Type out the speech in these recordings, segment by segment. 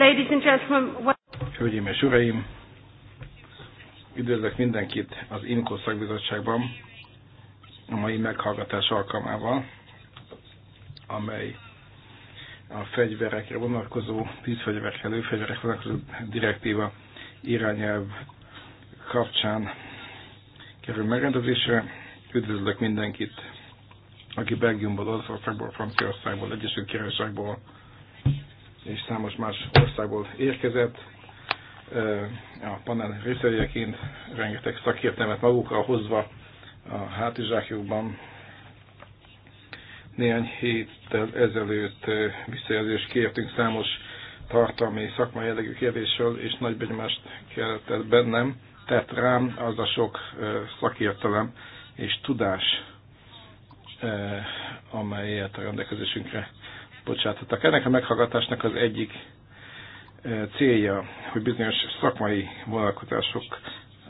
Ladies and gentlemen, what... Hölgyeim és uraim, üdvözlök mindenkit az INKO szakbizottságban a mai meghallgatás alkalmával, amely a fegyverekre vonatkozó, tűzfegyverekre, lőfegyverekre vonatkozó direktíva irányelv kapcsán kerül megrendezésre. Üdvözlök mindenkit, aki Belgiumból, Olaszországból, Franciaországból, Egyesült Királyságból, és számos más országból érkezett. A panel részvevőjeként rengeteg szakértelmet magukkal hozva a hátizsákjukban. Néhány héttel ezelőtt visszajelzést kértünk számos tartalmi szakmai jellegű kérdésről, és nagy benyomást keltett bennem, tett rám az a sok szakértelem és tudás, amelyet a rendelkezésünkre bocsátottak. Ennek a meghallgatásnak az egyik e, célja, hogy bizonyos szakmai vonalkozások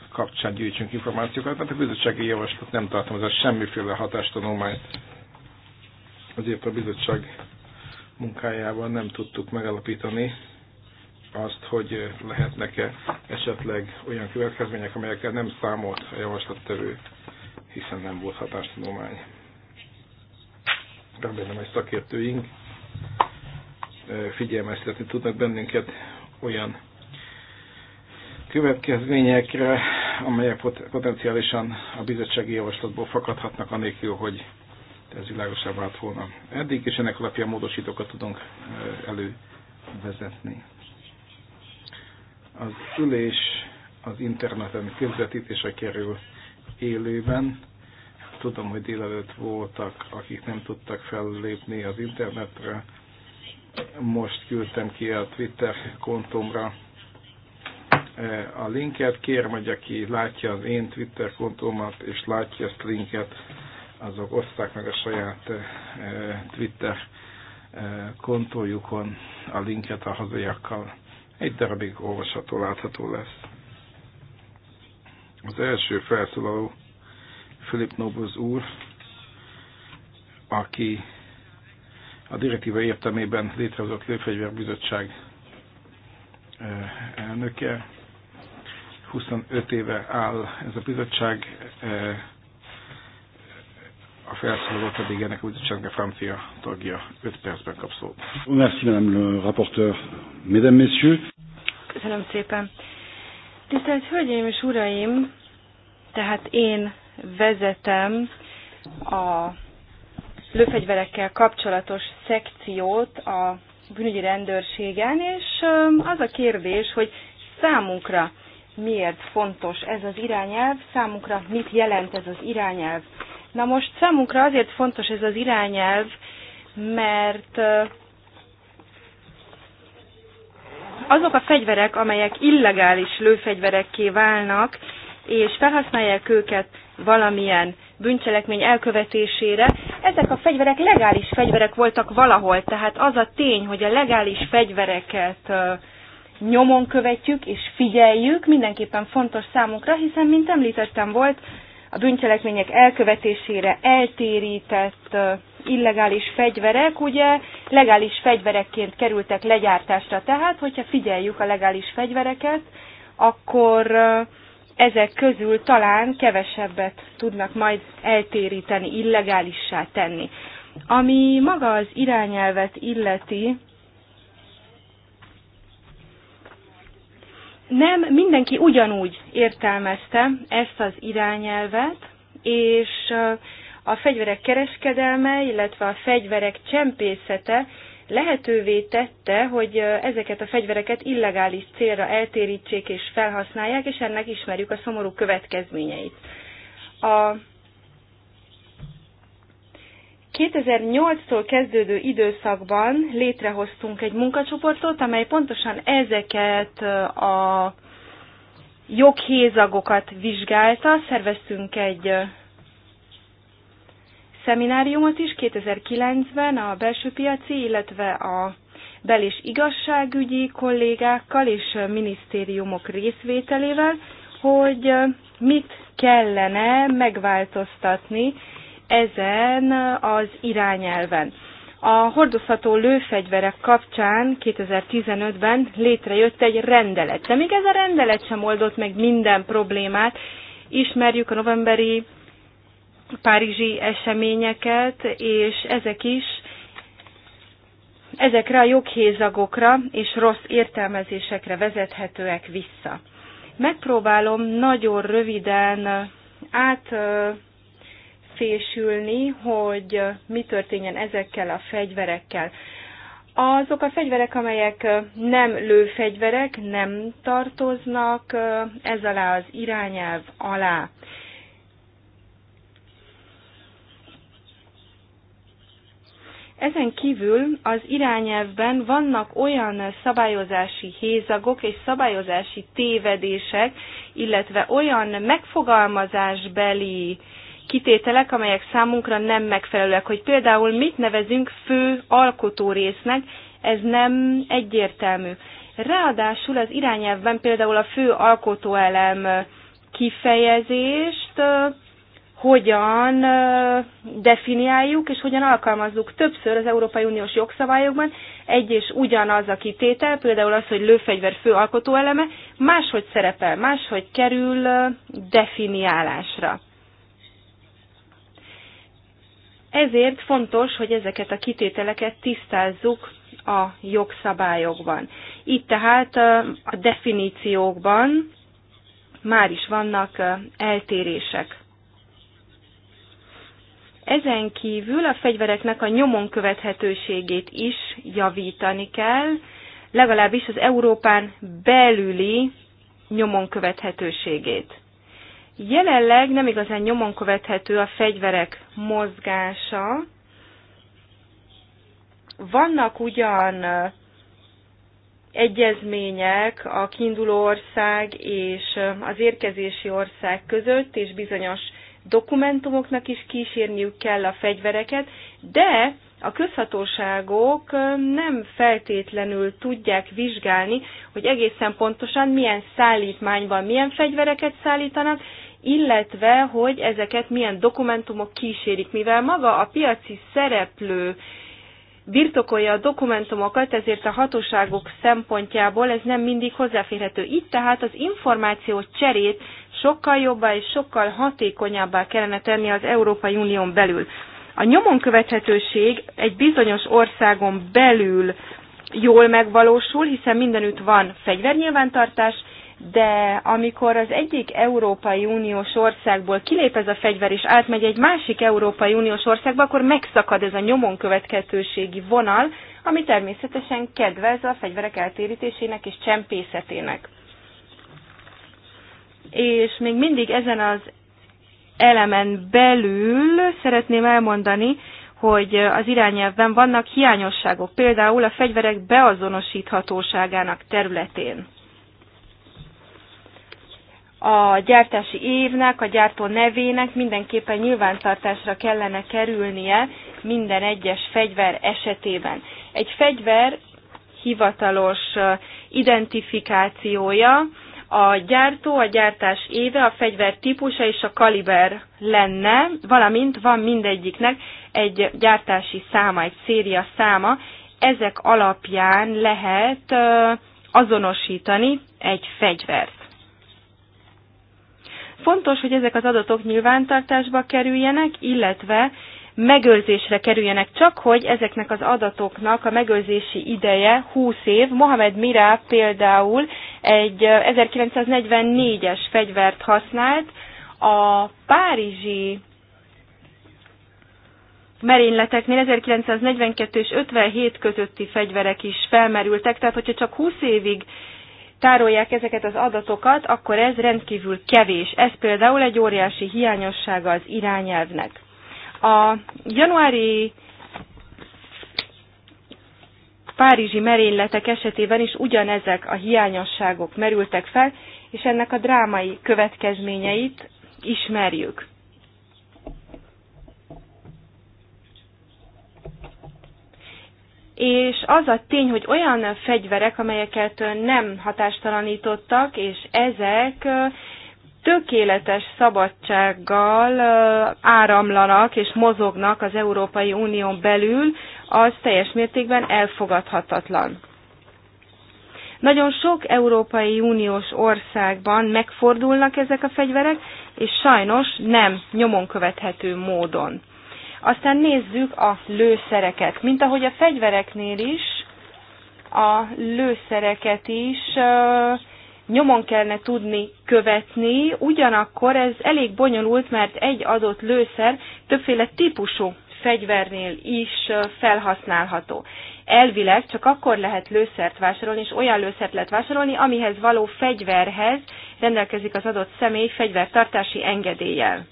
kapcsán gyűjtsünk információkat, mert a bizottsági javaslat nem a semmiféle hatástanulmányt. Azért a bizottság munkájában nem tudtuk megalapítani azt, hogy lehetnek-e esetleg olyan következmények, amelyekkel nem számolt a javaslattevő, hiszen nem volt hatástanulmány. Remélem, hogy szakértőink figyelmeztetni tudnak bennünket olyan következményekre, amelyek potenciálisan a bizottsági javaslatból fakadhatnak, anélkül, hogy ez világosabb vált volna. Eddig is ennek alapján módosítókat tudunk elővezetni. Az ülés az interneten közvetítése kerül élőben. Tudom, hogy délelőtt voltak, akik nem tudtak fellépni az internetre, most küldtem ki a Twitter kontomra e, a linket. Kérem, hogy aki látja az én Twitter kontomat és látja ezt a linket, azok oszták meg a saját e, e, Twitter kontójukon a linket a hazaiakkal. Egy darabig olvasható, látható lesz. Az első felszólaló Philip Nobles úr, aki a direktíva értelmében létrehozott Lőfegyverbizottság eh, elnöke. 25 éve áll ez a bizottság, eh, a felszólaló pedig ennek a bizottságnak a francia tagja. 5 percben kap szót. Merci, madame le rapporteur. Mesdames, messieurs. Köszönöm szépen. Tisztelt Hölgyeim és Uraim, tehát én vezetem a lőfegyverekkel kapcsolatos szekciót a bűnügyi rendőrségen, és az a kérdés, hogy számunkra miért fontos ez az irányelv, számunkra mit jelent ez az irányelv. Na most számunkra azért fontos ez az irányelv, mert azok a fegyverek, amelyek illegális lőfegyverekké válnak, és felhasználják őket valamilyen bűncselekmény elkövetésére. Ezek a fegyverek legális fegyverek voltak valahol, tehát az a tény, hogy a legális fegyvereket nyomon követjük és figyeljük, mindenképpen fontos számunkra, hiszen, mint említettem, volt a bűncselekmények elkövetésére eltérített illegális fegyverek, ugye legális fegyverekként kerültek legyártásra. Tehát, hogyha figyeljük a legális fegyvereket, akkor ezek közül talán kevesebbet tudnak majd eltéríteni, illegálissá tenni. Ami maga az irányelvet illeti, nem mindenki ugyanúgy értelmezte ezt az irányelvet, és a fegyverek kereskedelme, illetve a fegyverek csempészete lehetővé tette, hogy ezeket a fegyvereket illegális célra eltérítsék és felhasználják, és ennek ismerjük a szomorú következményeit. A 2008-tól kezdődő időszakban létrehoztunk egy munkacsoportot, amely pontosan ezeket a joghézagokat vizsgálta, szerveztünk egy szemináriumot is 2009-ben a belső piaci, illetve a bel- és igazságügyi kollégákkal és minisztériumok részvételével, hogy mit kellene megváltoztatni ezen az irányelven. A hordozható lőfegyverek kapcsán 2015-ben létrejött egy rendelet, de még ez a rendelet sem oldott meg minden problémát. Ismerjük a novemberi párizsi eseményeket, és ezek is ezekre a joghézagokra és rossz értelmezésekre vezethetőek vissza. Megpróbálom nagyon röviden átfésülni, hogy mi történjen ezekkel a fegyverekkel. Azok a fegyverek, amelyek nem lőfegyverek, nem tartoznak ez alá az irányelv alá. Ezen kívül az irányelvben vannak olyan szabályozási hézagok és szabályozási tévedések, illetve olyan megfogalmazásbeli kitételek, amelyek számunkra nem megfelelőek, hogy például mit nevezünk fő alkotórésznek, ez nem egyértelmű. Ráadásul az irányelvben például a fő alkotóelem kifejezést hogyan definiáljuk és hogyan alkalmazzuk többször az Európai Uniós jogszabályokban egy és ugyanaz a kitétel, például az, hogy lőfegyver fő alkotóeleme, máshogy szerepel, máshogy kerül definiálásra. Ezért fontos, hogy ezeket a kitételeket tisztázzuk a jogszabályokban. Itt tehát a definíciókban már is vannak eltérések. Ezen kívül a fegyvereknek a nyomon követhetőségét is javítani kell, legalábbis az Európán belüli nyomon követhetőségét. Jelenleg nem igazán nyomon követhető a fegyverek mozgása. Vannak ugyan egyezmények a kiinduló ország és az érkezési ország között, és bizonyos dokumentumoknak is kísérniük kell a fegyvereket, de a közhatóságok nem feltétlenül tudják vizsgálni, hogy egészen pontosan milyen szállítmányban milyen fegyvereket szállítanak, illetve hogy ezeket milyen dokumentumok kísérik, mivel maga a piaci szereplő birtokolja a dokumentumokat, ezért a hatóságok szempontjából ez nem mindig hozzáférhető. itt, tehát az információ cserét sokkal jobbá és sokkal hatékonyabbá kellene tenni az Európai Unión belül. A nyomon követhetőség egy bizonyos országon belül jól megvalósul, hiszen mindenütt van fegyvernyilvántartás, de amikor az egyik Európai Uniós országból kilép ez a fegyver és átmegy egy másik Európai Uniós országba, akkor megszakad ez a nyomon következőségi vonal, ami természetesen kedvez a fegyverek eltérítésének és csempészetének. És még mindig ezen az elemen belül szeretném elmondani, hogy az irányelvben vannak hiányosságok, például a fegyverek beazonosíthatóságának területén a gyártási évnek, a gyártó nevének mindenképpen nyilvántartásra kellene kerülnie minden egyes fegyver esetében. Egy fegyver hivatalos identifikációja, a gyártó, a gyártás éve, a fegyver típusa és a kaliber lenne, valamint van mindegyiknek egy gyártási száma, egy széria száma, ezek alapján lehet azonosítani egy fegyvert. Fontos, hogy ezek az adatok nyilvántartásba kerüljenek, illetve megőrzésre kerüljenek, csak hogy ezeknek az adatoknak a megőrzési ideje 20 év. Mohamed Mirá például egy 1944-es fegyvert használt, a párizsi merényleteknél 1942 és 57 közötti fegyverek is felmerültek, tehát hogyha csak 20 évig tárolják ezeket az adatokat, akkor ez rendkívül kevés. Ez például egy óriási hiányossága az irányelvnek. A januári párizsi merényletek esetében is ugyanezek a hiányosságok merültek fel, és ennek a drámai következményeit ismerjük. és az a tény, hogy olyan fegyverek, amelyeket nem hatástalanítottak, és ezek tökéletes szabadsággal áramlanak és mozognak az Európai Unión belül, az teljes mértékben elfogadhatatlan. Nagyon sok Európai Uniós országban megfordulnak ezek a fegyverek, és sajnos nem nyomon követhető módon. Aztán nézzük a lőszereket. Mint ahogy a fegyvereknél is, a lőszereket is nyomon kellene tudni követni, ugyanakkor ez elég bonyolult, mert egy adott lőszer többféle típusú fegyvernél is felhasználható. Elvileg csak akkor lehet lőszert vásárolni, és olyan lőszert lehet vásárolni, amihez való fegyverhez rendelkezik az adott személy fegyvertartási engedéllyel.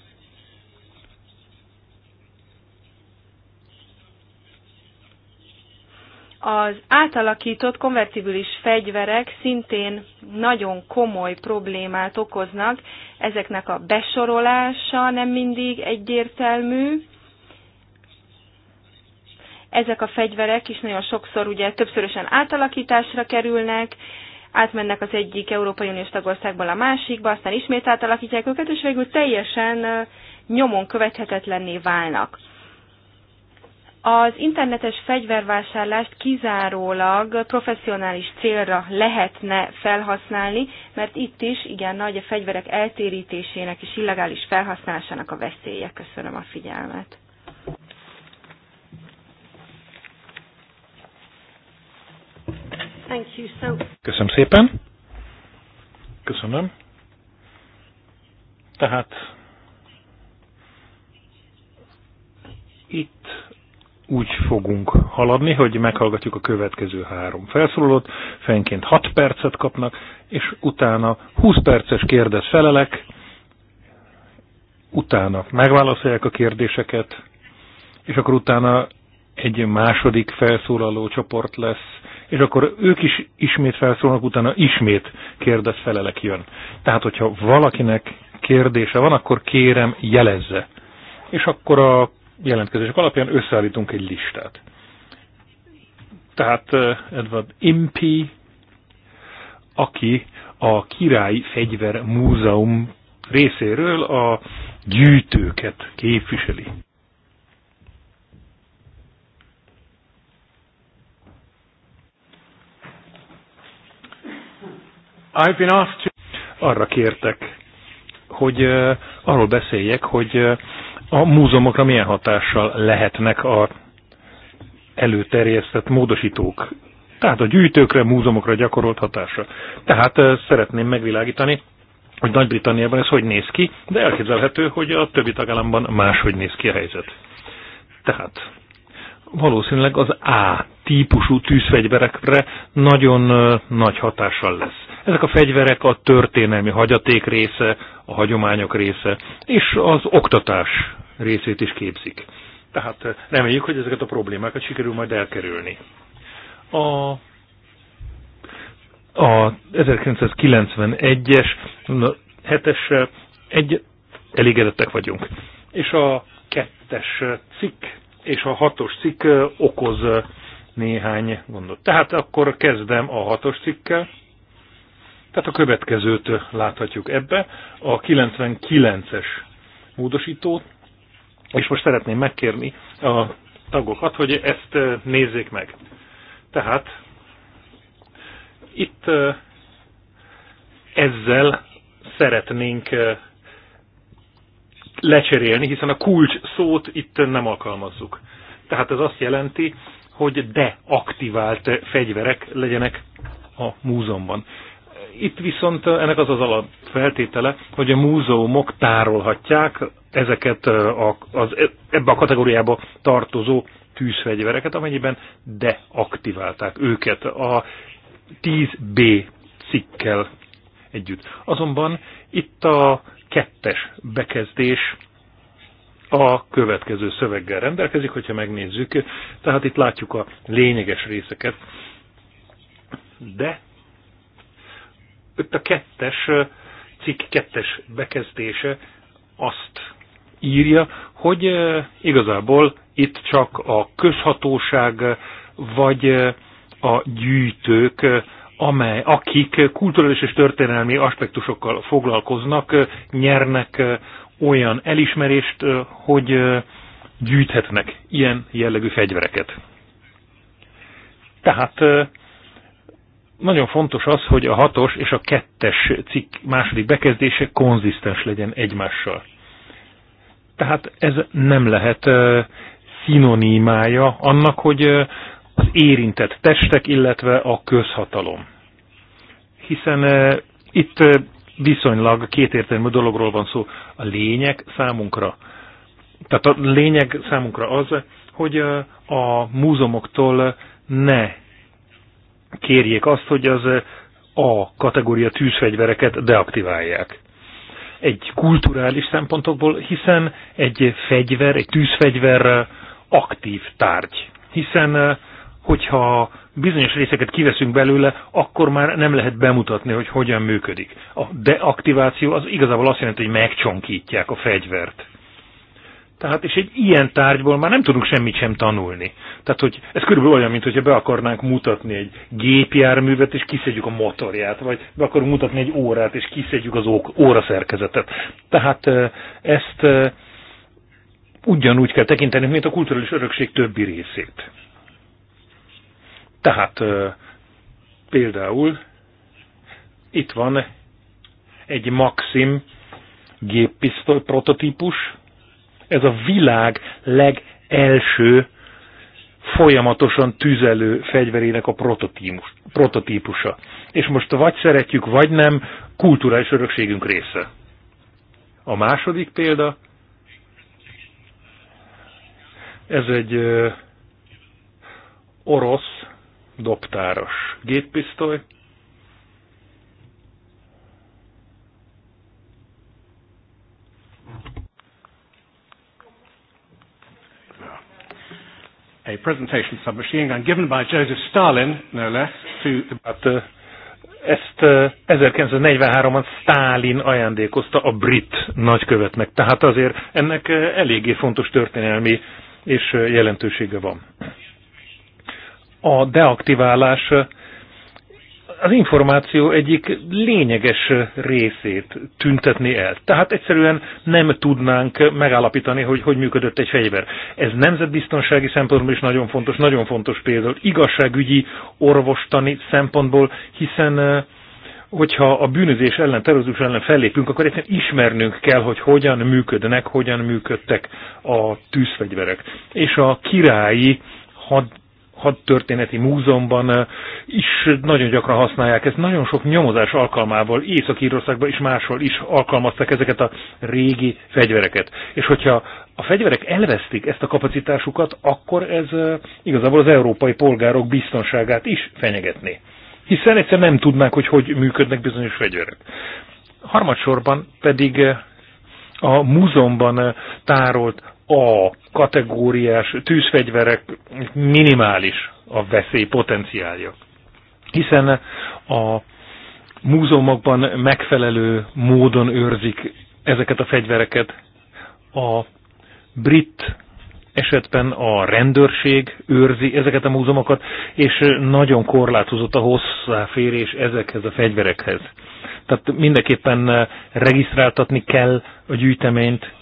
Az átalakított konvertibilis fegyverek szintén nagyon komoly problémát okoznak, ezeknek a besorolása nem mindig egyértelmű. Ezek a fegyverek is nagyon sokszor ugye többszörösen átalakításra kerülnek, átmennek az egyik Európai Uniós tagországból a másikba, aztán ismét átalakítják őket, és végül teljesen nyomon követhetetlenné válnak. Az internetes fegyvervásárlást kizárólag professzionális célra lehetne felhasználni, mert itt is igen nagy a fegyverek eltérítésének és illegális felhasználásának a veszélye. Köszönöm a figyelmet. Thank you so... Köszönöm szépen. Köszönöm. Tehát itt úgy fogunk haladni, hogy meghallgatjuk a következő három felszólalót, fenként 6 percet kapnak, és utána 20 perces kérdez felelek, utána megválaszolják a kérdéseket, és akkor utána egy második felszólaló csoport lesz, és akkor ők is ismét felszólnak, utána ismét kérdez felelek jön. Tehát, hogyha valakinek kérdése van, akkor kérem jelezze. És akkor a jelentkezések alapján összeállítunk egy listát. Tehát eh, Edward Impey, aki a Király Fegyver Múzeum részéről a gyűjtőket képviseli. I've been asked to... Arra kértek, hogy uh, arról beszéljek, hogy uh, a múzeumokra milyen hatással lehetnek a előterjesztett módosítók. Tehát a gyűjtőkre, múzeumokra gyakorolt hatása. Tehát szeretném megvilágítani, hogy Nagy-Britanniában ez hogy néz ki, de elképzelhető, hogy a többi tagállamban máshogy néz ki a helyzet. Tehát valószínűleg az A típusú tűzfegyverekre nagyon nagy hatással lesz. Ezek a fegyverek a történelmi hagyaték része, a hagyományok része, és az oktatás részét is képzik. Tehát eh, reméljük, hogy ezeket a problémákat sikerül majd elkerülni. A, a 1991-es, 7 es egy elégedettek vagyunk. És a kettes cikk és a hatos cikk eh, okoz eh, néhány gondot. Tehát akkor kezdem a hatos cikkel. Tehát a következőt láthatjuk ebbe, a 99-es módosítót, és most szeretném megkérni a tagokat, hogy ezt eh, nézzék meg. Tehát itt eh, ezzel szeretnénk eh, lecserélni, hiszen a kulcs szót itt nem alkalmazzuk. Tehát ez azt jelenti, hogy deaktivált fegyverek legyenek a múzeumban. Itt viszont ennek az az alapfeltétele, hogy a múzeumok tárolhatják ezeket a, az, ebbe a kategóriába tartozó tűzfegyvereket, amennyiben deaktiválták őket a 10B cikkel együtt. Azonban itt a kettes bekezdés a következő szöveggel rendelkezik, hogyha megnézzük. Tehát itt látjuk a lényeges részeket. De itt a kettes cikk kettes bekezdése azt írja, hogy igazából itt csak a közhatóság vagy a gyűjtők, amely, akik kulturális és történelmi aspektusokkal foglalkoznak, nyernek olyan elismerést, hogy gyűjthetnek ilyen jellegű fegyvereket. Tehát nagyon fontos az, hogy a hatos és a kettes cikk második bekezdése konzisztens legyen egymással. Tehát ez nem lehet szinonimája annak, hogy az érintett testek, illetve a közhatalom. Hiszen itt viszonylag kétértelmű dologról van szó. A lényeg számunkra, tehát a lényeg számunkra az, hogy a múzeumoktól ne kérjék azt, hogy az a kategória tűzfegyvereket deaktiválják egy kulturális szempontokból, hiszen egy fegyver, egy tűzfegyver aktív tárgy. Hiszen hogyha bizonyos részeket kiveszünk belőle, akkor már nem lehet bemutatni, hogy hogyan működik. A deaktiváció az igazából azt jelenti, hogy megcsonkítják a fegyvert. Tehát, és egy ilyen tárgyból már nem tudunk semmit sem tanulni. Tehát, hogy ez körülbelül olyan, mint hogyha be akarnánk mutatni egy gépjárművet, és kiszedjük a motorját, vagy be akarunk mutatni egy órát, és kiszedjük az óra szerkezetet. Tehát ezt ugyanúgy kell tekinteni, mint a kulturális örökség többi részét. Tehát például itt van egy Maxim géppisztoly prototípus, ez a világ legelső folyamatosan tüzelő fegyverének a prototípusa. És most vagy szeretjük, vagy nem, kulturális örökségünk része. A második példa, ez egy ö, orosz dobtáros géppisztoly, a presentation submachine gun given by Joseph Stalin, no less, to the... uh, ezt 1943-ban Stalin ajándékozta a brit nagykövetnek, tehát azért ennek eléggé fontos történelmi és jelentősége van. A deaktiválás az információ egyik lényeges részét tüntetni el. Tehát egyszerűen nem tudnánk megállapítani, hogy hogy működött egy fegyver. Ez nemzetbiztonsági szempontból is nagyon fontos, nagyon fontos például igazságügyi, orvostani szempontból, hiszen hogyha a bűnözés ellen, terrorizmus ellen fellépünk, akkor egyszerűen ismernünk kell, hogy hogyan működnek, hogyan működtek a tűzfegyverek. És a királyi had hadtörténeti múzeumban is nagyon gyakran használják ezt. Nagyon sok nyomozás alkalmával Észak-Írországban és máshol is alkalmazták ezeket a régi fegyvereket. És hogyha a fegyverek elvesztik ezt a kapacitásukat, akkor ez igazából az európai polgárok biztonságát is fenyegetné. Hiszen egyszer nem tudnák, hogy hogy működnek bizonyos fegyverek. Harmadsorban pedig a múzeumban tárolt a kategóriás tűzfegyverek minimális a veszély potenciálja. Hiszen a múzeumokban megfelelő módon őrzik ezeket a fegyvereket. A brit esetben a rendőrség őrzi ezeket a múzeumokat, és nagyon korlátozott a hozzáférés ezekhez a fegyverekhez. Tehát mindenképpen regisztráltatni kell a gyűjteményt,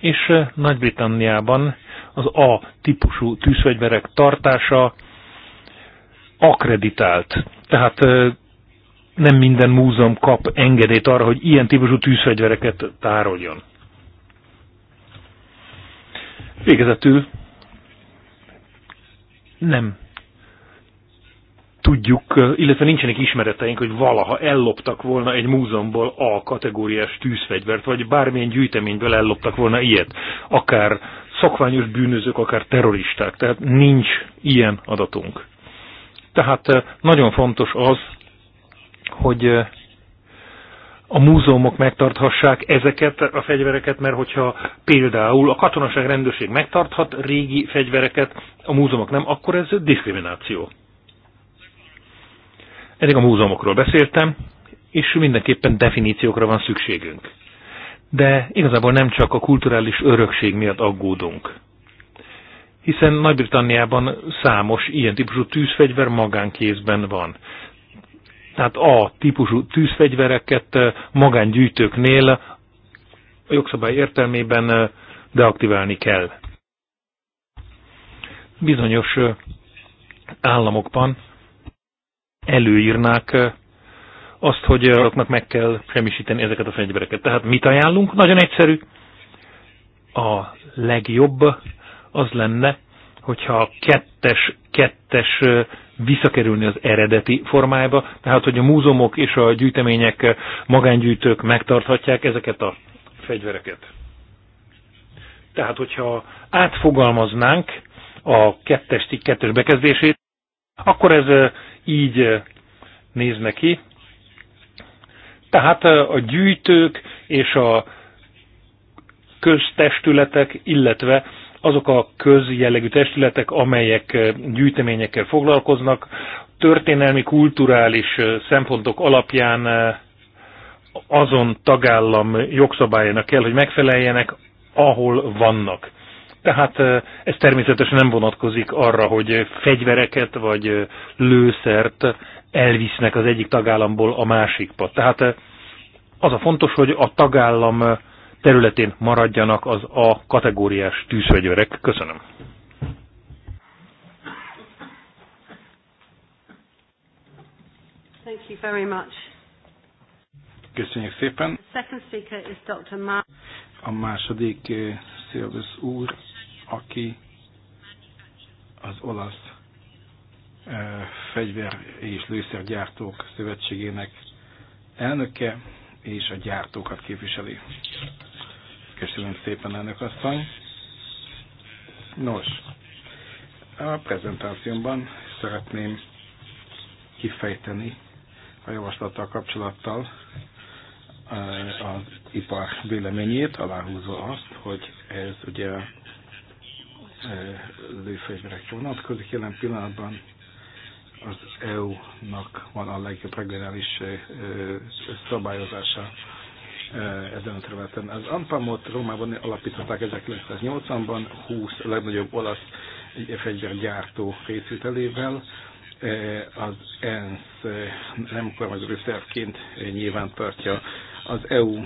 és eh, Nagy-Britanniában az A típusú tűzfegyverek tartása akreditált. Tehát eh, nem minden múzeum kap engedélyt arra, hogy ilyen típusú tűzfegyvereket tároljon. Végezetül nem tudjuk, illetve nincsenek ismereteink, hogy valaha elloptak volna egy múzeumból A kategóriás tűzfegyvert, vagy bármilyen gyűjteményből elloptak volna ilyet, akár szokványos bűnözők, akár terroristák, tehát nincs ilyen adatunk. Tehát nagyon fontos az, hogy a múzeumok megtarthassák ezeket a fegyvereket, mert hogyha például a katonaság rendőrség megtarthat régi fegyvereket, a múzeumok nem, akkor ez diszkrimináció. Eddig a múzeumokról beszéltem, és mindenképpen definíciókra van szükségünk. De igazából nem csak a kulturális örökség miatt aggódunk. Hiszen Nagy-Britanniában számos ilyen típusú tűzfegyver magánkézben van. Tehát a típusú tűzfegyvereket eh, magángyűjtőknél a jogszabály értelmében eh, deaktiválni kell. Bizonyos eh, államokban előírnák azt, hogy azoknak meg kell semmisíteni ezeket a fegyvereket. Tehát mit ajánlunk? Nagyon egyszerű. A legjobb az lenne, hogyha kettes, kettes visszakerülni az eredeti formájába, tehát hogy a múzeumok és a gyűjtemények, magángyűjtők megtarthatják ezeket a fegyvereket. Tehát, hogyha átfogalmaznánk a kettes kettes bekezdését, akkor ez így eh, néznek ki. Tehát eh, a gyűjtők és a köztestületek, illetve azok a közjellegű testületek, amelyek eh, gyűjteményekkel foglalkoznak, történelmi, kulturális szempontok alapján azon tagállam jogszabályának kell, hogy megfeleljenek, ahol vannak. Tehát ez természetesen nem vonatkozik arra, hogy fegyvereket vagy lőszert elvisznek az egyik tagállamból a másikba. Tehát az a fontos, hogy a tagállam területén maradjanak az A kategóriás tűzfegyverek. Köszönöm. Thank you very much. Köszönjük szépen. A második Szilvesz úr aki az olasz eh, fegyver és lőszergyártók szövetségének elnöke és a gyártókat képviseli. Köszönöm szépen, elnök asszony. Nos, a prezentációmban szeretném kifejteni a javaslattal kapcsolattal eh, az ipar véleményét, aláhúzva azt, hogy ez ugye lőfegyverekre vonatkozik. Jelen pillanatban az EU-nak van a legjobb regionális szabályozása ezen a területen. Az Ampamot Rómában alapították 1980-ban 20 legnagyobb olasz fegyvergyártó részvételével. Az ENSZ nem kormányzó szervként nyilván tartja az EU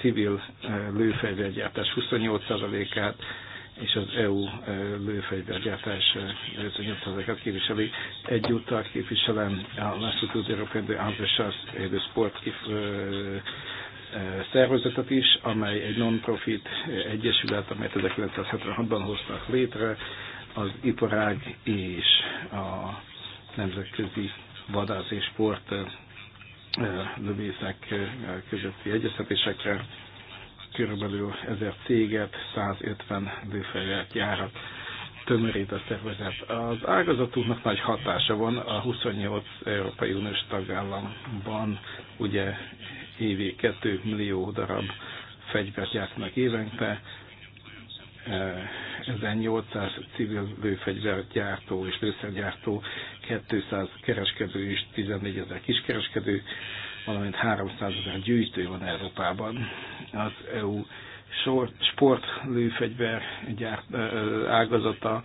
civil lőfegyvergyártás 28%-át, és az EU lőfegyvergyártás e, e, nyomtatókat képviseli. Egyúttal képviselem a L'Institut Européen de Entrechas et de Sport e, szervezetet is, amely egy non-profit egyesület, amelyet 1976-ban hoztak létre, az iparág és a nemzetközi vadász és sport lövészek közötti egyeztetésekre körülbelül 1000 céget, 150 lőfegyvert járat tömörít a szervezet. Az ágazatunknak nagy hatása van a 28 Európai Uniós tagállamban, ugye évi 2 millió darab fegyvert gyártanak évente, 1800 eh, civil lőfegyvergyártó és lőszergyártó, 200 kereskedő és 14 ezer kiskereskedő valamint 300 ezer gyűjtő van Európában. Az EU sportlőfegyver ágazata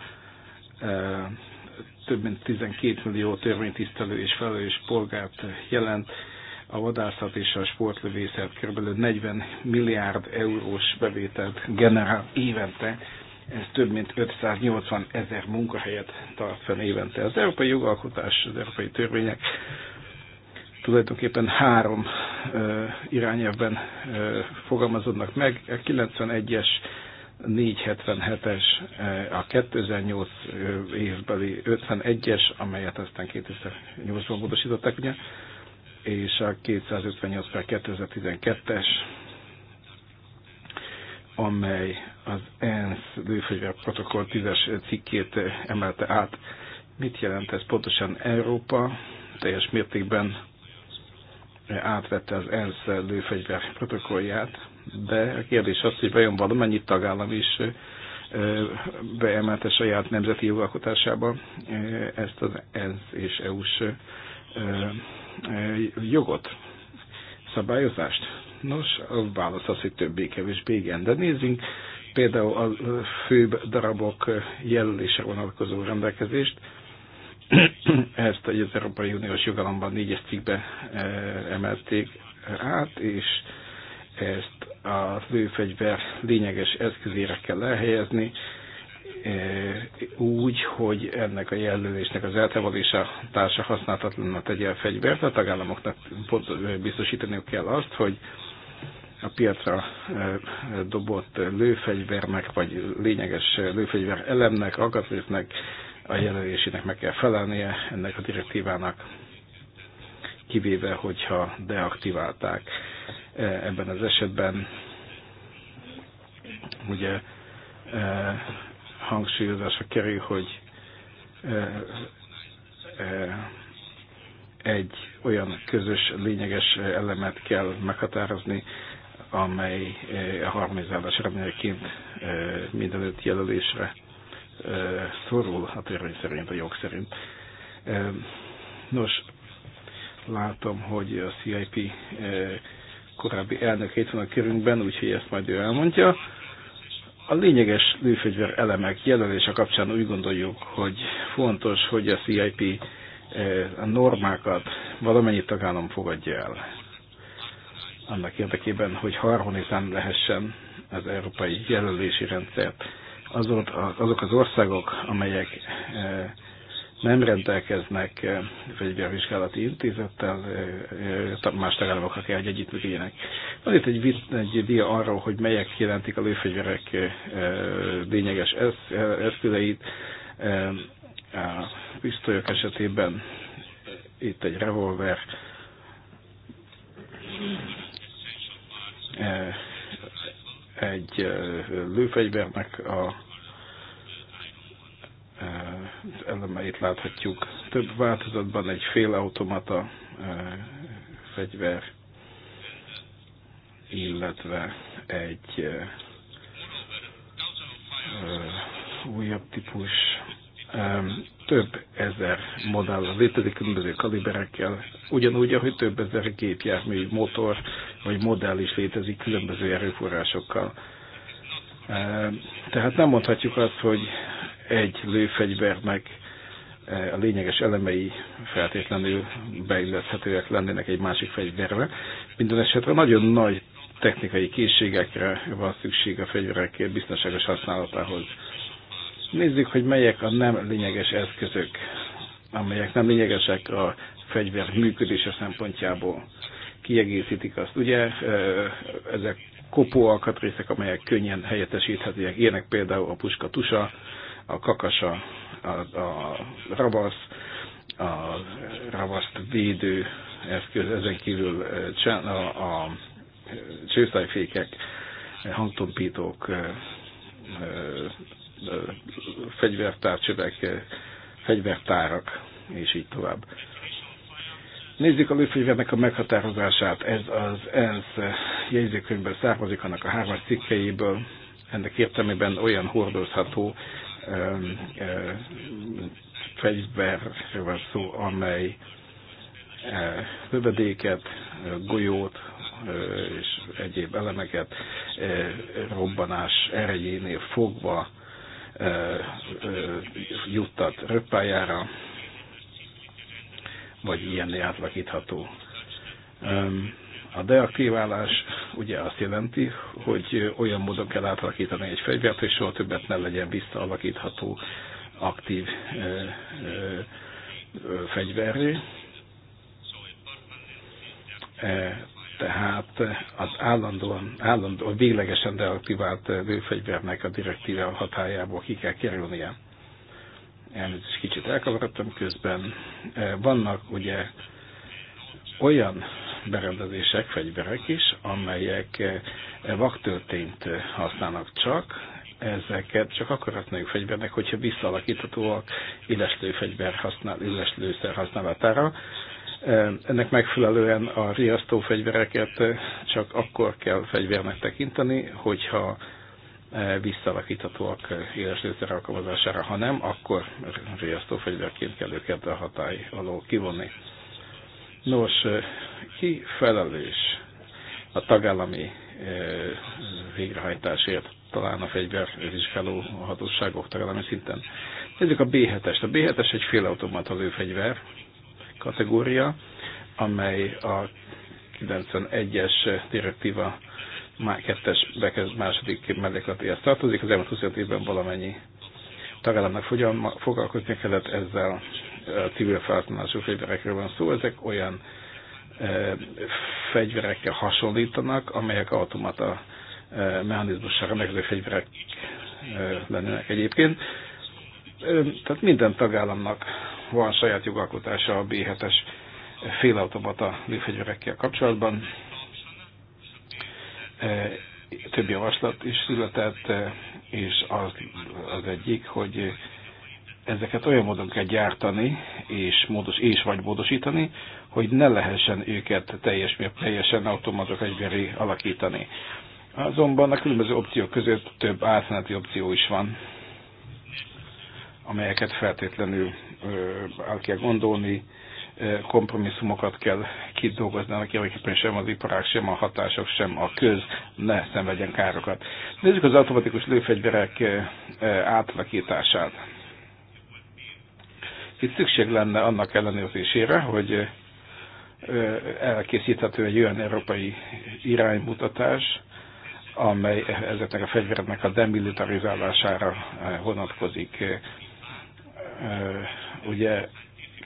több mint 12 millió törvénytisztelő és felelős polgárt jelent. A vadászat és a sportlövészet kb. 40 milliárd eurós bevételt generál évente, ez több mint 580 ezer munkahelyet tart fenn évente. Az európai jogalkotás, az európai törvények tulajdonképpen három ö, irányelvben ö, fogalmazódnak meg, a 91-es 477-es, a 2008 évbeli 51-es, amelyet aztán 2008-ban módosították, ugye, és a 258 per 2012-es, amely az ENSZ lőfegyver protokoll 10-es cikkét emelte át. Mit jelent ez pontosan Európa? Teljes mértékben átvette az ENSZ lőfegyver protokollját, de a kérdés az, hogy vajon valamennyi tagállam is beemelte saját nemzeti jogalkotásába ezt az ENSZ és EU-s jogot, szabályozást. Nos, a válasz az, hogy többé-kevésbé igen, de nézzünk például a főbb darabok jelölése vonatkozó rendelkezést, ezt az Európai Uniós jogalomban négyes cikkbe e, emelték át, és ezt a lőfegyver lényeges eszközére kell elhelyezni, e, úgy, hogy ennek a jelölésnek az eltávolítása társa használhatatlanul tegye a fegyvert. A tagállamoknak e, biztosítaniuk kell azt, hogy a piacra dobott lőfegyvernek, vagy lényeges lőfegyver elemnek, akadéznek, a jelölésének meg kell felelnie ennek a direktívának, kivéve, hogyha deaktiválták e, ebben az esetben. Ugye e, hangsúlyozásra kerül, hogy e, egy olyan közös, lényeges elemet kell meghatározni, amely a harmonizálás reményeként mindenütt jelölésre szorul a törvény szerint, a jog szerint. Nos, látom, hogy a CIP korábbi elnök itt van a körünkben, úgyhogy ezt majd ő elmondja. A lényeges lőfegyver elemek jelölése kapcsán úgy gondoljuk, hogy fontos, hogy a CIP a normákat valamennyi tagállam fogadja el. Annak érdekében, hogy harmonizálni lehessen az európai jelölési rendszert azok az országok, amelyek e, nem rendelkeznek e, fegyvervizsgálati intézettel, e, más tagállamok, kell, hogy együttműködjenek. Van itt egy, egy dia arról, hogy melyek jelentik a lőfegyverek lényeges eszközeit. A pisztolyok esetében itt egy revolver, egy lőfegyvernek a elemeit láthatjuk. Több változatban egy félautomata fegyver, illetve egy újabb típus több ezer modell létezik különböző kaliberekkel, ugyanúgy, ahogy több ezer gépjármű, motor vagy modell is létezik különböző erőforrásokkal. E, tehát nem mondhatjuk azt, hogy egy lőfegyvernek e, a lényeges elemei feltétlenül beilleszthetőek lennének egy másik fegyverbe. Minden esetre nagyon nagy technikai készségekre van szükség a fegyverek biztonságos használatához Nézzük, hogy melyek a nem lényeges eszközök, amelyek nem lényegesek a fegyver működése szempontjából. Kiegészítik azt. Ugye ezek kopó alkatrészek, amelyek könnyen helyettesíthetőek. Ilyenek például a puska tusa, a kakasa, a, a ravasz, a ravaszt védő eszköz, ezen kívül a, a csőszájfékek, hangtompítók, fegyvertárcsövek, fegyvertárak, és így tovább. Nézzük a lőfegyvernek a meghatározását. Ez az ENSZ jegyzőkönyvben származik, annak a hármas cikkeiből. Ennek értelmében olyan hordozható ö, ö, fegyverről van szó, amely e, lövedéket, golyót e, és egyéb elemeket e, robbanás erejénél fogva juttat röppájára, vagy ilyen átlakítható. A deaktiválás ugye azt jelenti, hogy olyan módon kell átalakítani egy fegyvert, hogy soha többet ne legyen visszaalakítható aktív ö, ö, fegyverré tehát az állandóan, állandóan véglegesen deaktivált lőfegyvernek a direktíve hatájából ki kell kerülnie. Elnézést kicsit elkavarodtam közben. Vannak ugye olyan berendezések, fegyverek is, amelyek vaktörtént használnak csak, ezeket csak akkor használjuk fegyvernek, hogyha visszalakíthatóak illeslő fegyver használ, illeslőszer használatára ennek megfelelően a fegyvereket csak akkor kell fegyvernek tekinteni, hogyha visszalakíthatóak éles lőszer alkalmazására, ha nem, akkor fegyverként kell őket a hatály alól kivonni. Nos, ki felelős a tagállami végrehajtásért, talán a fegyvervizsgáló hatóságok tagállami szinten. Nézzük a B7-est. A B7-es egy félautomata lőfegyver, kategória, amely a 91-es direktíva 2-es bekez második mellékletéhez tartozik. Az elmúlt 25 évben valamennyi tagállamnak foglalkozni kellett ezzel a civil felhasználású fegyverekről van szó. Ezek olyan e, fegyverekkel hasonlítanak, amelyek automata e, mechanizmussal rendelkező fegyverek e, lennének egyébként. E, tehát minden tagállamnak van saját jogalkotása a B7-es félautomata lőfegyverekkel kapcsolatban. E, több javaslat is született, e, és az, az egyik, hogy ezeket olyan módon kell gyártani, és, módos, és vagy módosítani, hogy ne lehessen őket teljes, teljesen automatok egyberé alakítani. Azonban a különböző opciók között több átmeneti opció is van, amelyeket feltétlenül el kell gondolni, kompromisszumokat kell kidolgozni, annak érdekében sem az iparák, sem a hatások, sem a köz ne szenvedjen károkat. Nézzük az automatikus lőfegyverek átalakítását. Itt szükség lenne annak ellenőrzésére, hogy elkészíthető egy olyan európai iránymutatás, amely ezeknek a fegyvereknek a demilitarizálására vonatkozik ugye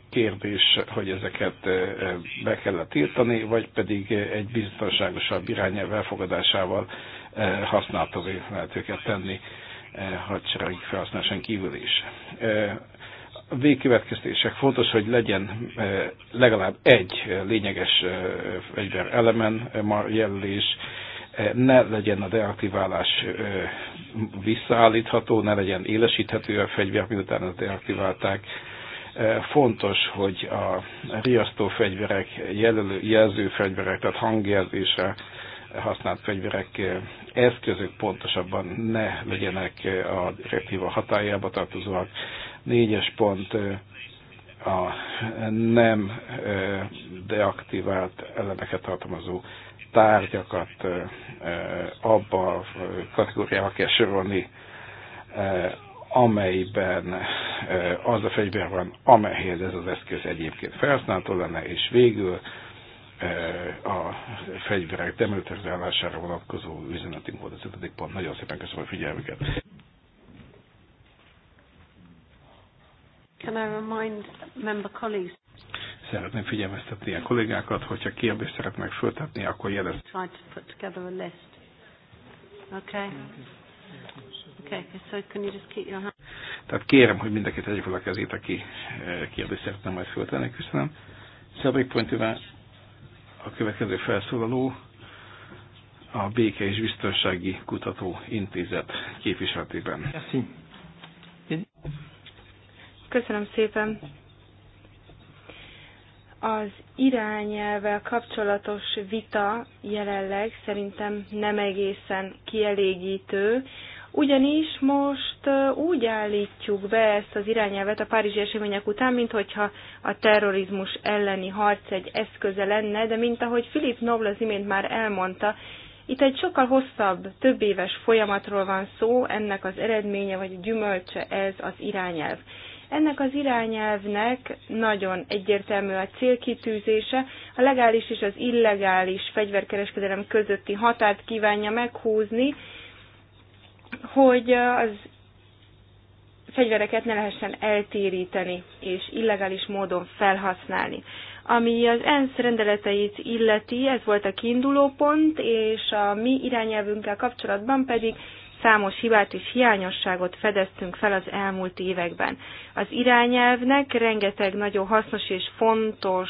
kérdés, hogy ezeket eh, be kellett tiltani, vagy pedig egy biztonságosabb irányelv elfogadásával eh, használható lehet őket tenni eh, hadsereg felhasználáson kívül is. Végkövetkeztések. Fontos, hogy legyen legalább egy lényeges fegyver elemen jelölés, ne legyen a deaktiválás visszaállítható, ne legyen élesíthető a fegyver, miután a deaktiválták Fontos, hogy a riasztó fegyverek, jelölő, fegyverek, tehát hangjelzésre használt fegyverek eszközök pontosabban ne legyenek a direktíva hatájába tartozóak. Négyes pont a nem deaktivált elemeket tartalmazó tárgyakat abba a kategóriába kell sorolni, amelyben az a fegyver van, amelyhez ez az eszköz egyébként felhasználható lenne, és végül a fegyverek demilitarizálására vonatkozó üzenetünk volt az ötödik pont. Nagyon szépen köszönöm a figyelmüket. Can I remind member colleagues? Szeretném figyelmeztetni a kollégákat, hogyha kérdést szeretnek föltetni, akkor jelezni. Try to put together a list. Okay. Tehát kérem, hogy mindenkit tegye fel a kezét, aki eh, kérdést szeretne majd föltenni. Köszönöm. Szabrik Pontivá, a következő felszólaló, a Béke és Biztonsági Kutató Intézet képviseletében. Köszönöm szépen. Az irányelvel kapcsolatos vita jelenleg szerintem nem egészen kielégítő ugyanis most úgy állítjuk be ezt az irányelvet a párizsi események után, mint hogyha a terrorizmus elleni harc egy eszköze lenne, de mint ahogy Philip Noble az imént már elmondta, itt egy sokkal hosszabb, több éves folyamatról van szó, ennek az eredménye vagy gyümölcse ez az irányelv. Ennek az irányelvnek nagyon egyértelmű a célkitűzése, a legális és az illegális fegyverkereskedelem közötti határt kívánja meghúzni, hogy az fegyvereket ne lehessen eltéríteni és illegális módon felhasználni. Ami az ENSZ rendeleteit illeti, ez volt a kiinduló pont, és a mi irányelvünkkel kapcsolatban pedig számos hibát és hiányosságot fedeztünk fel az elmúlt években. Az irányelvnek rengeteg nagyon hasznos és fontos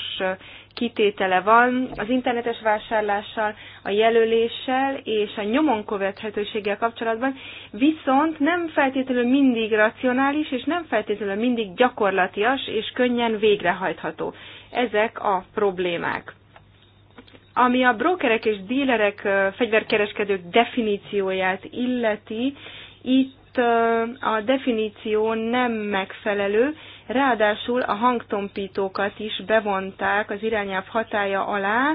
kitétele van az internetes vásárlással, a jelöléssel és a nyomon követhetőséggel kapcsolatban, viszont nem feltétlenül mindig racionális és nem feltétlenül mindig gyakorlatias és könnyen végrehajtható. Ezek a problémák. Ami a brokerek és dílerek, fegyverkereskedők definícióját illeti, itt a definíció nem megfelelő, ráadásul a hangtompítókat is bevonták az irányelv hatája alá,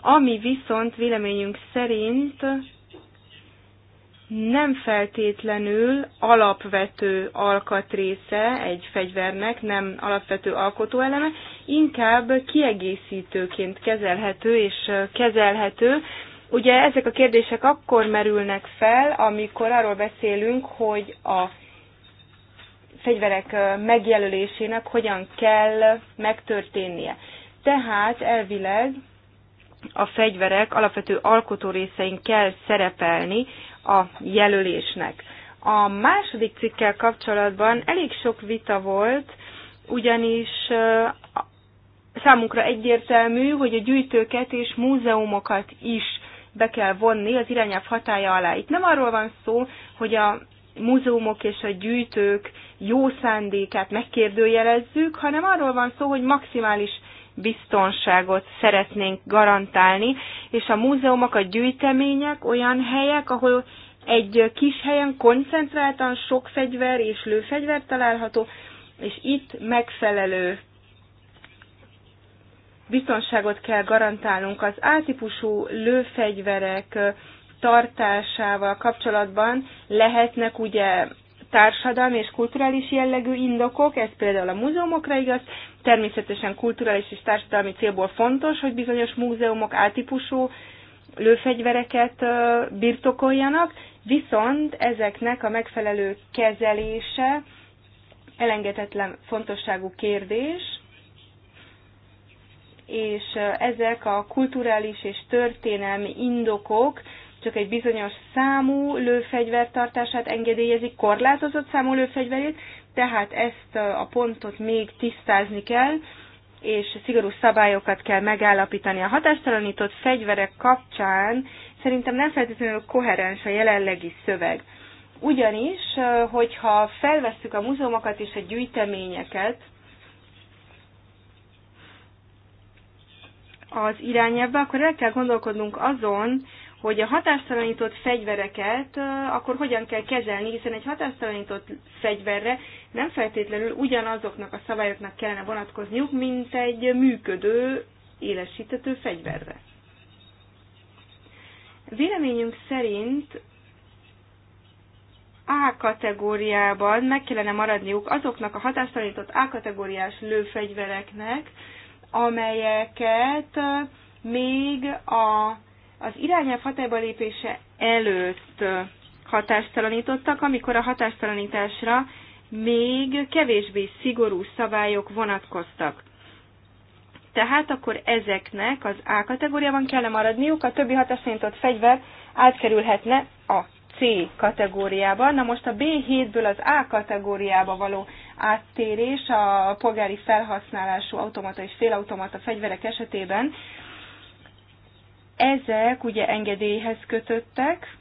ami viszont véleményünk szerint nem feltétlenül alapvető alkatrésze egy fegyvernek, nem alapvető alkotóeleme, inkább kiegészítőként kezelhető és kezelhető. Ugye ezek a kérdések akkor merülnek fel, amikor arról beszélünk, hogy a fegyverek megjelölésének hogyan kell megtörténnie. Tehát elvileg a fegyverek alapvető alkotórészein kell szerepelni a jelölésnek. A második cikkel kapcsolatban elég sok vita volt, ugyanis számunkra egyértelmű, hogy a gyűjtőket és múzeumokat is be kell vonni az irányelv hatája alá. Itt nem arról van szó, hogy a múzeumok és a gyűjtők jó szándékát megkérdőjelezzük, hanem arról van szó, hogy maximális biztonságot szeretnénk garantálni, és a múzeumok, a gyűjtemények olyan helyek, ahol egy kis helyen koncentráltan sok fegyver és lőfegyver található, és itt megfelelő biztonságot kell garantálnunk az átípusú lőfegyverek tartásával kapcsolatban lehetnek ugye társadalmi és kulturális jellegű indokok, ez például a múzeumokra igaz, természetesen kulturális és társadalmi célból fontos, hogy bizonyos múzeumok áltípusú lőfegyvereket birtokoljanak, viszont ezeknek a megfelelő kezelése elengedhetetlen fontosságú kérdés, és ezek a kulturális és történelmi indokok csak egy bizonyos számú lőfegyver tartását engedélyezik, korlátozott számú lőfegyverét, tehát ezt a pontot még tisztázni kell, és szigorú szabályokat kell megállapítani. A hatástalanított fegyverek kapcsán szerintem nem feltétlenül koherens a jelenlegi szöveg. Ugyanis, hogyha felvesszük a múzeumokat és a gyűjteményeket, az irányába, akkor el kell gondolkodnunk azon, hogy a hatástalanított fegyvereket akkor hogyan kell kezelni, hiszen egy hatástalanított fegyverre nem feltétlenül ugyanazoknak a szabályoknak kellene vonatkozniuk, mint egy működő, élesítető fegyverre. Véleményünk szerint A kategóriában meg kellene maradniuk azoknak a hatástalanított A kategóriás lőfegyvereknek, amelyeket még a az irányelv hatályba lépése előtt hatástalanítottak, amikor a hatástalanításra még kevésbé szigorú szabályok vonatkoztak. Tehát akkor ezeknek az A kategóriában kell maradniuk, a többi hatástalanított fegyver átkerülhetne a C kategóriába. Na most a B7-ből az A kategóriába való áttérés a polgári felhasználású automata és félautomata fegyverek esetében ezek ugye engedélyhez kötöttek,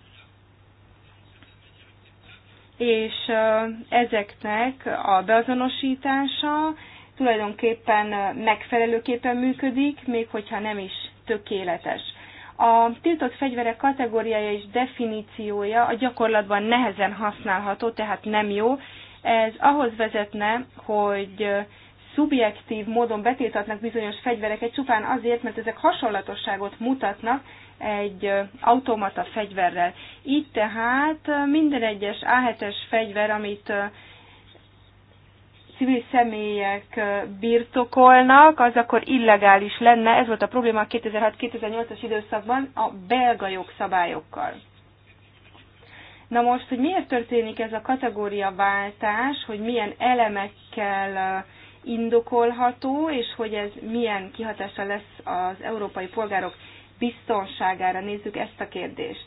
és ezeknek a beazonosítása tulajdonképpen megfelelőképpen működik, még hogyha nem is tökéletes. A tiltott fegyverek kategóriája és definíciója a gyakorlatban nehezen használható, tehát nem jó. Ez ahhoz vezetne, hogy szubjektív módon betiltatnak bizonyos fegyvereket csupán azért, mert ezek hasonlatosságot mutatnak egy automata fegyverrel. Így tehát minden egyes A7-es fegyver, amit civil személyek birtokolnak, az akkor illegális lenne. Ez volt a probléma a 2006-2008-as időszakban a belga jogszabályokkal. Na most, hogy miért történik ez a kategóriaváltás, hogy milyen elemekkel indokolható, és hogy ez milyen kihatása lesz az európai polgárok biztonságára. Nézzük ezt a kérdést.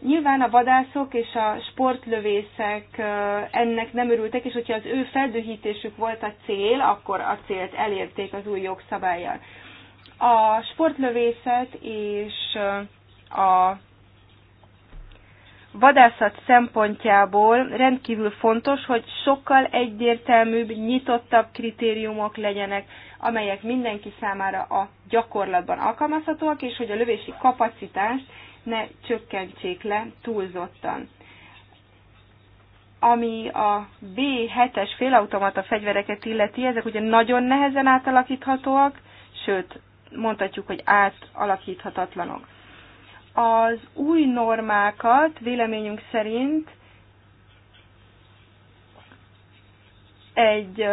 Nyilván a vadászok és a sportlövészek ennek nem örültek, és hogyha az ő feldühítésük volt a cél, akkor a célt elérték az új jogszabályjal. A sportlövészet és a vadászat szempontjából rendkívül fontos, hogy sokkal egyértelműbb, nyitottabb kritériumok legyenek, amelyek mindenki számára a gyakorlatban alkalmazhatóak, és hogy a lövési kapacitást ne csökkentsék le túlzottan. Ami a B7-es félautomata fegyvereket illeti, ezek ugye nagyon nehezen átalakíthatóak, sőt, mondhatjuk, hogy átalakíthatatlanok az új normákat véleményünk szerint egy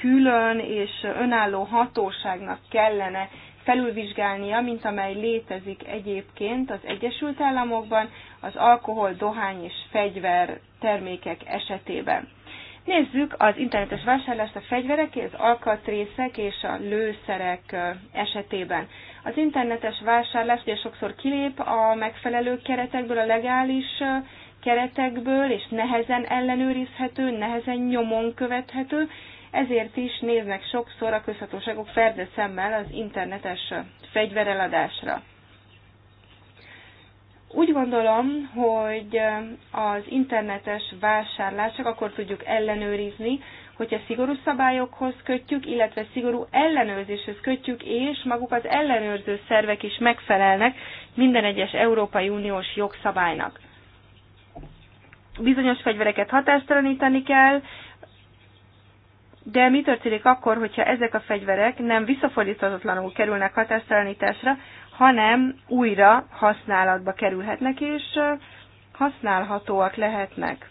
külön és önálló hatóságnak kellene felülvizsgálnia, mint amely létezik egyébként az Egyesült Államokban az alkohol, dohány és fegyver termékek esetében. Nézzük az internetes vásárlást a fegyverek, az alkatrészek és a lőszerek esetében. Az internetes vásárlás ugye sokszor kilép a megfelelő keretekből, a legális keretekből, és nehezen ellenőrizhető, nehezen nyomon követhető, ezért is néznek sokszor a közhatóságok ferde szemmel az internetes fegyvereladásra. Úgy gondolom, hogy az internetes vásárlást csak akkor tudjuk ellenőrizni, Hogyha szigorú szabályokhoz kötjük, illetve szigorú ellenőrzéshez kötjük, és maguk az ellenőrző szervek is megfelelnek minden egyes Európai Uniós jogszabálynak. Bizonyos fegyvereket hatástalanítani kell, de mi történik akkor, hogyha ezek a fegyverek nem visszafordíthatatlanul kerülnek hatástalanításra, hanem újra használatba kerülhetnek, és használhatóak lehetnek.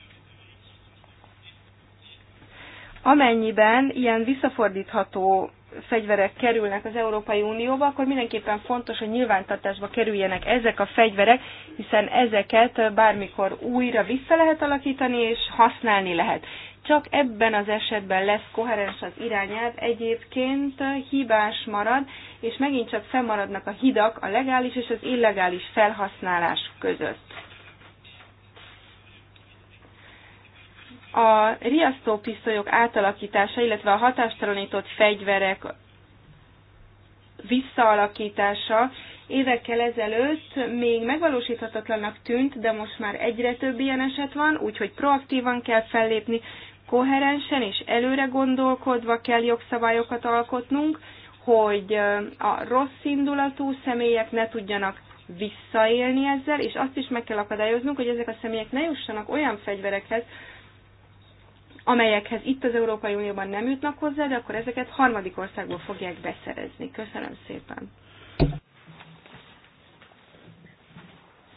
Amennyiben ilyen visszafordítható fegyverek kerülnek az Európai Unióba, akkor mindenképpen fontos, hogy nyilvántartásba kerüljenek ezek a fegyverek, hiszen ezeket bármikor újra vissza lehet alakítani és használni lehet. Csak ebben az esetben lesz koherens az irányelv, egyébként hibás marad, és megint csak fennmaradnak a hidak a legális és az illegális felhasználás között. a riasztópisztolyok átalakítása, illetve a hatástalanított fegyverek visszaalakítása évekkel ezelőtt még megvalósíthatatlanak tűnt, de most már egyre több ilyen eset van, úgyhogy proaktívan kell fellépni, koherensen és előre gondolkodva kell jogszabályokat alkotnunk, hogy a rossz indulatú személyek ne tudjanak visszaélni ezzel, és azt is meg kell akadályoznunk, hogy ezek a személyek ne jussanak olyan fegyverekhez, amelyekhez itt az Európai Unióban nem jutnak hozzá, de akkor ezeket harmadik országból fogják beszerezni. Köszönöm szépen.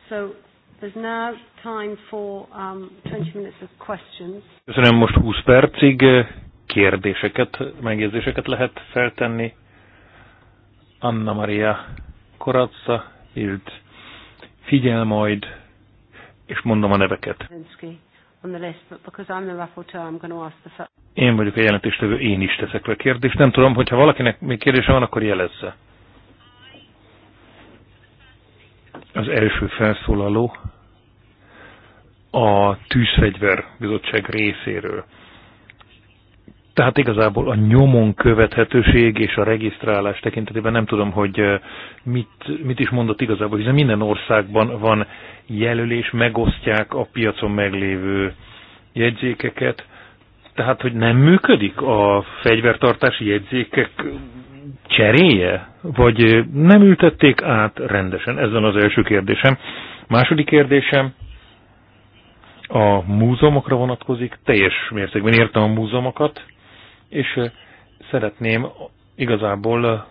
So there's now time for um, 20 minutes of questions. Köszönöm most 20 percig eh, kérdéseket, megjegyzéseket lehet feltenni. Anna Maria Koratza, írt, Figyel majd, és mondom a neveket. Lenszky. Én vagyok a jelentéstevő, én is teszek le kérdést. Nem tudom, hogyha valakinek még kérdése van, akkor jelezze. Az első felszólaló a tűzfegyver bizottság részéről. Tehát igazából a nyomon követhetőség és a regisztrálás tekintetében nem tudom, hogy eh, mit, mit is mondott igazából, hiszen minden országban van jelölés, megosztják a piacon meglévő jegyzékeket. Tehát, hogy nem működik a fegyvertartási jegyzékek cseréje? Vagy nem ültették át rendesen? Ez van az első kérdésem. Második kérdésem a múzeumokra vonatkozik. Teljes mértékben értem a múzeumokat, és szeretném igazából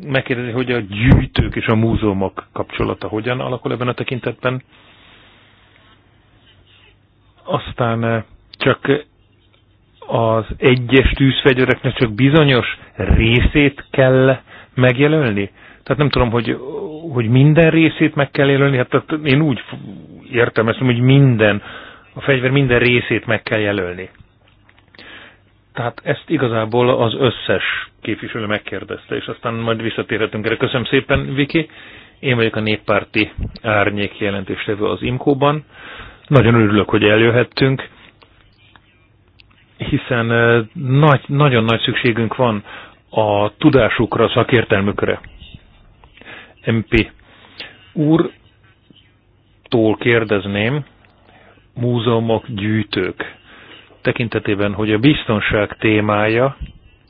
megkérdezni, hogy a gyűjtők és a múzeumok kapcsolata hogyan alakul ebben a tekintetben. Aztán eh, csak az egyes tűzfegyvereknek csak bizonyos részét kell megjelölni? Tehát nem tudom, hogy, hogy minden részét meg kell jelölni, hát én úgy értem ezt, hogy minden, a fegyver minden részét meg kell jelölni. Tehát ezt igazából az összes képviselő megkérdezte, és aztán majd visszatérhetünk erre. Köszönöm szépen, Viki. Én vagyok a néppárti árnyék jelentéstevő az Imkóban. Nagyon örülök, hogy eljöhettünk, hiszen nagy, nagyon nagy szükségünk van a tudásukra, a szakértelmükre. MP úrtól kérdezném, múzeumok, gyűjtők tekintetében, hogy a biztonság témája,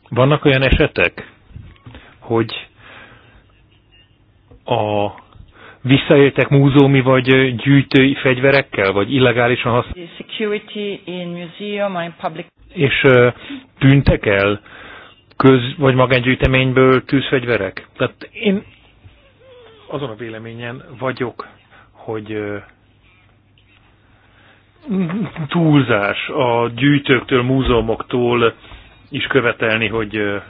vannak olyan esetek, hogy a visszaéltek múzeumi vagy gyűjtői fegyverekkel, vagy illegálisan használják. És tűntek el köz- vagy magángyűjteményből tűzfegyverek? Tehát én azon a véleményen vagyok, hogy túlzás a gyűjtőktől, múzeumoktól is követelni, hogy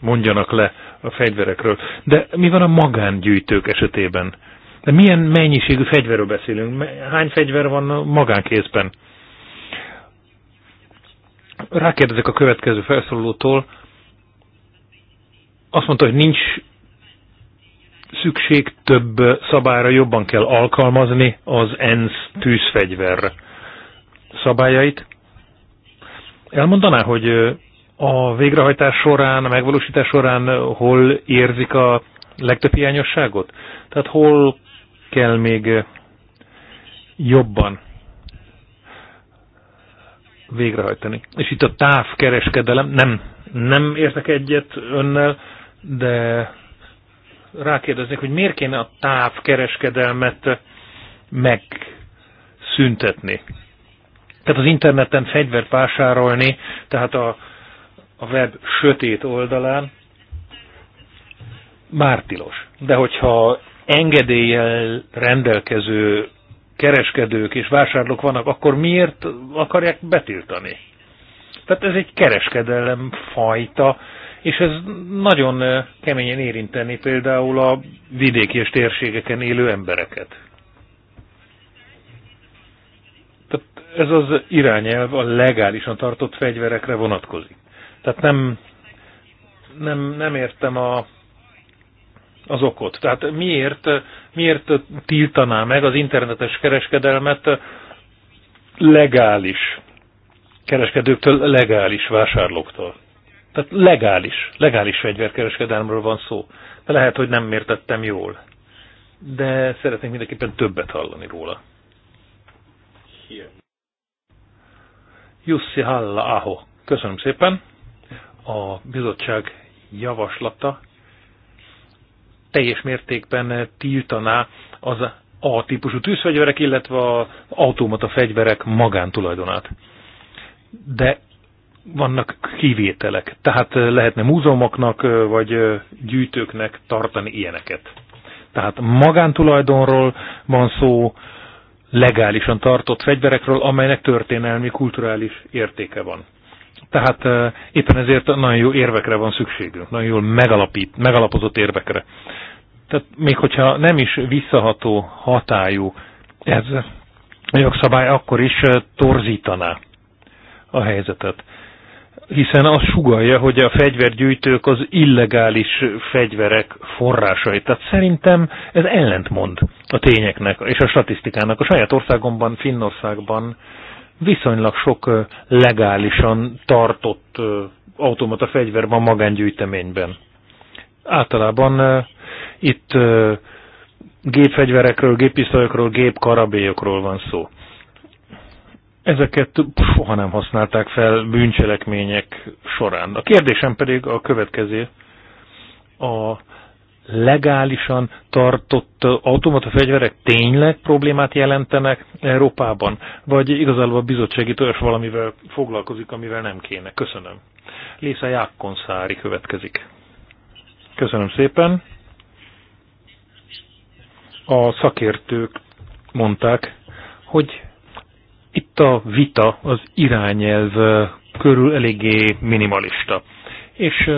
mondjanak le a fegyverekről. De mi van a magángyűjtők esetében? De milyen mennyiségű fegyverről beszélünk? Hány fegyver van a magánkézben? Rákérdezek a következő felszólalótól. Azt mondta, hogy nincs szükség több szabályra, jobban kell alkalmazni az ENSZ tűzfegyverre szabályait. Elmondaná, hogy a végrehajtás során, a megvalósítás során hol érzik a legtöbb hiányosságot? Tehát hol kell még jobban végrehajtani. És itt a távkereskedelem, nem, nem értek egyet önnel, de rákérdeznék, hogy miért kéne a távkereskedelmet megszüntetni. Tehát az interneten fegyvert vásárolni, tehát a, a web sötét oldalán már tilos. De hogyha engedéllyel rendelkező kereskedők és vásárlók vannak, akkor miért akarják betiltani? Tehát ez egy kereskedelem fajta, és ez nagyon eh, keményen érinteni például a vidéki és térségeken élő embereket. ez az irányelv a legálisan tartott fegyverekre vonatkozik. Tehát nem, nem, nem értem a, az okot. Tehát miért, miért tiltaná meg az internetes kereskedelmet legális kereskedőktől, legális vásárlóktól? Tehát legális, legális fegyverkereskedelmről van szó. De lehet, hogy nem értettem jól. De szeretnék mindenképpen többet hallani róla. Here. Jussi Halla Aho. Köszönöm szépen. A bizottság javaslata teljes mértékben tiltaná az A típusú tűzfegyverek, illetve az automata fegyverek magántulajdonát. De vannak kivételek, tehát lehetne múzeumoknak vagy gyűjtőknek tartani ilyeneket. Tehát magántulajdonról van szó, legálisan tartott fegyverekről, amelynek történelmi, kulturális értéke van. Tehát eh, éppen ezért nagyon jó érvekre van szükségünk, nagyon jól megalapít, megalapozott érvekre. Tehát még hogyha nem is visszaható hatályú ez a jogszabály, akkor is eh, torzítaná a helyzetet hiszen az sugalja, hogy a fegyvergyűjtők az illegális fegyverek forrásait. Tehát szerintem ez ellentmond a tényeknek és a statisztikának. A saját országomban, Finnországban viszonylag sok legálisan tartott automata fegyver van magángyűjteményben. Általában itt gépfegyverekről, géppisztolyokról, gépkarabélyokról van szó ezeket soha nem használták fel bűncselekmények során. A kérdésem pedig a következő. A legálisan tartott automata fegyverek tényleg problémát jelentenek Európában? Vagy igazából a bizottsági törzs valamivel foglalkozik, amivel nem kéne? Köszönöm. Lésza Jákkonszári következik. Köszönöm szépen. A szakértők mondták, hogy a vita az irányelv körül eléggé minimalista. És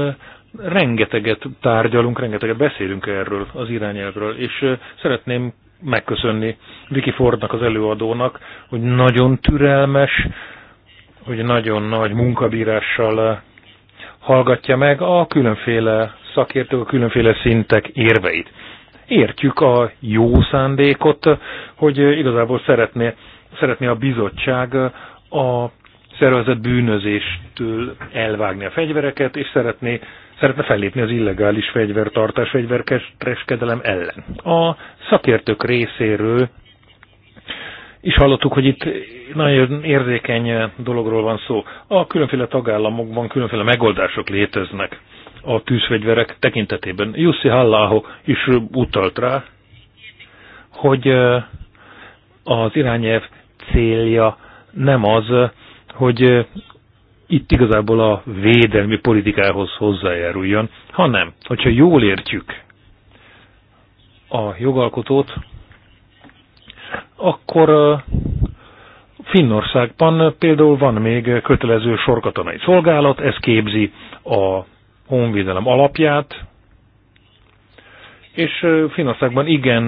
rengeteget tárgyalunk, rengeteget beszélünk erről az irányelvről, és szeretném megköszönni Vicky Fordnak, az előadónak, hogy nagyon türelmes, hogy nagyon nagy munkabírással hallgatja meg a különféle szakértők, a különféle szintek érveit. Értjük a jó szándékot, hogy igazából szeretné szeretné a bizottság a szervezett bűnözéstől elvágni a fegyvereket, és szeretné, szeretne fellépni az illegális fegyvertartás, fegyverkereskedelem ellen. A szakértők részéről is hallottuk, hogy itt nagyon érzékeny dologról van szó. A különféle tagállamokban különféle megoldások léteznek a tűzfegyverek tekintetében. Jussi Halláho is utalt rá, hogy eh, az irányelv célja nem az, hogy itt igazából a védelmi politikához hozzájáruljon, hanem, hogyha jól értjük a jogalkotót, akkor Finnországban például van még kötelező sorkatonai szolgálat, ez képzi a honvédelem alapját, és Finnországban igen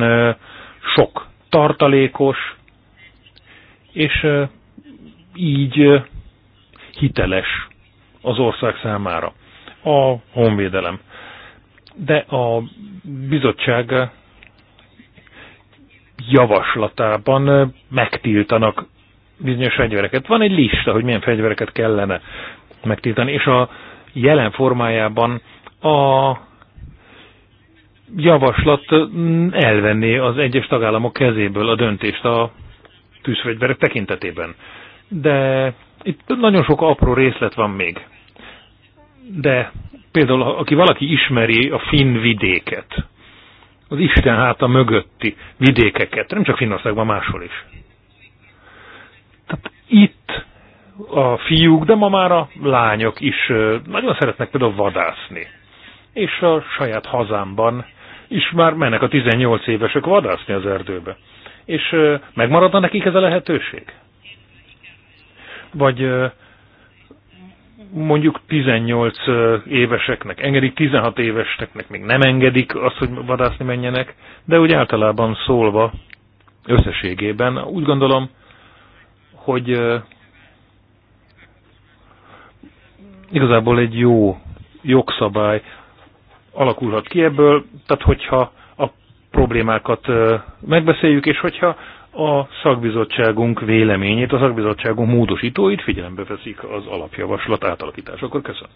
sok tartalékos, és így hiteles az ország számára a honvédelem. De a bizottság javaslatában megtiltanak bizonyos fegyvereket. Van egy lista, hogy milyen fegyvereket kellene megtiltani, és a jelen formájában a javaslat elvenné az egyes tagállamok kezéből a döntést a tűzfegyverek tekintetében. De itt nagyon sok apró részlet van még. De például, aki valaki ismeri a finn vidéket, az Isten háta mögötti vidékeket, nem csak Finnországban, máshol is. Tehát itt a fiúk, de ma már a lányok is nagyon szeretnek például vadászni. És a saját hazámban is már mennek a 18 évesek vadászni az erdőbe. És megmaradna nekik ez a lehetőség? Vagy mondjuk 18 éveseknek engedik, 16 éveseknek még nem engedik azt, hogy vadászni menjenek, de úgy általában szólva, összességében úgy gondolom, hogy igazából egy jó jogszabály alakulhat ki ebből, tehát hogyha problémákat megbeszéljük, és hogyha a szakbizottságunk véleményét, a szakbizottságunk módosítóit figyelembe veszik az alapjavaslat Akkor Köszönöm.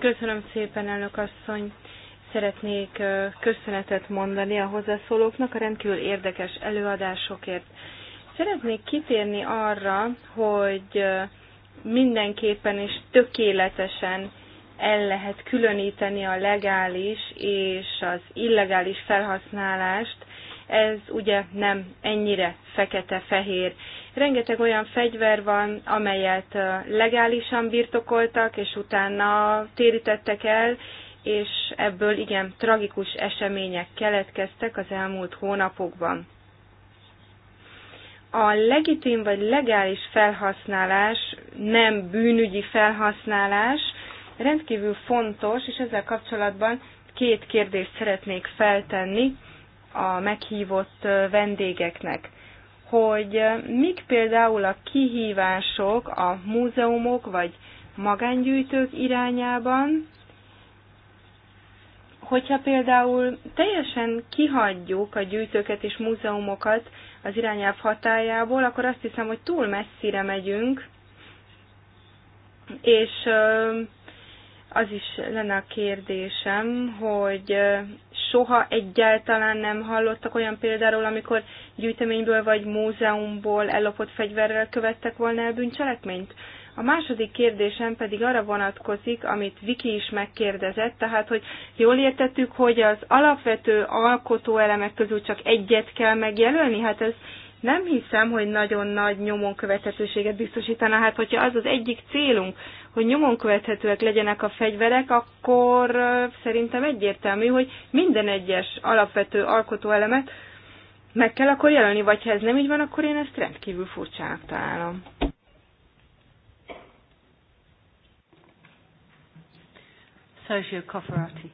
Köszönöm szépen, elnök asszony. Szeretnék köszönetet mondani a hozzászólóknak a rendkívül érdekes előadásokért. Szeretnék kitérni arra, hogy mindenképpen és tökéletesen el lehet különíteni a legális és az illegális felhasználást, ez ugye nem ennyire fekete-fehér. Rengeteg olyan fegyver van, amelyet legálisan birtokoltak, és utána térítettek el, és ebből igen tragikus események keletkeztek az elmúlt hónapokban. A legitim vagy legális felhasználás, nem bűnügyi felhasználás rendkívül fontos, és ezzel kapcsolatban két kérdést szeretnék feltenni a meghívott vendégeknek hogy mik például a kihívások a múzeumok vagy magángyűjtők irányában, Hogyha például teljesen kihagyjuk a gyűjtőket és múzeumokat az irányelv hatájából, akkor azt hiszem, hogy túl messzire megyünk, és az is lenne a kérdésem, hogy soha egyáltalán nem hallottak olyan példáról, amikor gyűjteményből vagy múzeumból ellopott fegyverrel követtek volna el bűncselekményt? A második kérdésem pedig arra vonatkozik, amit Viki is megkérdezett, tehát hogy jól értettük, hogy az alapvető alkotóelemek közül csak egyet kell megjelölni, hát ez nem hiszem, hogy nagyon nagy nyomon követhetőséget biztosítana. Hát, hogyha az az egyik célunk, hogy nyomon követhetőek legyenek a fegyverek, akkor szerintem egyértelmű, hogy minden egyes alapvető alkotóelemet meg kell akkor jelölni, vagy ha ez nem így van, akkor én ezt rendkívül furcsának találom. Sergio Cofferati.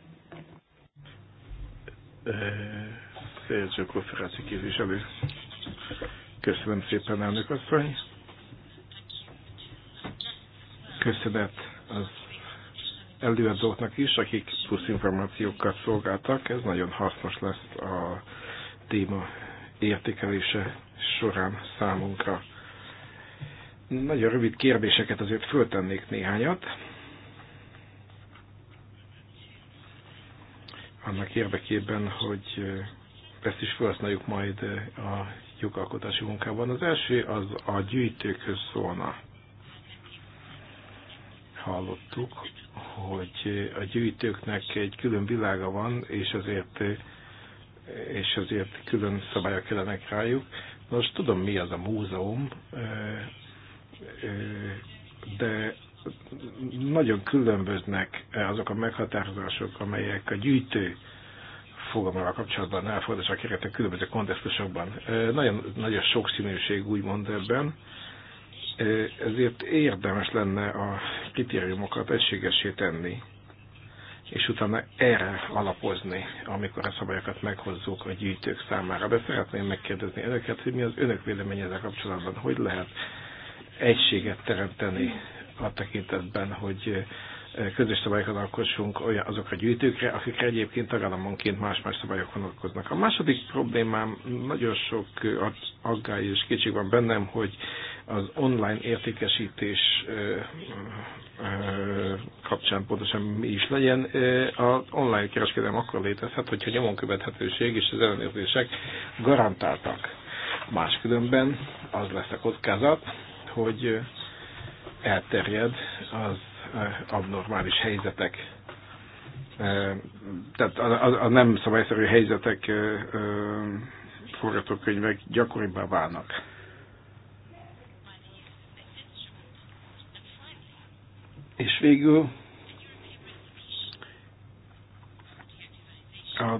Eh, Sergio Cofferati képviselő. Köszönöm szépen, elnök asszony. Köszönet az előadóknak is, akik plusz információkat szolgáltak. Ez nagyon hasznos lesz a téma értékelése során számunkra. Nagyon rövid kérdéseket azért föltennék néhányat. annak érdekében, hogy ezt is felhasználjuk majd a jogalkotási munkában. Az első az a gyűjtőkhöz szólna. Hallottuk, hogy a gyűjtőknek egy külön világa van, és azért, és azért külön szabályok kellenek rájuk. Most tudom, mi az a múzeum, de nagyon különböznek azok a meghatározások, amelyek a gyűjtő fogalmával kapcsolatban elfordulnak kerültek különböző kontextusokban. Nagyon, nagyon sok színűség úgymond ebben, ezért érdemes lenne a kritériumokat egységesé tenni, és utána erre alapozni, amikor a szabályokat meghozzuk a gyűjtők számára. De szeretném megkérdezni önöket, hogy mi az önök véleménye ezzel kapcsolatban, hogy lehet egységet teremteni a tekintetben, hogy eh, közös szabályokat alkossunk olyan, azok a gyűjtőkre, akik egyébként tagállamonként más-más szabályok vonatkoznak. A második problémám, nagyon sok eh, aggály és kétség van bennem, hogy az online értékesítés eh, kapcsán pontosan mi is legyen. Az online kereskedelem akkor létezhet, hogyha nyomon követhetőség és az ellenőrzések garantáltak. Máskülönben az lesz a kockázat, hogy elterjed az eh, abnormális helyzetek. Eh, tehát a, a, a nem szabályszerű helyzetek eh, forgatókönyvek gyakoribbá válnak. És végül a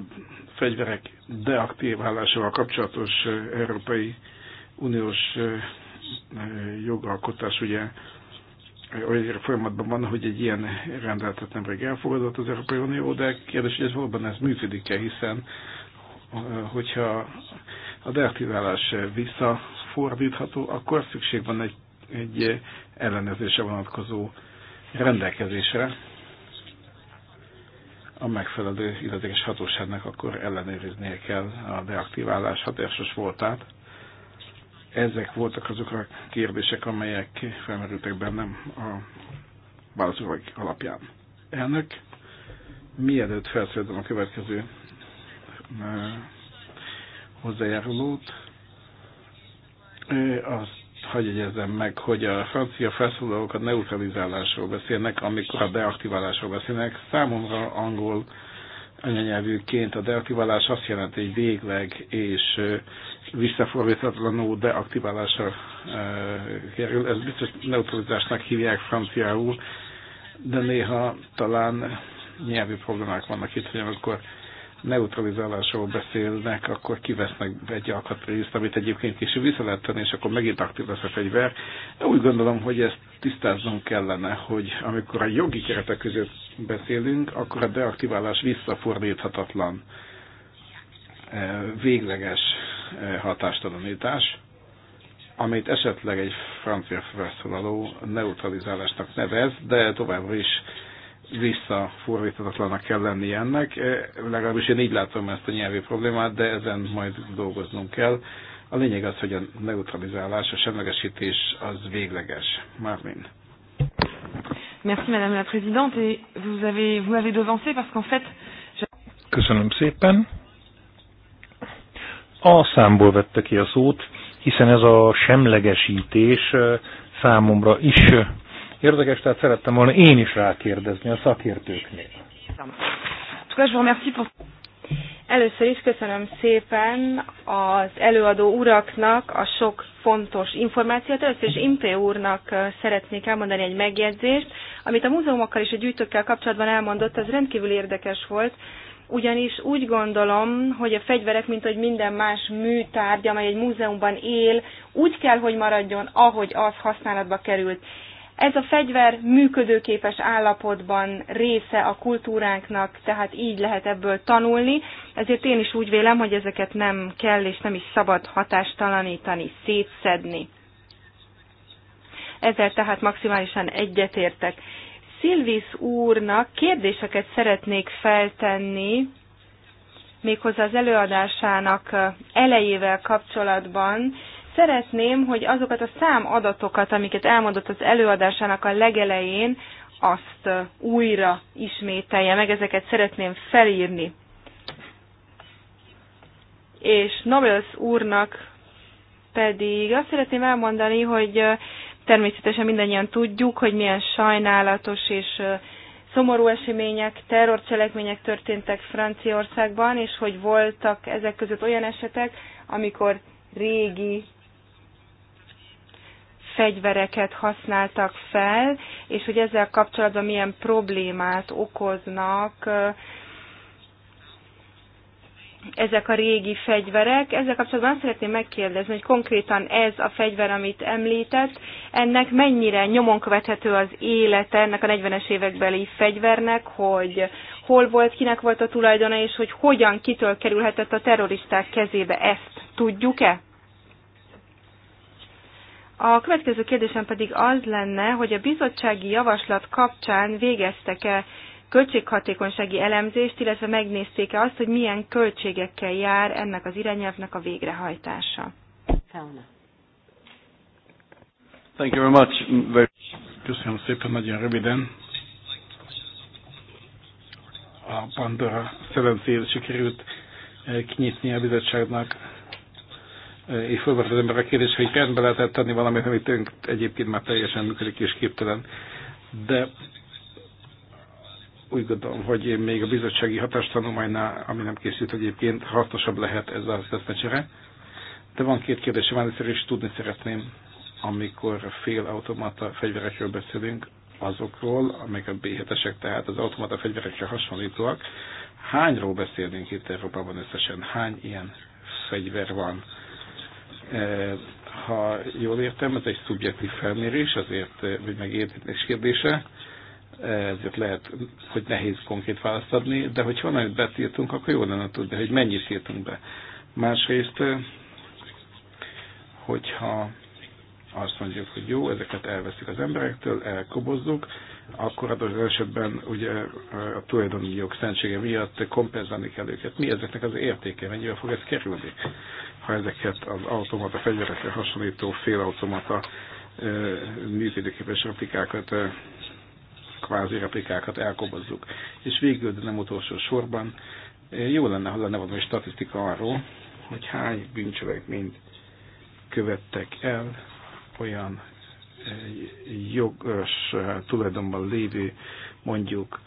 fegyverek deaktiválásával kapcsolatos Európai Uniós jogalkotás ugye olyan folyamatban van, hogy egy ilyen rendeletet nemrég elfogadott az Európai Unió, de kérdés, hogy ez valóban ez működik-e, hiszen hogyha a deaktiválás visszafordítható, akkor szükség van egy, egy ellenőrzése vonatkozó rendelkezésre, a megfelelő illetékes hatóságnak akkor ellenőriznie kell a deaktiválás hatásos voltát. Ezek voltak azok a kérdések, amelyek felmerültek bennem a válaszolók alapján. Elnök, mielőtt felszedem a következő hozzájárulót, azt hagyj jegyezzem meg, hogy a francia felszólalók a neutralizálásról beszélnek, amikor a deaktiválásról beszélnek. Számomra angol anyanyelvűként a deaktiválás azt jelenti, hogy végleg és visszafordíthatatlanul deaktiválásra e, kerül. Ez biztos neutralizásnak hívják franciául, de néha talán nyelvi problémák vannak itt, hogy amikor neutralizálásról beszélnek, akkor kivesznek egy alkatrészt, amit egyébként később vissza lehet tenni, és akkor megint aktív lesz a fegyver. Úgy gondolom, hogy ezt tisztáznunk kellene, hogy amikor a jogi keretek között beszélünk, akkor a deaktiválás visszafordíthatatlan, e, végleges Eh, hatástalanítás, amit esetleg egy francia felszólaló neutralizálásnak nevez, de továbbra is visszafordíthatatlanak kell lenni ennek. Eh, legalábbis én így látom ezt a nyelvi problémát, de ezen majd dolgoznunk kell. A lényeg az, hogy a neutralizálás, a semlegesítés az végleges. Marvin. Merci Madame la Présidente et vous avez vous m'avez devancé parce qu'en fait. Köszönöm szépen. A számból vette ki a szót, hiszen ez a semlegesítés számomra is érdekes, tehát szerettem volna én is rákérdezni a szakértőknél. Először is köszönöm szépen az előadó uraknak a sok fontos információt. Először is Impé úrnak szeretnék elmondani egy megjegyzést, amit a múzeumokkal és a gyűjtőkkel kapcsolatban elmondott, az rendkívül érdekes volt, ugyanis úgy gondolom, hogy a fegyverek, mint hogy minden más műtárgy, amely egy múzeumban él, úgy kell, hogy maradjon, ahogy az használatba került. Ez a fegyver működőképes állapotban része a kultúránknak, tehát így lehet ebből tanulni, ezért én is úgy vélem, hogy ezeket nem kell és nem is szabad hatástalanítani, szétszedni. Ezzel tehát maximálisan egyetértek. Szilvisz úrnak kérdéseket szeretnék feltenni, méghozzá az előadásának elejével kapcsolatban. Szeretném, hogy azokat a számadatokat, amiket elmondott az előadásának a legelején, azt újra ismételje meg, ezeket szeretném felírni. És Nobels úrnak pedig azt szeretném elmondani, hogy Természetesen mindannyian tudjuk, hogy milyen sajnálatos és szomorú események, terrorcselekmények történtek Franciaországban, és hogy voltak ezek között olyan esetek, amikor régi fegyvereket használtak fel, és hogy ezzel kapcsolatban milyen problémát okoznak ezek a régi fegyverek. Ezzel kapcsolatban azt szeretném megkérdezni, hogy konkrétan ez a fegyver, amit említett, ennek mennyire nyomon követhető az élete ennek a 40-es évekbeli fegyvernek, hogy hol volt, kinek volt a tulajdona, és hogy hogyan, kitől kerülhetett a terroristák kezébe. Ezt tudjuk-e? A következő kérdésem pedig az lenne, hogy a bizottsági javaslat kapcsán végeztek-e költséghatékonysági elemzést, illetve megnézték-e azt, hogy milyen költségekkel jár ennek az irányelvnek a végrehajtása. Thank you very much. Köszönöm szépen, nagyon röviden. A Pandora szerencsét sikerült eh, kinyitni a bizottságnak, eh, és fölvett az ember a kérdés, hogy rendbe lehetett tenni valamit, amit önk egyébként már teljesen működik és képtelen. De úgy gondolom, hogy még a bizottsági hatástanulmánynál, ami nem készült egyébként, hasznosabb lehet ez az eszmecsere. De van két kérdésem, először is tudni szeretném, amikor fél automata fegyverekről beszélünk, azokról, amelyek a B7-esek, tehát az automata fegyverekre hasonlítóak. Hányról beszélünk itt Európában összesen? Hány ilyen fegyver van? E, ha jól értem, ez egy szubjektív felmérés, azért, hogy megértetés kérdése ezért lehet, hogy nehéz konkrét választ adni, de hogyha amit betiltunk, akkor jó lenne tudni, hogy mennyit írtunk be. Másrészt, hogyha azt mondjuk, hogy jó, ezeket elveszik az emberektől, elkobozzuk, akkor az esetben ugye a tulajdoni jog szentsége miatt kompenzálni kell őket. Mi ezeknek az értéke? Mennyivel fog ez kerülni? Ha ezeket az automata fegyverekre hasonlító félautomata működőképes replikákat kvázi replikákat elkobozzuk. És végül, de nem utolsó sorban, jó lenne, ha lenne valami statisztika arról, hogy hány bűncselekményt követtek el olyan eh, jogos eh, tulajdonban lévő mondjuk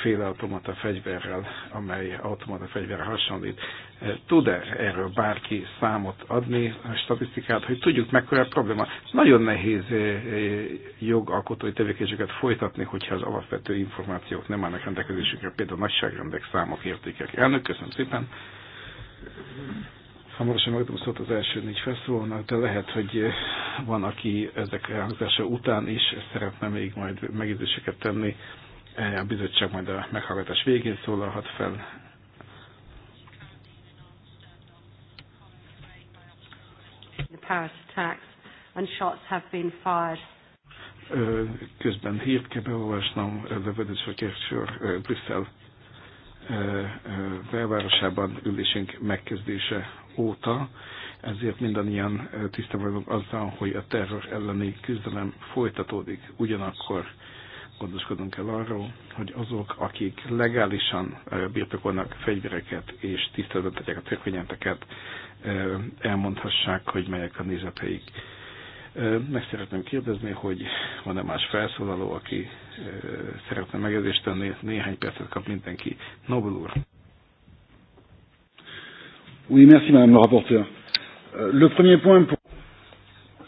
félautomata fegyverrel, amely automata fegyverre hasonlít. Tud-e erről bárki számot adni, A statisztikát, hogy tudjuk mekkora a probléma? Nagyon nehéz jogalkotói tevékenységet folytatni, hogyha az alapvető információk nem állnak rendelkezésükre, például nagyságrendek, számok, értékek. Elnök, köszönöm szépen! Hamarosan megadom szót az első négy felszólónak, de lehet, hogy van, aki ezek elhangzása után is szeretne még majd megjegyzéseket tenni a bizottság majd a meghallgatás végén szólalhat fel. Közben hírt kell beolvasnom, lövödés a kérdésről Brüsszel belvárosában ülésünk megkezdése óta, ezért mindannyian tiszta vagyunk azzal, hogy a terror elleni küzdelem folytatódik. Ugyanakkor gondoskodunk kell arról, hogy azok, akik legálisan birtokolnak fegyvereket és tiszteletben tartják a törvényenteket, elmondhassák, hogy melyek a nézeteik. Meg szeretném kérdezni, hogy van-e más felszólaló, aki szeretne megjegyzést tenni, néhány percet kap mindenki. Nobel úr. Oui, merci, madame le rapporteur. Euh, le premier point pour...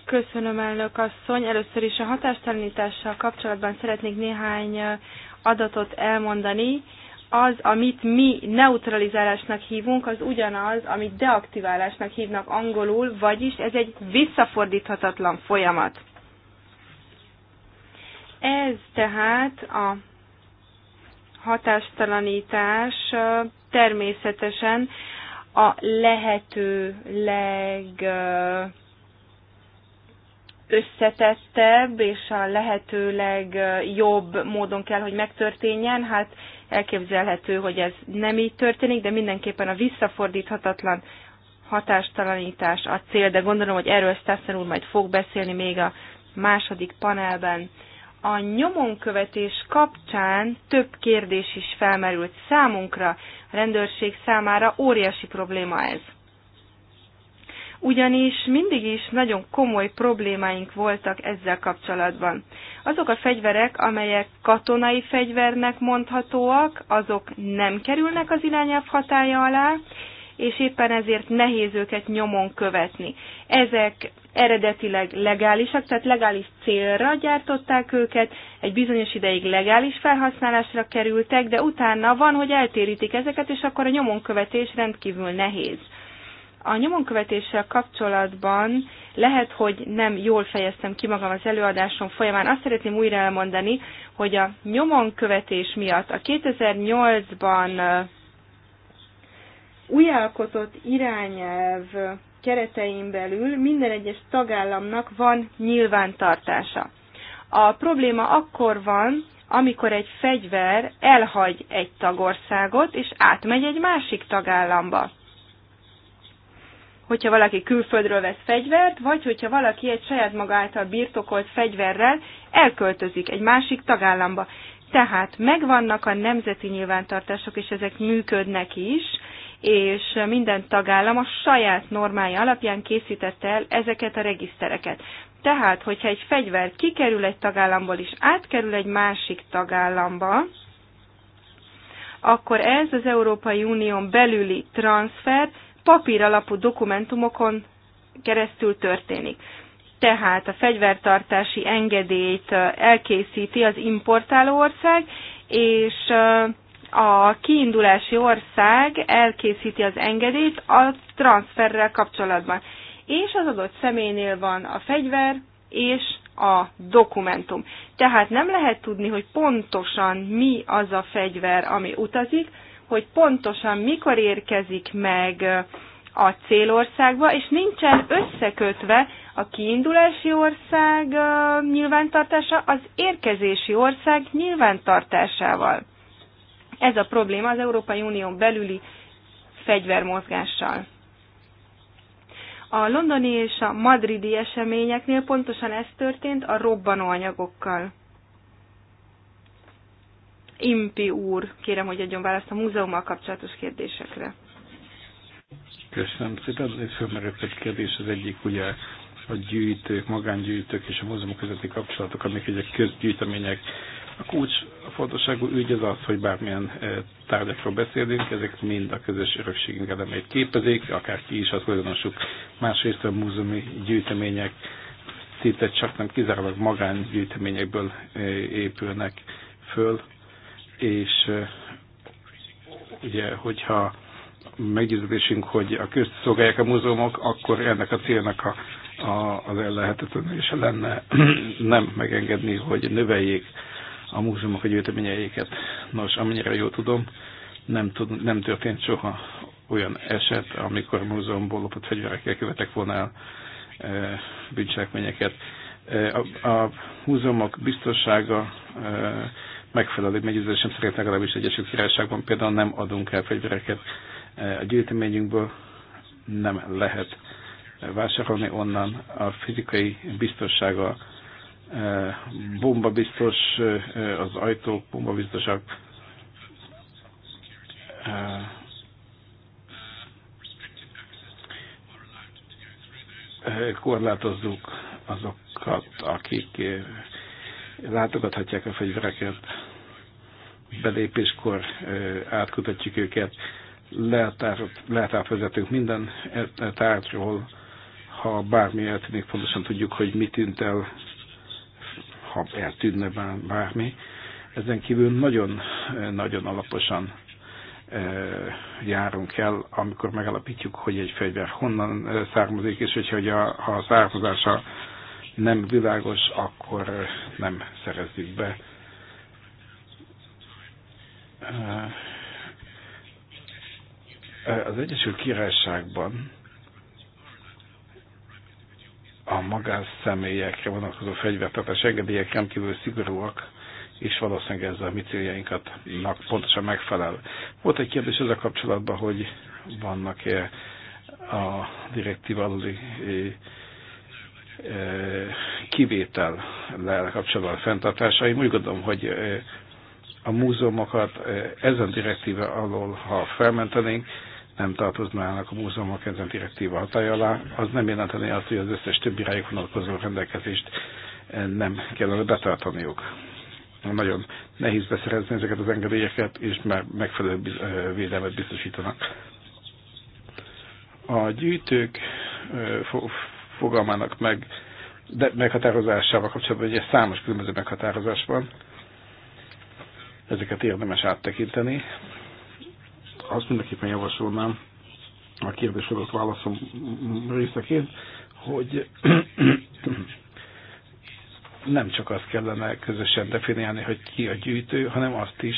Köszönöm, elnök asszony. Először is a hatástalanítással kapcsolatban szeretnék néhány adatot elmondani. Az, amit mi neutralizálásnak hívunk, az ugyanaz, amit deaktiválásnak hívnak angolul, vagyis ez egy visszafordíthatatlan folyamat. Ez tehát a hatástalanítás természetesen a lehető leg összetettebb és a lehetőleg jobb módon kell, hogy megtörténjen. Hát elképzelhető, hogy ez nem így történik, de mindenképpen a visszafordíthatatlan hatástalanítás a cél, de gondolom, hogy erről Stassen úr majd fog beszélni még a második panelben. A nyomonkövetés kapcsán több kérdés is felmerült számunkra, a rendőrség számára óriási probléma ez ugyanis mindig is nagyon komoly problémáink voltak ezzel kapcsolatban. Azok a fegyverek, amelyek katonai fegyvernek mondhatóak, azok nem kerülnek az irányelv hatája alá, és éppen ezért nehéz őket nyomon követni. Ezek eredetileg legálisak, tehát legális célra gyártották őket, egy bizonyos ideig legális felhasználásra kerültek, de utána van, hogy eltérítik ezeket, és akkor a nyomon követés rendkívül nehéz. A nyomonkövetéssel kapcsolatban lehet, hogy nem jól fejeztem ki magam az előadásom folyamán. Azt szeretném újra elmondani, hogy a nyomonkövetés miatt a 2008-ban újálkotott irányelv keretein belül minden egyes tagállamnak van nyilvántartása. A probléma akkor van, amikor egy fegyver elhagy egy tagországot, és átmegy egy másik tagállamba hogyha valaki külföldről vesz fegyvert, vagy hogyha valaki egy saját maga által birtokolt fegyverrel elköltözik egy másik tagállamba. Tehát megvannak a nemzeti nyilvántartások, és ezek működnek is, és minden tagállam a saját normája alapján készítette el ezeket a regisztereket. Tehát, hogyha egy fegyver kikerül egy tagállamból és átkerül egy másik tagállamba, akkor ez az Európai Unión belüli transfer papír alapú dokumentumokon keresztül történik. Tehát a fegyvertartási engedélyt elkészíti az importáló ország, és a kiindulási ország elkészíti az engedélyt a transferrel kapcsolatban. És az adott személynél van a fegyver és a dokumentum. Tehát nem lehet tudni, hogy pontosan mi az a fegyver, ami utazik, hogy pontosan mikor érkezik meg a célországba, és nincsen összekötve a kiindulási ország nyilvántartása az érkezési ország nyilvántartásával. Ez a probléma az Európai Unión belüli fegyvermozgással. A londoni és a madridi eseményeknél pontosan ez történt a robbanóanyagokkal. Impi úr, kérem, hogy adjon választ a múzeummal kapcsolatos kérdésekre. Köszönöm szépen. egy fölmerült egy kérdés, az egyik ugye a gyűjtők, magángyűjtők és a múzeumok közötti kapcsolatok, amik egy közgyűjtemények. A kulcs a fontosságú ügy az az, hogy bármilyen eh, tárgyakról beszélünk, ezek mind a közös örökségünk elemeit képezik, akár ki is azonosuk. Másrészt a múzeumi gyűjtemények szinte csak nem kizárólag magángyűjteményekből eh, épülnek föl, és ugye, hogyha meggyőződésünk, hogy a közt szolgálják a múzeumok, akkor ennek a célnak a, a, az ellehetetlenése lenne nem megengedni, hogy növeljék a múzeumok a gyűjteményeiket. Nos, amennyire jól tudom, nem, tud, nem történt soha olyan eset, amikor múzeumból lopott fegyverekkel követek volna el e, bűncselekményeket. E, a, a múzeumok biztonsága e, megfelelő meggyőződésem szerint legalábbis Egyesült Királyságban például nem adunk el fegyvereket e, a gyűjteményünkből, nem lehet vásárolni onnan a fizikai biztonsága, e, bombabiztos, e, az ajtók bombabiztosak, korlátozzuk azokat, akik látogathatják a fegyvereket, belépéskor átkutatjuk őket, letárvezetünk minden tárgyról, ha bármi eltűnik, pontosan tudjuk, hogy mit tűnt el, ha eltűnne bármi. Ezen kívül nagyon-nagyon alaposan járunk el, amikor megalapítjuk, hogy egy fegyver honnan származik, és hogyha a, ha a származása nem világos, akkor nem szerezzük be. Az Egyesült Királyságban a magánszemélyekre vonatkozó fegyvertartás engedélyek rendkívül szigorúak, és valószínűleg ez a mi céljainkatnak pontosan megfelel. Volt egy kérdés ezzel kapcsolatban, hogy vannak-e a direktív aluli eh, kivétellel kapcsolatban Én Úgy gondolom, hogy a múzeumokat ezen direktíve alól, ha felmentenénk, nem tartoznának a múzeumok ezen direktíva hatája alá, az nem jelenteni azt, hogy az összes többi rájuk vonatkozó rendelkezést nem kellene betartaniuk. Nagyon nehéz beszerezni ezeket az engedélyeket, és már megfelelő védelmet biztosítanak. A gyűjtők fogalmának meg, de meghatározásával kapcsolatban, ugye számos különböző meghatározás van, ezeket érdemes áttekinteni. Azt mindenképpen javasolnám a kérdés adott válaszom részeként, hogy nem csak azt kellene közösen definiálni, hogy ki a gyűjtő, hanem azt is,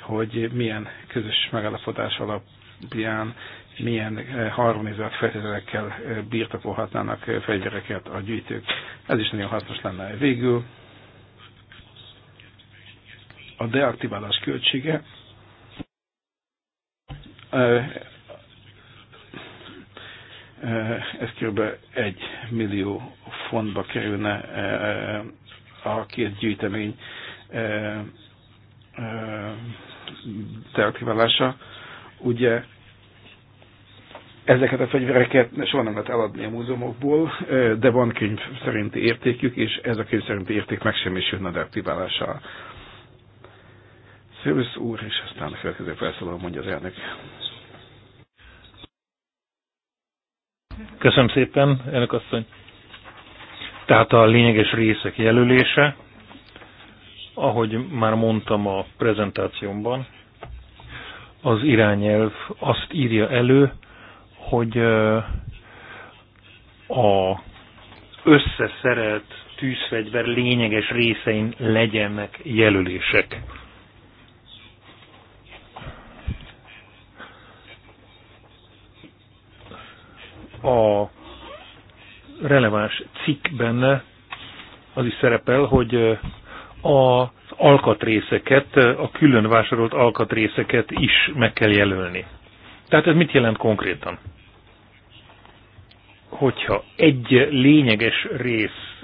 hogy milyen közös megállapodás alapján milyen eh, harmonizált feltételekkel eh, birtokolhatnának eh, fegyvereket a gyűjtők. Ez is nagyon hasznos lenne. Végül a deaktiválás költsége ez kb. 1 millió fontba kerülne a két gyűjtemény deaktiválása. Ugye Ezeket a fegyvereket soha nem lehet eladni a múzeumokból, de van könyv szerinti értékük, és ez a könyv szerinti érték megsemmisülne a deaktiválással. Szervusz úr, és aztán a következő felszóló mondja az elnök. Köszönöm szépen, elnök asszony. Tehát a lényeges részek jelölése, ahogy már mondtam a prezentációmban, az irányelv azt írja elő, hogy a összeszerelt tűzfegyver lényeges részein legyenek jelölések. A releváns cikkben az is szerepel, hogy a alkatrészeket, a külön vásárolt alkatrészeket is meg kell jelölni. Tehát ez mit jelent konkrétan? hogyha egy lényeges rész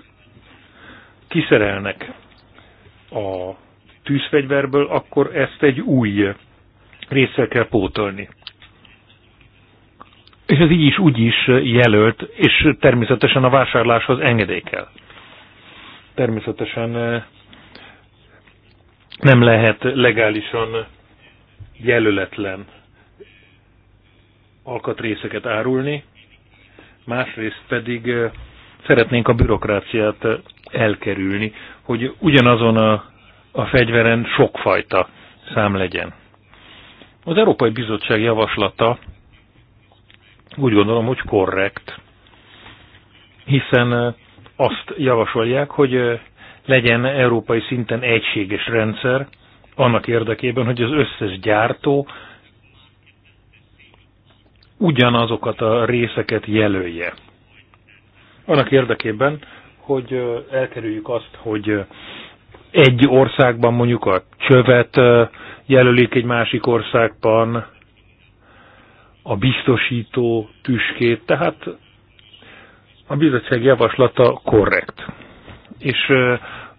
kiszerelnek a tűzfegyverből, akkor ezt egy új részsel kell pótolni. És ez így is úgy is jelölt, és természetesen a vásárláshoz engedékel. Természetesen eh, nem lehet legálisan jelöletlen alkatrészeket árulni, másrészt pedig szeretnénk a bürokráciát elkerülni, hogy ugyanazon a, a fegyveren sokfajta szám legyen. Az Európai Bizottság javaslata úgy gondolom, hogy korrekt, hiszen azt javasolják, hogy legyen európai szinten egységes rendszer annak érdekében, hogy az összes gyártó ugyanazokat a részeket jelölje. Annak érdekében, hogy elkerüljük azt, hogy egy országban mondjuk a csövet jelölik egy másik országban, a biztosító tüskét, tehát a bizottság javaslata korrekt. És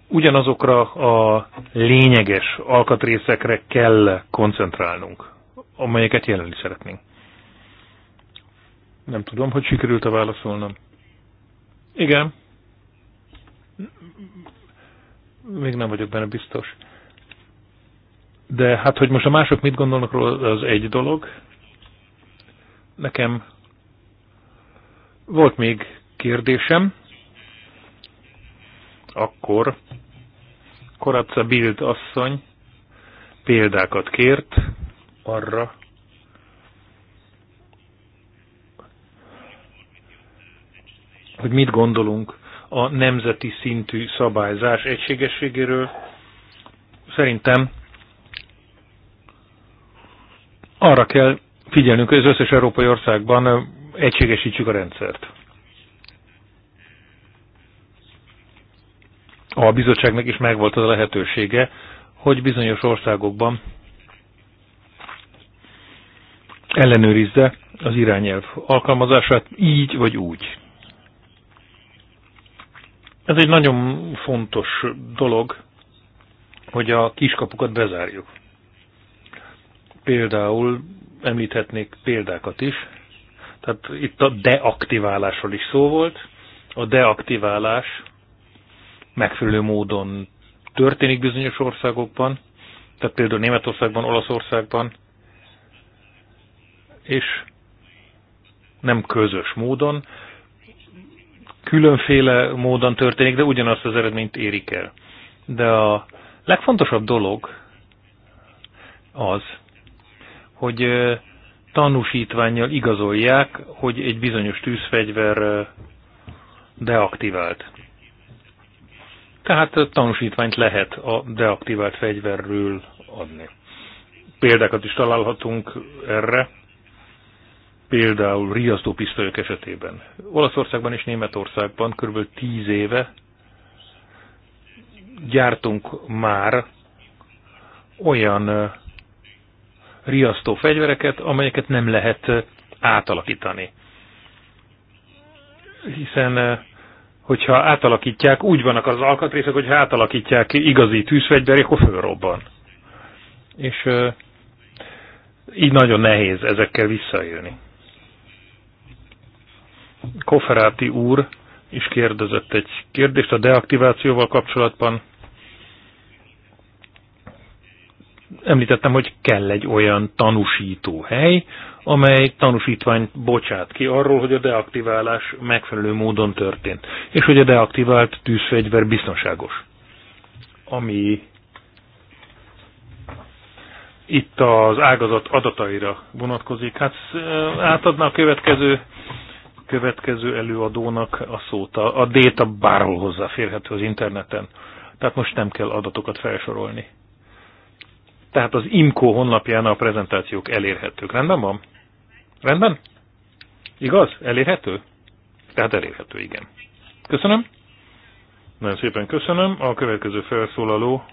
ugyanazokra a lényeges alkatrészekre kell koncentrálnunk, amelyeket jelenni szeretnénk. Nem tudom, hogy sikerült a válaszolnom. Igen. Még nem vagyok benne biztos. De hát, hogy most a mások mit gondolnak róla, az egy dolog. Nekem volt még kérdésem. Akkor Koratza Bild asszony példákat kért arra, hogy mit gondolunk a nemzeti szintű szabályzás egységességéről. Szerintem arra kell figyelnünk, hogy az összes európai országban egységesítsük a rendszert. A bizottságnak is megvolt az a lehetősége, hogy bizonyos országokban ellenőrizze az irányelv alkalmazását így vagy úgy. Ez egy nagyon fontos dolog, hogy a kiskapukat bezárjuk. Például említhetnék példákat is. Tehát itt a deaktiválásról is szó volt. A deaktiválás megfelelő módon történik bizonyos országokban, tehát például Németországban, Olaszországban, és nem közös módon, különféle módon történik, de ugyanazt az eredményt érik el. De a legfontosabb dolog az, hogy tanúsítványjal igazolják, hogy egy bizonyos tűzfegyver deaktivált. Tehát tanúsítványt lehet a deaktivált fegyverről adni. Példákat is találhatunk erre például riasztópisztolyok esetében. Olaszországban és Németországban kb. 10 éve gyártunk már olyan riasztó fegyvereket, amelyeket nem lehet átalakítani. Hiszen hogyha átalakítják, úgy vannak az alkatrészek, hogy átalakítják igazi tűzfegyveré, akkor fölrobban. És így nagyon nehéz ezekkel visszajönni. Koferáti úr is kérdezett egy kérdést a deaktivációval kapcsolatban. Említettem, hogy kell egy olyan tanúsító hely, amely tanúsítványt bocsát ki arról, hogy a deaktiválás megfelelő módon történt, és hogy a deaktivált tűzfegyver biztonságos. Ami itt az ágazat adataira vonatkozik. Hát átadna a következő következő előadónak a szót. A déta bárhol hozzáférhető az interneten. Tehát most nem kell adatokat felsorolni. Tehát az IMCO honlapján a prezentációk elérhetők. Rendben van? Rendben? Igaz? Elérhető? Tehát elérhető, igen. Köszönöm. Nagyon szépen köszönöm. A következő felszólaló,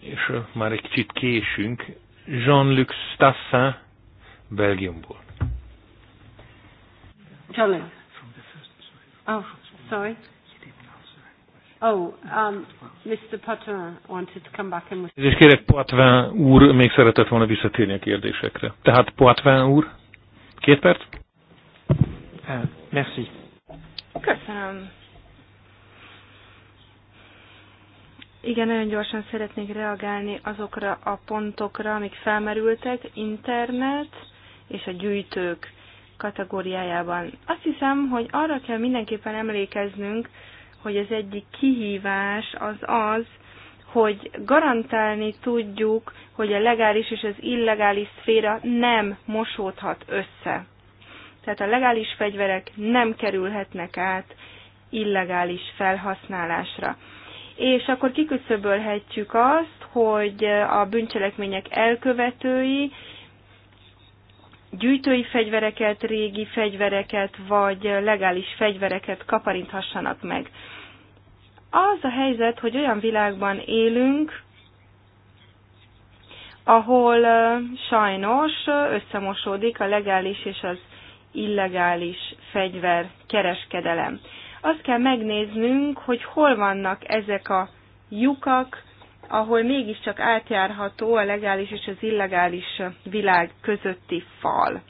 és már egy kicsit késünk, Jean-Luc Stassin, Belgiumból. Johnny. sorry. Oh, sorry. Oh, um, Mr. Potvin wanted to come back and... És kérek, Potvin úr még szeretett volna visszatérni a kérdésekre. Tehát Potvin úr, két perc? Uh, merci. Köszönöm. Igen, nagyon gyorsan szeretnék reagálni azokra a pontokra, amik felmerültek, internet és a gyűjtők kategóriájában. Azt hiszem, hogy arra kell mindenképpen emlékeznünk, hogy az egyik kihívás az az, hogy garantálni tudjuk, hogy a legális és az illegális szféra nem mosódhat össze. Tehát a legális fegyverek nem kerülhetnek át illegális felhasználásra. És akkor kiküszöbölhetjük azt, hogy a bűncselekmények elkövetői gyűjtői fegyvereket, régi fegyvereket, vagy legális fegyvereket kaparinthassanak meg. Az a helyzet, hogy olyan világban élünk, ahol sajnos összemosódik a legális és az illegális kereskedelem. Azt kell megnéznünk, hogy hol vannak ezek a lyukak, ahol mégiscsak átjárható a legális és az illegális világ közötti fal.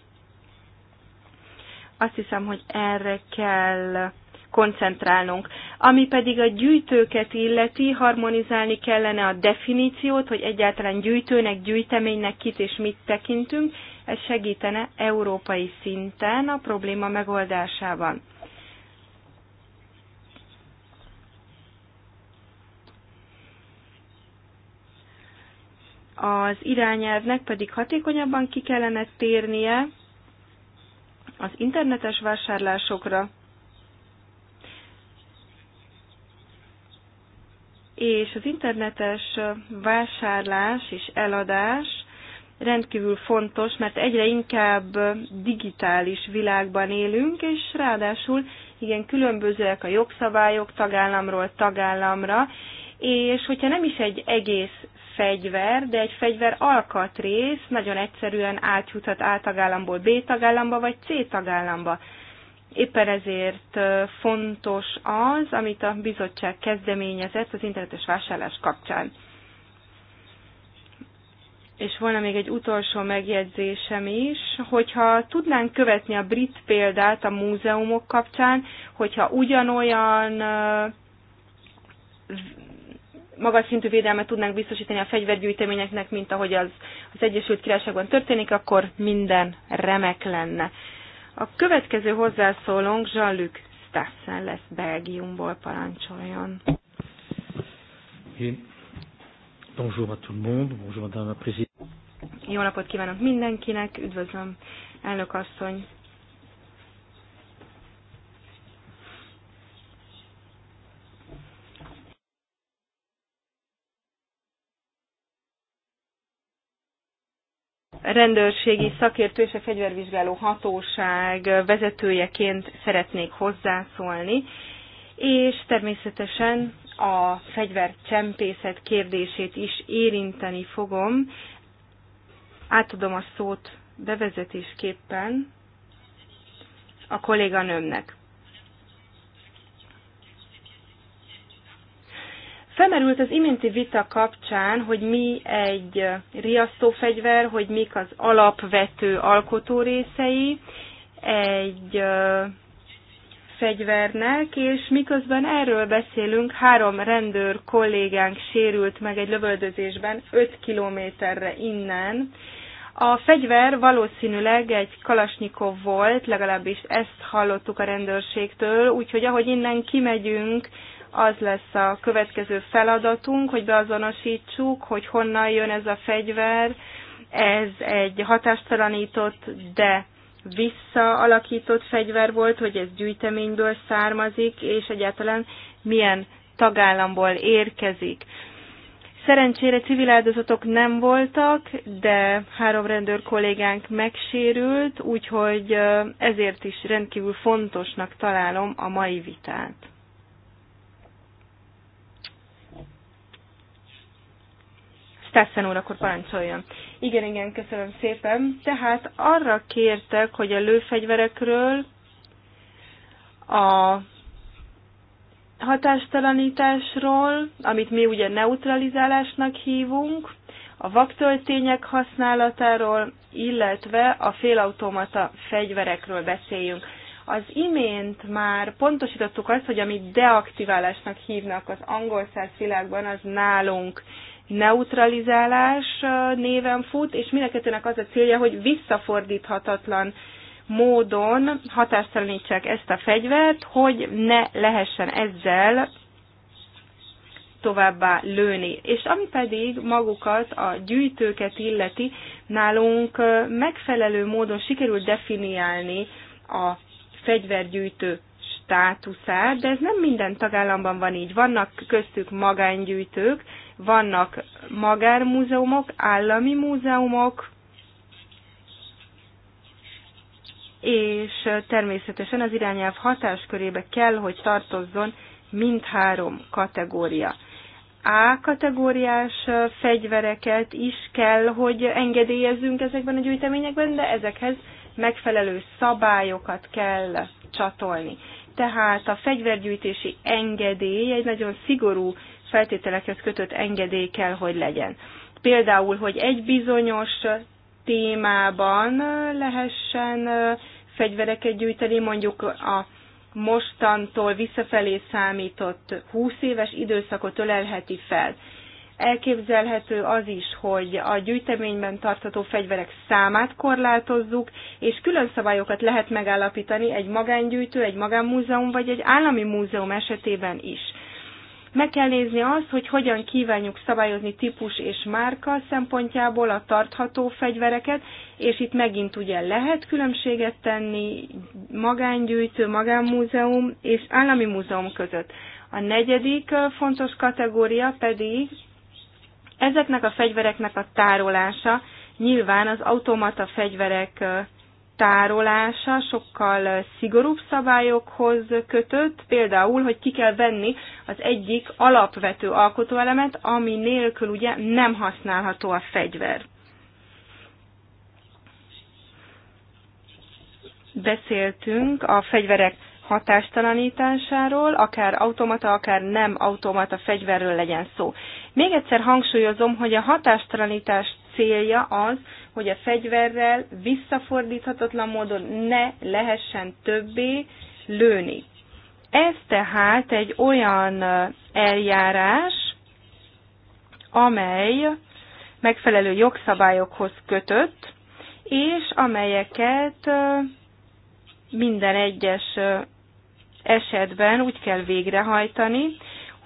Azt hiszem, hogy erre kell koncentrálnunk. Ami pedig a gyűjtőket illeti, harmonizálni kellene a definíciót, hogy egyáltalán gyűjtőnek, gyűjteménynek kit és mit tekintünk, ez segítene európai szinten a probléma megoldásában. az irányelvnek pedig hatékonyabban ki kellene térnie az internetes vásárlásokra, és az internetes vásárlás és eladás rendkívül fontos, mert egyre inkább digitális világban élünk, és ráadásul igen, különbözőek a jogszabályok tagállamról tagállamra, és hogyha nem is egy egész fegyver, de egy fegyver alkatrész nagyon egyszerűen átjuthat A tagállamból B tagállamba vagy C tagállamba. Éppen ezért fontos az, amit a bizottság kezdeményezett az internetes vásárlás kapcsán. És volna még egy utolsó megjegyzésem is, hogyha tudnánk követni a brit példát a múzeumok kapcsán, hogyha ugyanolyan magas szintű védelmet tudnánk biztosítani a fegyvergyűjteményeknek, mint ahogy az, az Egyesült Királyságban történik, akkor minden remek lenne. A következő hozzászólónk Jean-Luc Stassen lesz Belgiumból, parancsoljon. Bonjour à tout le monde, bonjour madame la présidente. Jó napot kívánok mindenkinek, üdvözlöm elnök asszony, rendőrségi szakértő és a fegyvervizsgáló hatóság vezetőjeként szeretnék hozzászólni, és természetesen a fegyvercsempészet kérdését is érinteni fogom. Átadom a szót bevezetésképpen a kolléganőmnek. Felmerült az iménti vita kapcsán, hogy mi egy riasztófegyver, hogy mik az alapvető alkotó részei egy fegyvernek, és miközben erről beszélünk, három rendőr kollégánk sérült meg egy lövöldözésben 5 kilométerre innen. A fegyver valószínűleg egy kalasnyikov volt, legalábbis ezt hallottuk a rendőrségtől, úgyhogy ahogy innen kimegyünk, az lesz a következő feladatunk, hogy beazonosítsuk, hogy honnan jön ez a fegyver. Ez egy hatástalanított, de visszaalakított fegyver volt, hogy ez gyűjteményből származik, és egyáltalán milyen tagállamból érkezik. Szerencsére civil áldozatok nem voltak, de három rendőr kollégánk megsérült, úgyhogy ezért is rendkívül fontosnak találom a mai vitát. Tessen úr, akkor parancsoljon. Igen, igen, köszönöm szépen. Tehát arra kértek, hogy a lőfegyverekről a hatástalanításról, amit mi ugye neutralizálásnak hívunk, a vaktöltények használatáról, illetve a félautomata fegyverekről beszéljünk. Az imént már pontosítottuk azt, hogy amit deaktiválásnak hívnak az angol száz világban, az nálunk neutralizálás néven fut, és mind az a célja, hogy visszafordíthatatlan módon hatástalanítsák ezt a fegyvert, hogy ne lehessen ezzel továbbá lőni. És ami pedig magukat, a gyűjtőket illeti, nálunk megfelelő módon sikerült definiálni a fegyvergyűjtő státuszát, de ez nem minden tagállamban van így. Vannak köztük magángyűjtők, vannak magármúzeumok, állami múzeumok, és természetesen az irányelv hatáskörébe kell, hogy tartozzon mindhárom kategória. A kategóriás fegyvereket is kell, hogy engedélyezzünk ezekben a gyűjteményekben, de ezekhez megfelelő szabályokat kell csatolni. Tehát a fegyvergyűjtési engedély egy nagyon szigorú feltételekhez kötött engedély kell, hogy legyen. Például, hogy egy bizonyos témában lehessen fegyvereket gyűjteni, mondjuk a mostantól visszafelé számított 20 éves időszakot ölelheti fel. Elképzelhető az is, hogy a gyűjteményben tartható fegyverek számát korlátozzuk, és külön szabályokat lehet megállapítani egy magángyűjtő, egy magánmúzeum vagy egy állami múzeum esetében is. Meg kell nézni azt, hogy hogyan kívánjuk szabályozni típus és márka szempontjából a tartható fegyvereket, és itt megint ugye lehet különbséget tenni magángyűjtő, magánmúzeum és állami múzeum között. A negyedik fontos kategória pedig ezeknek a fegyvereknek a tárolása, nyilván az automata fegyverek tárolása sokkal szigorúbb szabályokhoz kötött, például, hogy ki kell venni az egyik alapvető alkotóelemet, ami nélkül ugye nem használható a fegyver. Beszéltünk a fegyverek hatástalanításáról, akár automata, akár nem automata fegyverről legyen szó. Még egyszer hangsúlyozom, hogy a hatástalanítás célja az, hogy a fegyverrel visszafordíthatatlan módon ne lehessen többé lőni. Ez tehát egy olyan eljárás, amely megfelelő jogszabályokhoz kötött, és amelyeket minden egyes esetben úgy kell végrehajtani,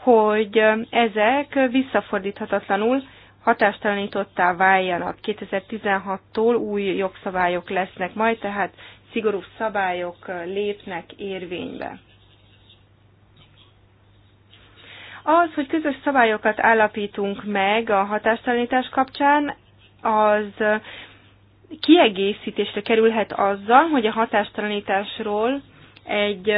hogy ezek visszafordíthatatlanul hatástalanítottá váljanak. 2016-tól új jogszabályok lesznek majd, tehát szigorú szabályok lépnek érvénybe. Az, hogy közös szabályokat állapítunk meg a hatástalanítás kapcsán, az kiegészítésre kerülhet azzal, hogy a hatástalanításról egy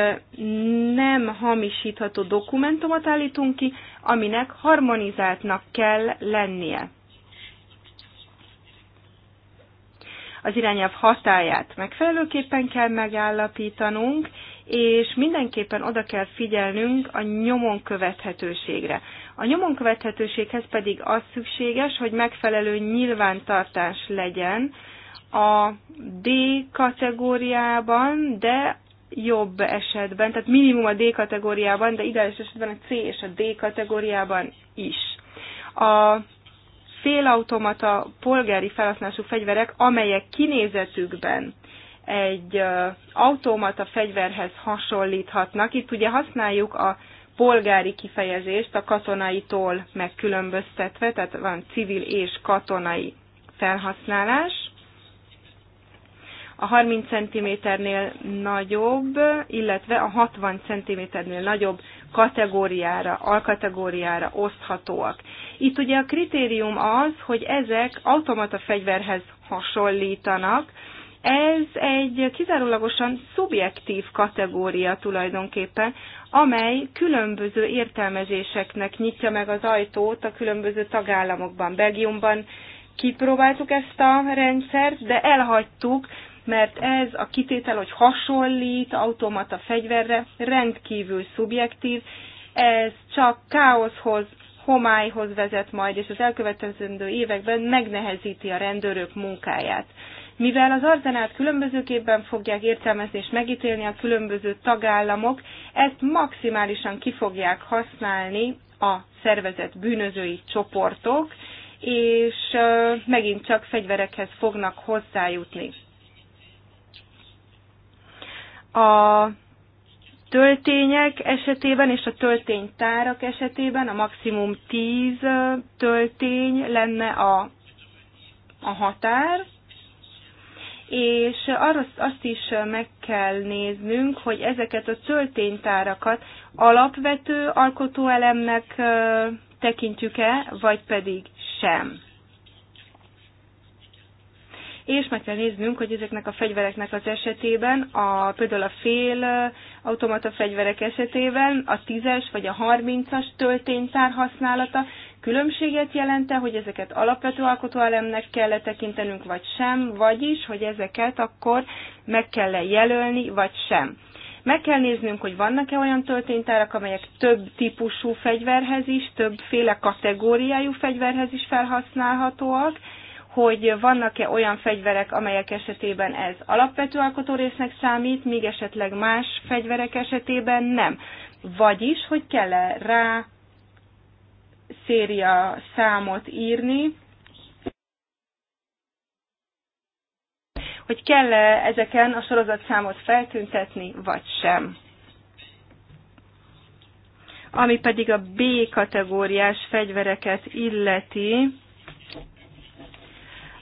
nem hamisítható dokumentumot állítunk ki, aminek harmonizáltnak kell lennie. Az irányelv hatáját megfelelőképpen kell megállapítanunk, és mindenképpen oda kell figyelnünk a nyomon követhetőségre. A nyomon követhetőséghez pedig az szükséges, hogy megfelelő nyilvántartás legyen a D kategóriában, de jobb esetben, tehát minimum a D kategóriában, de ideális esetben a C és a D kategóriában is. A félautomata polgári felhasználású fegyverek, amelyek kinézetükben egy automata fegyverhez hasonlíthatnak. Itt ugye használjuk a polgári kifejezést a katonaitól megkülönböztetve, tehát van civil és katonai felhasználás a 30 cm-nél nagyobb, illetve a 60 cm-nél nagyobb kategóriára, alkategóriára oszthatóak. Itt ugye a kritérium az, hogy ezek automata fegyverhez hasonlítanak, ez egy kizárólagosan szubjektív kategória tulajdonképpen, amely különböző értelmezéseknek nyitja meg az ajtót a különböző tagállamokban. Belgiumban kipróbáltuk ezt a rendszert, de elhagytuk mert ez a kitétel, hogy hasonlít automata fegyverre, rendkívül szubjektív, ez csak káoszhoz, homályhoz vezet majd, és az elkövetkezendő években megnehezíti a rendőrök munkáját. Mivel az arzenát különbözőképpen fogják értelmezni és megítélni a különböző tagállamok, ezt maximálisan ki fogják használni a szervezet bűnözői csoportok, és megint csak fegyverekhez fognak hozzájutni. A töltények esetében és a tölténytárak esetében a maximum 10 töltény lenne a, a határ, és azt is meg kell néznünk, hogy ezeket a tölténytárakat alapvető alkotóelemnek tekintjük-e, vagy pedig sem és meg kell néznünk, hogy ezeknek a fegyvereknek az esetében, a, például a fél automata fegyverek esetében a 10-es vagy a 30-as tölténytár használata különbséget jelente, hogy ezeket alapvető alkotóelemnek kell -e tekintenünk, vagy sem, vagyis, hogy ezeket akkor meg kell -e jelölni, vagy sem. Meg kell néznünk, hogy vannak-e olyan tölténytárak, amelyek több típusú fegyverhez is, többféle kategóriájú fegyverhez is felhasználhatóak, hogy vannak-e olyan fegyverek, amelyek esetében ez alapvető alkotórésznek számít, míg esetleg más fegyverek esetében nem. Vagyis, hogy kell-e rá széria számot írni, hogy kell-e ezeken a sorozatszámot feltüntetni, vagy sem. Ami pedig a B kategóriás fegyvereket illeti,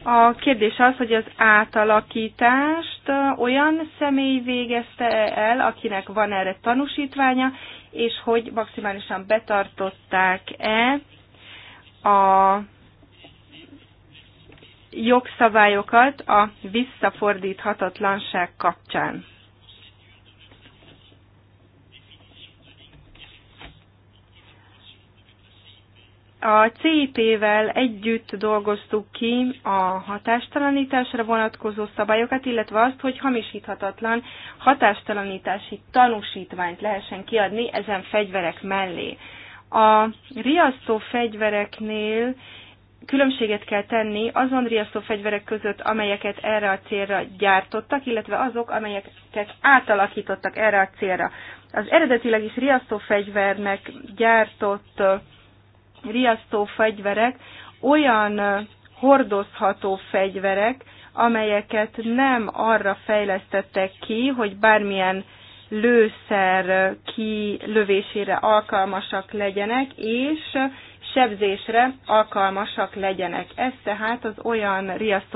a kérdés az, hogy az átalakítást olyan személy végezte el, akinek van erre tanúsítványa, és hogy maximálisan betartották-e a jogszabályokat a visszafordíthatatlanság kapcsán. A CIP-vel együtt dolgoztuk ki a hatástalanításra vonatkozó szabályokat, illetve azt, hogy hamisíthatatlan hatástalanítási tanúsítványt lehessen kiadni ezen fegyverek mellé. A riasztó fegyvereknél különbséget kell tenni azon riasztó fegyverek között, amelyeket erre a célra gyártottak, illetve azok, amelyeket átalakítottak erre a célra. Az eredetileg is riasztó fegyvernek gyártott riasztó fegyverek olyan hordozható fegyverek, amelyeket nem arra fejlesztettek ki, hogy bármilyen lőszer kilövésére alkalmasak legyenek, és sebzésre alkalmasak legyenek. Ez tehát az olyan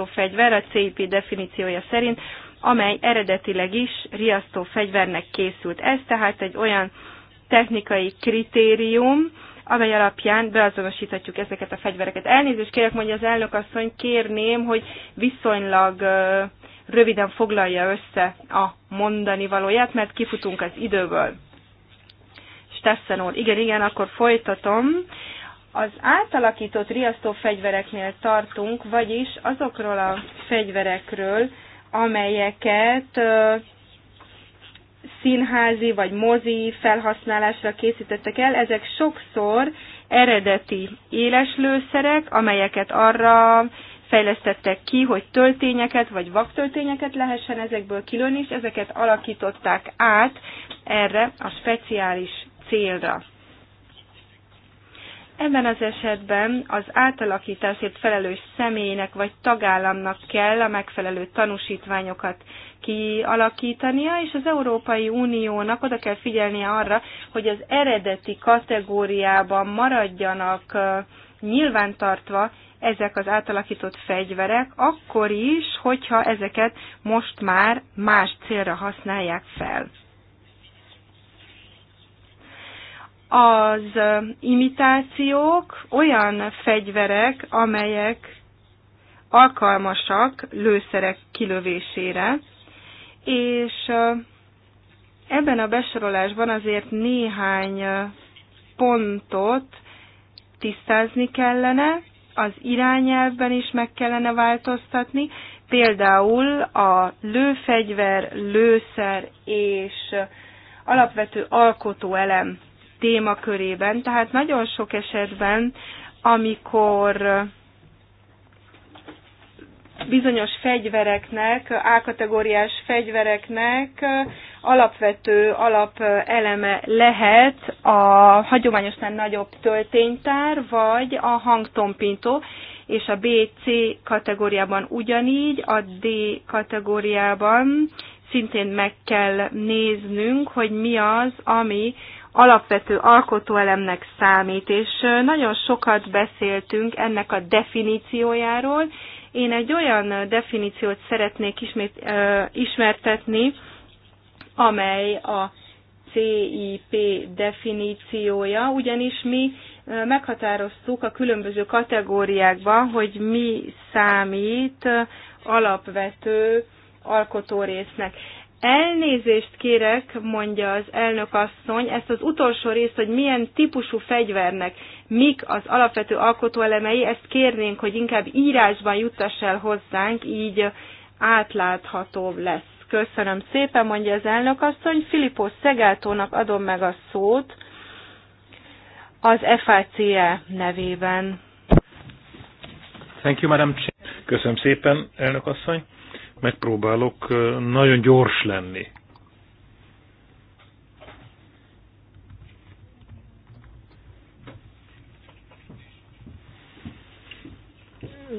fegyver a CIP definíciója szerint, amely eredetileg is riasztó fegyvernek készült. Ez tehát egy olyan technikai kritérium, amely alapján beazonosíthatjuk ezeket a fegyvereket. Elnézést kérek, mondja az elnök asszony, kérném, hogy viszonylag röviden foglalja össze a mondani valóját, mert kifutunk az időből. Stessen úr, igen, igen, akkor folytatom. Az átalakított riasztó fegyvereknél tartunk, vagyis azokról a fegyverekről, amelyeket színházi vagy mozi felhasználásra készítettek el, ezek sokszor eredeti éleslőszerek, amelyeket arra fejlesztettek ki, hogy töltényeket vagy vaktöltényeket lehessen ezekből kilőni, és ezeket alakították át erre a speciális célra. Ebben az esetben az átalakításért felelős személynek vagy tagállamnak kell a megfelelő tanúsítványokat kialakítania, és az Európai Uniónak oda kell figyelnie arra, hogy az eredeti kategóriában maradjanak nyilvántartva ezek az átalakított fegyverek, akkor is, hogyha ezeket most már más célra használják fel. Az imitációk olyan fegyverek, amelyek alkalmasak lőszerek kilövésére, és ebben a besorolásban azért néhány pontot tisztázni kellene, az irányelvben is meg kellene változtatni, például a lőfegyver, lőszer és alapvető alkotóelem témakörében. Tehát nagyon sok esetben, amikor bizonyos fegyvereknek, A-kategóriás fegyvereknek alapvető alapeleme lehet a hagyományosnál nagyobb tölténytár, vagy a hangtompintó, és a B-C kategóriában ugyanígy, a D kategóriában szintén meg kell néznünk, hogy mi az, ami alapvető alkotóelemnek számít, és nagyon sokat beszéltünk ennek a definíciójáról. Én egy olyan definíciót szeretnék ismét, ö, ismertetni, amely a CIP definíciója, ugyanis mi meghatároztuk a különböző kategóriákban, hogy mi számít alapvető alkotórésznek. Elnézést kérek, mondja az elnök asszony, ezt az utolsó részt, hogy milyen típusú fegyvernek, mik az alapvető alkotóelemei, ezt kérnénk, hogy inkább írásban juttass el hozzánk, így átláthatóbb lesz. Köszönöm szépen, mondja az elnök asszony. Filippo Szegátónak adom meg a szót az FACE nevében. Thank you, Madam Köszönöm szépen, elnök asszony megpróbálok nagyon gyors lenni.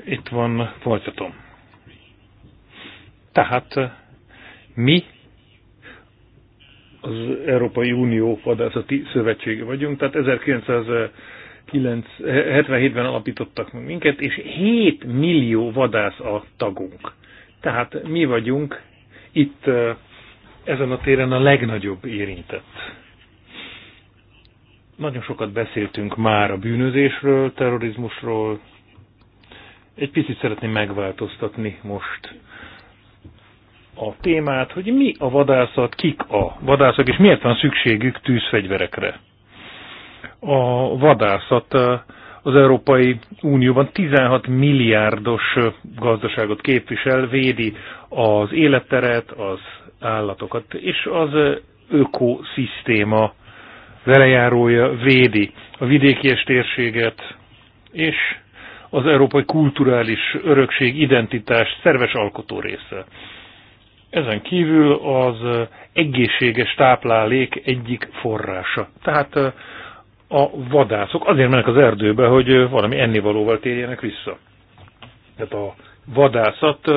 Itt van, folytatom. Tehát mi az Európai Unió Vadászati Szövetsége vagyunk, tehát 1977-ben alapítottak minket, és 7 millió vadász a tagunk. Tehát mi vagyunk itt ezen a téren a legnagyobb érintett. Nagyon sokat beszéltünk már a bűnözésről, terrorizmusról. Egy picit szeretném megváltoztatni most a témát, hogy mi a vadászat, kik a vadászok, és miért van szükségük tűzfegyverekre. A vadászat az Európai Unióban 16 milliárdos gazdaságot képvisel, védi az életteret, az állatokat, és az ökoszisztéma velejárója védi a vidéki térséget, és az európai kulturális örökség identitás szerves alkotó része. Ezen kívül az egészséges táplálék egyik forrása. Tehát a vadászok azért mennek az erdőbe, hogy valami ennivalóval térjenek vissza. Tehát a vadászat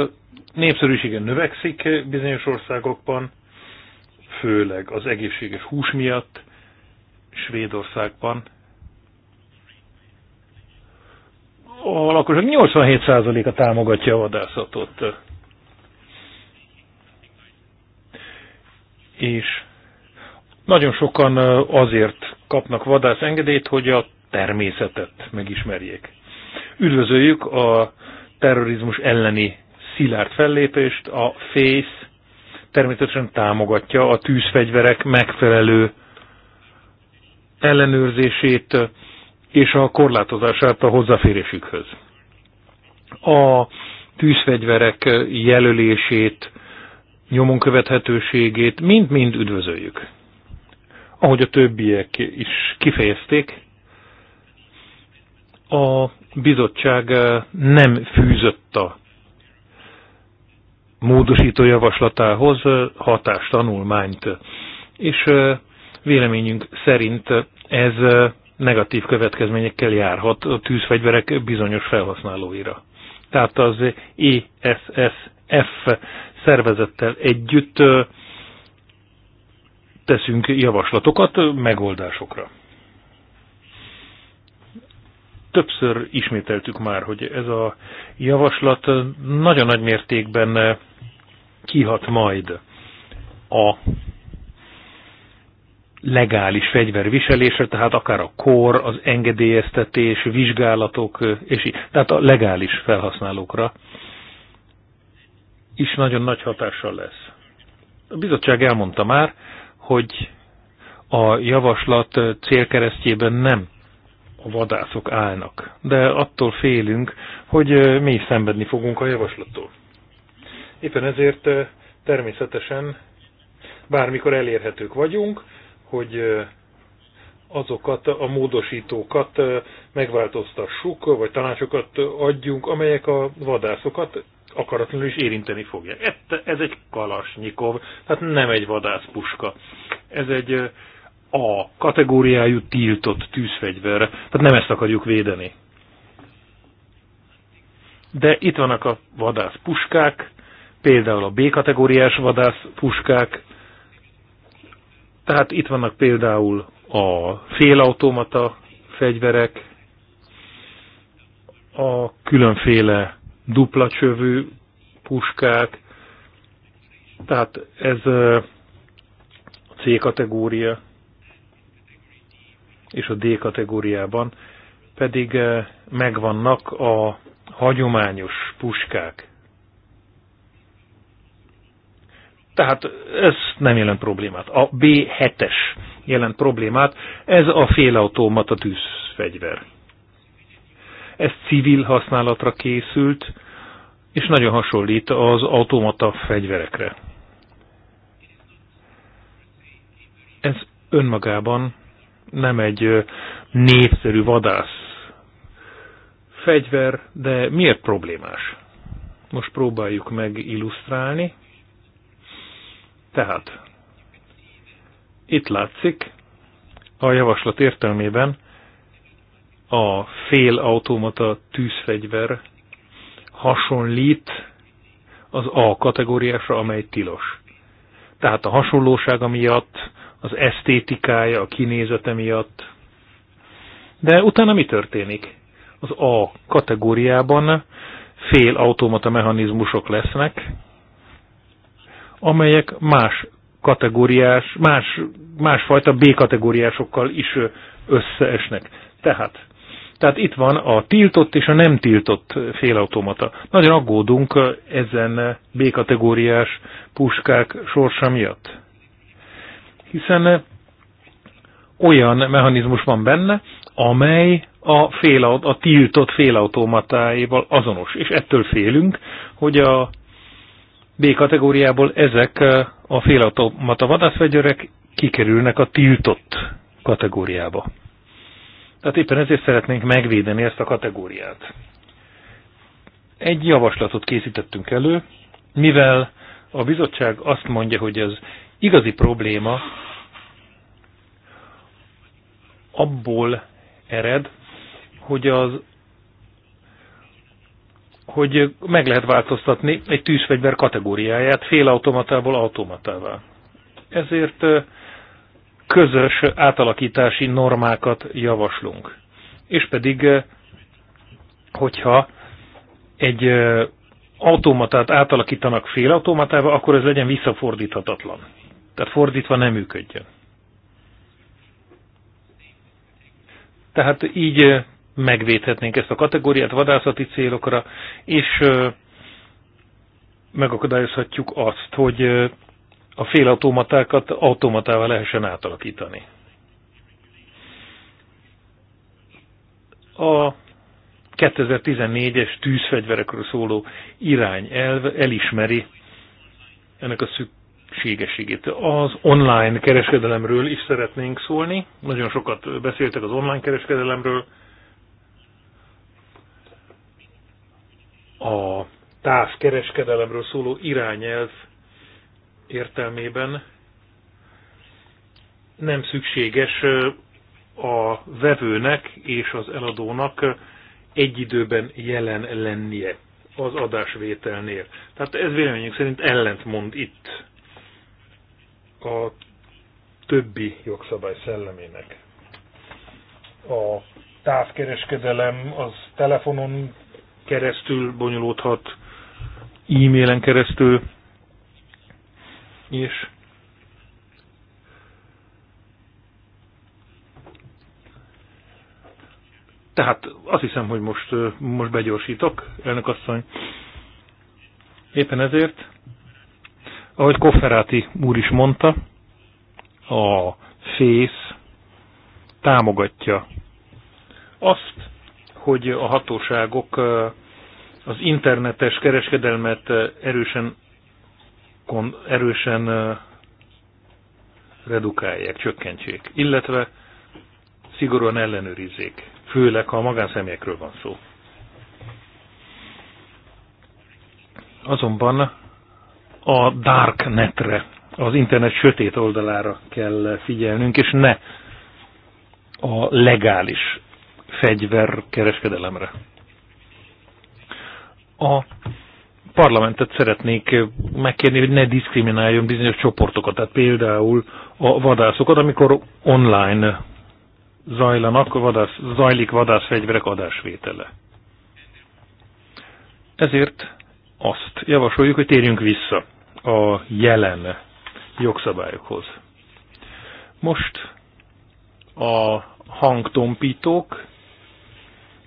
népszerűsége növekszik bizonyos országokban, főleg az egészséges hús miatt, Svédországban. A lakosok 87%-a támogatja a vadászatot. És nagyon sokan azért kapnak vadász engedélyt, hogy a természetet megismerjék. Üdvözöljük a terrorizmus elleni szilárd fellépést, a FACE természetesen támogatja a tűzfegyverek megfelelő ellenőrzését és a korlátozását a hozzáférésükhöz. A tűzfegyverek jelölését, nyomon követhetőségét mind-mind üdvözöljük ahogy a többiek is kifejezték, a bizottság eh, nem fűzött a módosító javaslatához eh, hatástanulmányt, és eh, véleményünk szerint ez negatív következményekkel járhat a tűzfegyverek bizonyos felhasználóira. Tehát az ESSF szervezettel együtt teszünk javaslatokat megoldásokra. Többször ismételtük már, hogy ez a javaslat nagyon nagy mértékben kihat majd a legális fegyverviselésre, tehát akár a kor, az engedélyeztetés, vizsgálatok, és így, tehát a legális felhasználókra is nagyon nagy hatással lesz. A bizottság elmondta már, hogy a javaslat célkeresztjében nem a vadászok állnak, de attól félünk, hogy mi is szenvedni fogunk a javaslattól. Éppen ezért természetesen bármikor elérhetők vagyunk, hogy azokat a módosítókat megváltoztassuk, vagy tanácsokat adjunk, amelyek a vadászokat akaratlanul is érinteni fogja. Ez egy kalasnyikov, tehát nem egy vadászpuska. Ez egy a kategóriájú tiltott tűzfegyver, tehát nem ezt akarjuk védeni. De itt vannak a vadászpuskák, például a B-kategóriás vadászpuskák, tehát itt vannak például a félautomata fegyverek, a különféle dupla csövű puskák, tehát ez a C kategória, és a D kategóriában pedig megvannak a hagyományos puskák. Tehát ez nem jelent problémát. A B7-es jelent problémát, ez a félautomata tűzfegyver. Ez civil használatra készült, és nagyon hasonlít az automata fegyverekre. Ez önmagában nem egy népszerű vadász fegyver, de miért problémás? Most próbáljuk meg illusztrálni. Tehát, itt látszik, a javaslat értelmében a félautomata tűzfegyver hasonlít az A kategóriásra, amely tilos. Tehát a hasonlósága miatt, az esztétikája, a kinézete miatt. De utána mi történik? Az A kategóriában félautomata mechanizmusok lesznek, amelyek más kategóriás, más, másfajta B kategóriásokkal is összeesnek. Tehát tehát itt van a tiltott és a nem tiltott félautomata. Nagyon aggódunk ezen B-kategóriás puskák sorsa miatt. Hiszen olyan mechanizmus van benne, amely a, fél, a tiltott félautomatáival azonos. És ettől félünk, hogy a B kategóriából ezek a félautomata vadászfegyverek kikerülnek a tiltott kategóriába. Tehát éppen ezért szeretnénk megvédeni ezt a kategóriát. Egy javaslatot készítettünk elő, mivel a bizottság azt mondja, hogy az igazi probléma abból ered, hogy az hogy meg lehet változtatni egy tűzfegyver kategóriáját félautomatából automatává. Ezért közös átalakítási normákat javaslunk. És pedig, eh, hogyha egy eh, automatát átalakítanak félautomatába, akkor ez legyen visszafordíthatatlan. Tehát fordítva nem működjön. Tehát így eh, megvédhetnénk ezt a kategóriát vadászati célokra, és megakadályozhatjuk azt, hogy a félautomatákat automatává lehessen átalakítani. A 2014-es tűzfegyverekről szóló irányelv elismeri ennek a szükségességét. Az online kereskedelemről is szeretnénk szólni. Nagyon sokat beszéltek az online kereskedelemről. A távkereskedelemről szóló irányelv értelmében nem szükséges a vevőnek és az eladónak egy időben jelen lennie az adásvételnél. Tehát ez véleményünk szerint ellentmond itt a többi jogszabály szellemének. A távkereskedelem az telefonon keresztül bonyolódhat, e-mailen keresztül, és tehát azt hiszem, hogy most, most begyorsítok, elnök asszony. Éppen ezért, ahogy Kofferáti úr is mondta, a fész támogatja azt, hogy a hatóságok az internetes kereskedelmet erősen erősen redukálják, csökkentsék, illetve szigorúan ellenőrizzék, főleg ha a magánszemélyekről van szó. Azonban a darknetre, az internet sötét oldalára kell figyelnünk, és ne a legális fegyverkereskedelemre. A parlamentet szeretnék eh, megkérni, hogy ne diszkrimináljon bizonyos csoportokat, tehát például a vadászokat, amikor online zajlanak, vadász, zajlik vadászfegyverek adásvétele. Ezért azt javasoljuk, hogy térjünk vissza a jelen jogszabályokhoz. Most a hangtompítók,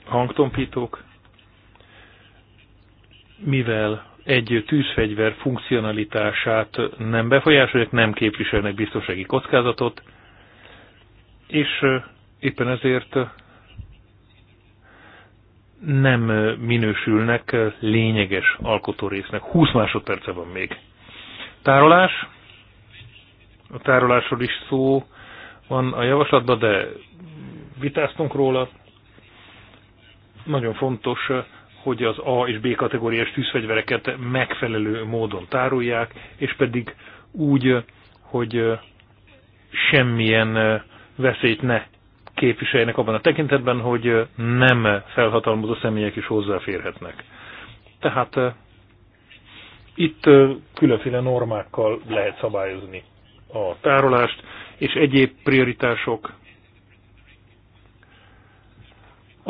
hangtompítók mivel egy tűzfegyver funkcionalitását nem befolyásolják, nem képviselnek biztonsági kockázatot, és éppen ezért nem minősülnek lényeges alkotórésznek. 20 másodperce van még. Tárolás. A tárolásról is szó van a javaslatban, de vitáztunk róla. Nagyon fontos hogy az A és B kategóriás tűzfegyvereket megfelelő módon tárolják, és pedig úgy, hogy semmilyen veszélyt ne képviseljenek abban a tekintetben, hogy nem felhatalmazó személyek is hozzáférhetnek. Tehát itt különféle normákkal lehet szabályozni a tárolást, és egyéb prioritások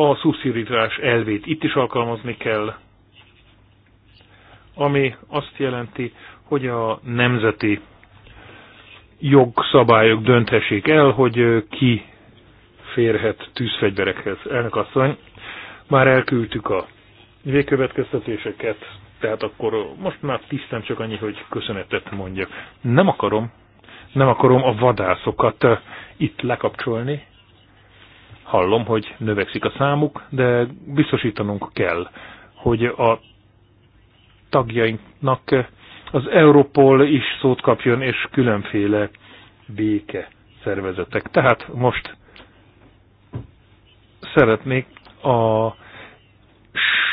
a szubszidirás elvét itt is alkalmazni kell, ami azt jelenti, hogy a nemzeti jogszabályok dönthessék el, hogy ki férhet tűzfegyverekhez. Elnök asszony, már elküldtük a végkövetkeztetéseket, tehát akkor most már tisztem csak annyi, hogy köszönetet mondjak. Nem akarom, nem akarom a vadászokat itt lekapcsolni, Hallom, hogy növekszik a számuk, de biztosítanunk kell, hogy a tagjainknak az Europol is szót kapjon, és különféle béke szervezetek. Tehát most szeretnék a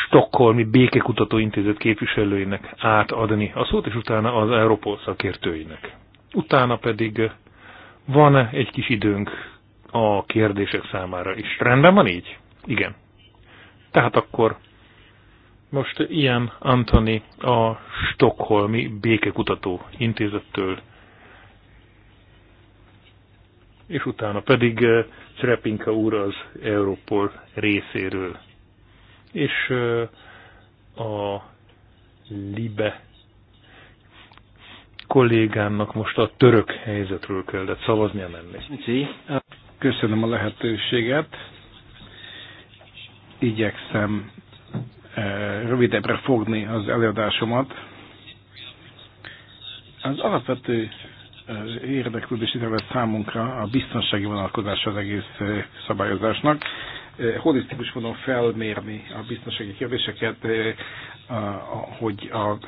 Stockholmi Békekutató Intézet képviselőinek átadni a szót, és utána az Europol szakértőinek. Utána pedig van egy kis időnk a kérdések számára is. Rendben van így? Igen. Tehát akkor most ilyen Antoni a Stockholmi Békekutató Intézettől, és utána pedig eh, Srepinka úr az Európol részéről, és eh, a Libe kollégának most a török helyzetről kellett szavazni a menni. Köszönöm a lehetőséget. Igyekszem eh, rövidebbre fogni az előadásomat. Az alapvető eh, érdeklődés terület számunkra a biztonsági vonalkozás az egész eh, szabályozásnak. Holisztikus módon felmérni a biztonsági kérdéseket, hogy a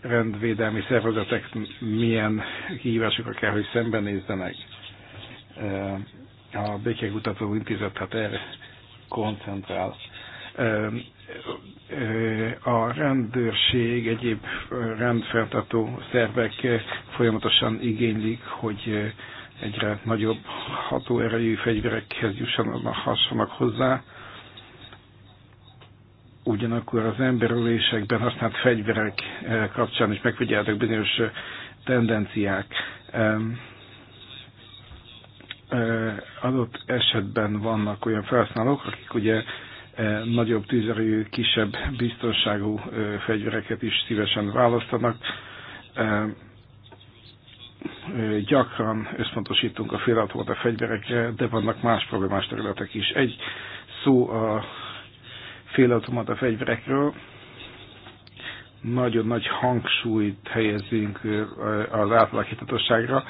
rendvédelmi szervezetek milyen kihívásokra kell, hogy szembenézzenek a Békékutató Intézet hát erre koncentrál. A rendőrség, egyéb rendfeltartó szervek folyamatosan igénylik, hogy egyre nagyobb hatóerejű fegyverekhez jussanak hassanak hozzá. Ugyanakkor az emberülésekben használt fegyverek kapcsán is megfigyeltek bizonyos tendenciák adott esetben vannak olyan felhasználók, akik ugye nagyobb tűzerő, kisebb biztonságú fegyvereket is szívesen választanak. Gyakran összpontosítunk a félautomata fegyverekre, de vannak más problémás területek is. Egy szó a félautomata fegyverekről. Nagyon nagy hangsúlyt helyezünk az átalakíthatóságra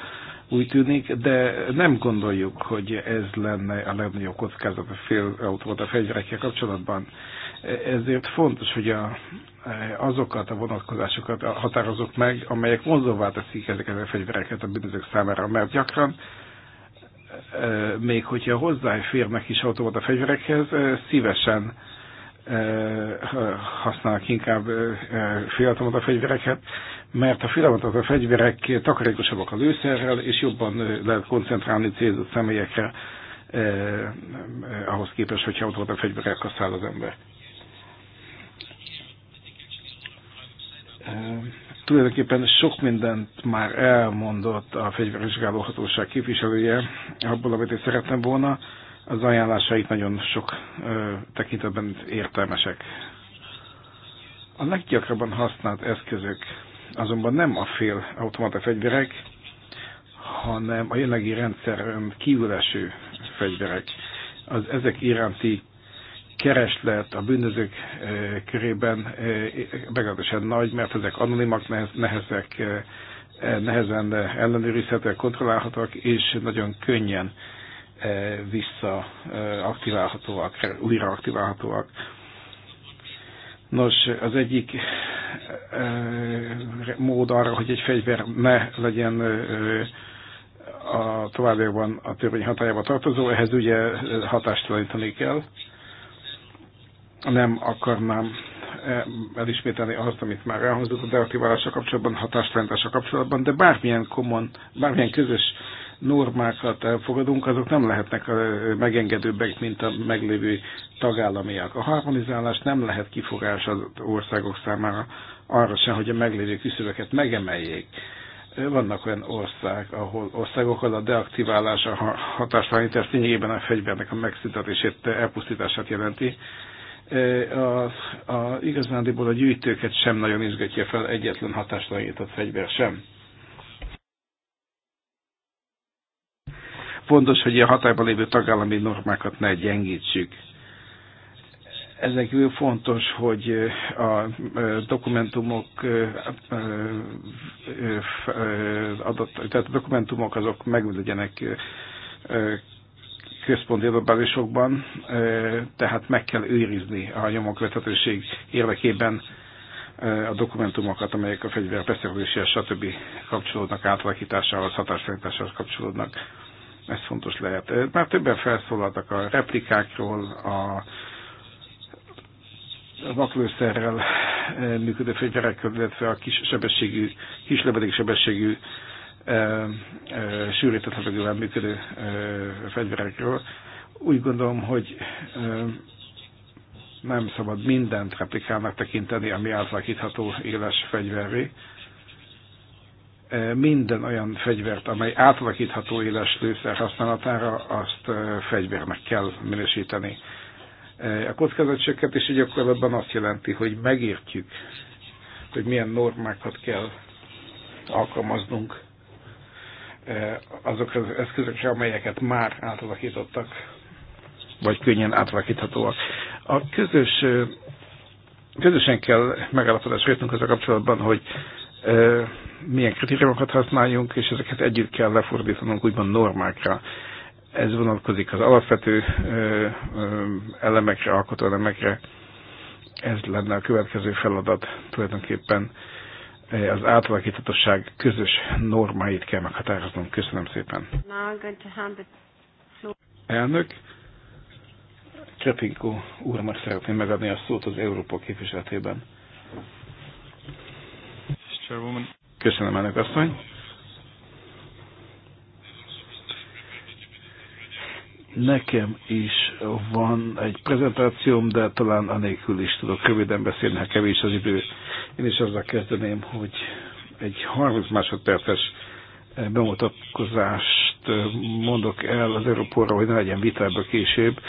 úgy tűnik, de nem gondoljuk, hogy ez lenne a legnagyobb kockázat a félautomata fegyverekkel kapcsolatban. Ezért fontos, hogy a, azokat a vonatkozásokat határozok meg, amelyek vonzóvá teszik ezeket a fegyvereket a bűnözők számára, mert gyakran e, még hogyha hozzáférnek is automata fegyverekhez, e, szívesen e, használnak inkább félautomata fegyvereket, mert a az a fegyverek takarékosabbak a lőszerrel, és jobban lehet koncentrálni célzott személyekre, eh, ahhoz képest, hogyha ott volt a a száll az ember. tulajdonképpen sok mindent már elmondott a fegyverizsgáló hatóság képviselője, abból, amit én szerettem volna. Az ajánlásait nagyon sok ö, tekintetben értelmesek. A leggyakrabban használt eszközök azonban nem a fél automata fegyverek, hanem a jelenlegi rendszeren kívüleső fegyverek. Az ezek iránti kereslet a bűnözők eh, körében eh, meglehetősen nagy, mert ezek anonimak, nehezek, eh, nehezen ellenőrizhetőek, kontrollálhatóak, és nagyon könnyen visszaaktiválhatóak, újraaktiválhatóak. Nos, az egyik mód arra, hogy egy fegyver ne legyen a továbbiakban a törvény hatájába tartozó, ehhez ugye hatástalanítani kell. Nem akarnám elismételni azt, amit már elhangzott a deaktiválása kapcsolatban, hatástalanítása kapcsolatban, de bármilyen komon, bármilyen közös normákat elfogadunk, azok nem lehetnek megengedőbbek, mint a meglévő tagállamiak. A harmonizálás nem lehet kifogás az országok számára arra sem, hogy a meglévő küszöböket megemeljék. Vannak olyan ország, ahol országok, ahol a deaktiválás, a hatástalanítás lényegében a fegyvernek a megszüntetését, elpusztítását jelenti. A, a, igazándiból a gyűjtőket sem nagyon izgatja fel egyetlen hatástalanított fegyver sem fontos, hogy a hatályban lévő tagállami normákat ne gyengítsük. Ezek fontos, hogy a dokumentumok adott, tehát a dokumentumok azok meglegyenek központi adatbázisokban, tehát meg kell őrizni a nyomokvetetőség érdekében a dokumentumokat, amelyek a fegyver beszerzéséhez, stb. kapcsolódnak, átalakításához, hatásfordításához kapcsolódnak. Ez fontos lehet. Már többen felszólaltak a replikákról, a vaklőszerrel működő fegyverekről, illetve a kis sebességű, kis sebességű sűrített levegővel működő fegyverekről. Úgy gondolom, hogy nem szabad mindent replikának tekinteni, ami átlakítható éles fegyverré. E, minden olyan fegyvert, amely átalakítható éles lőszer használatára, azt e, fegyvernek kell minősíteni. E, a is gyakorlatban azt jelenti, hogy megértjük, hogy milyen normákat kell alkalmaznunk Azok, az eszközökre, amelyeket már átalakítottak, vagy könnyen átalakíthatóak. A közös, közösen kell megállapodásra jutnunk az a kapcsolatban, hogy milyen kritériumokat használjunk, és ezeket együtt kell lefordítanunk úgymond normákra. Ez vonatkozik az alapvető elemekre, alkotó elemekre. Ez lenne a következő feladat tulajdonképpen az átalakítatosság közös normáit kell meghatároznunk. Köszönöm szépen. Elnök, úr, meg szeretném megadni a szót az Európa képviseletében. Chairwoman. Köszönöm, elnök asszony. Nekem is van egy prezentációm, de talán anélkül is tudok röviden beszélni, ha kevés az idő. Én is azzal kezdeném, hogy egy 30 másodperces eh, bemutatkozást eh, mondok el az Európóra, hogy ne legyen vita ebből később.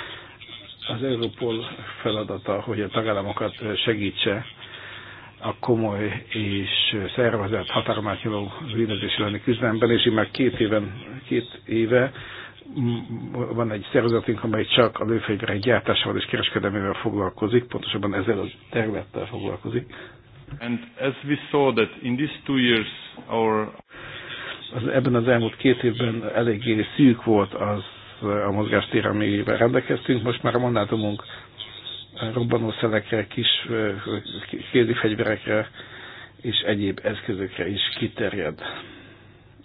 Az Európol feladata, hogy a tagállamokat eh, segítse a komoly és szervezett határomátnyoló bűnözés elleni küzdelemben, és így már két, éven, két éve van egy szervezetünk, amely csak a lőfegyverek gyártásával és kereskedelmével foglalkozik, pontosabban ezzel a területtel foglalkozik. And as we saw that in these two years our... az, ebben az elmúlt két évben eléggé szűk volt az a mozgástér, amivel rendelkeztünk. Most már a mandátumunk robbanószerekre, kis kézifegyverekre és egyéb eszközökre is kiterjed.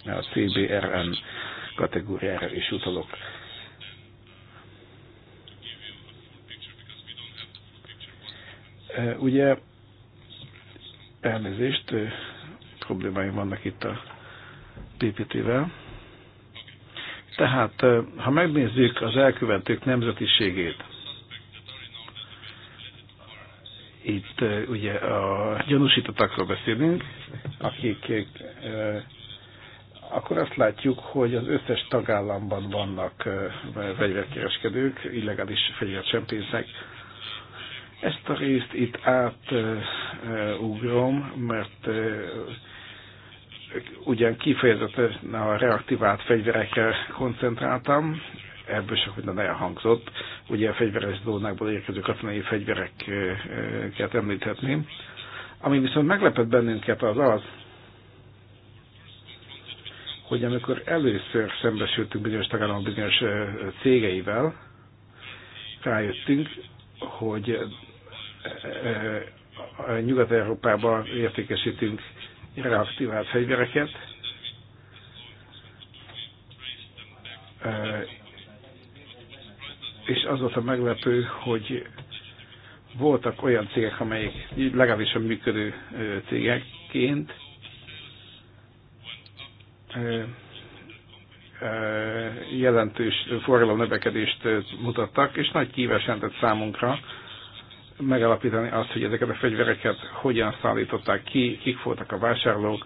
A CBRN kategóriára is utalok. Ugye, elnézést, problémáim vannak itt a PPT-vel. Tehát, ha megnézzük az elkövetők nemzetiségét, Itt ugye a gyanúsítottakról beszélünk, akik akkor azt látjuk, hogy az összes tagállamban vannak fegyverkereskedők, illegális fegyvercsempészek. Ezt a részt itt átugrom, mert ugyan kifejezetten a reaktivált fegyverekre koncentráltam, ebből sok minden elhangzott. Ugye a fegyveres zónákból érkező katonai fegyvereket említhetném. Ami viszont meglepett bennünket az az, hogy amikor először szembesültünk bizonyos tagállamok bizonyos cégeivel, rájöttünk, hogy Nyugat-Európában értékesítünk reaktivált fegyvereket, és az volt a meglepő, hogy voltak olyan cégek, amelyek legalábbis a működő cégekként jelentős növekedést mutattak, és nagy kíves jelentett számunkra megalapítani azt, hogy ezeket a fegyvereket hogyan szállították ki, kik voltak a vásárlók,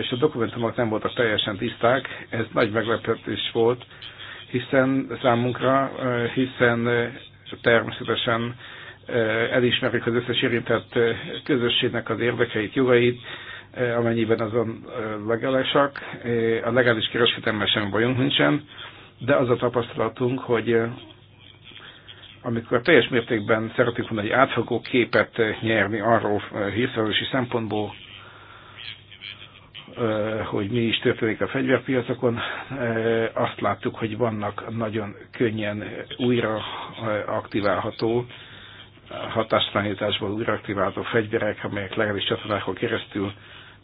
és a dokumentumok nem voltak teljesen tiszták, ez nagy meglepetés volt, hiszen számunkra, hiszen természetesen elismerjük az összes érintett közösségnek az érdekeit, jogait, amennyiben azon legálisak. A legális kereskedelmel sem bajunk nincsen, de az a tapasztalatunk, hogy amikor teljes mértékben szeretünk volna egy átfogó képet nyerni arról hírszerzési szempontból, hogy mi is történik a fegyverpiacokon. Azt láttuk, hogy vannak nagyon könnyen újra aktiválható, hatástalanításból újra aktiválható fegyverek, amelyek legalábbis csatornákon keresztül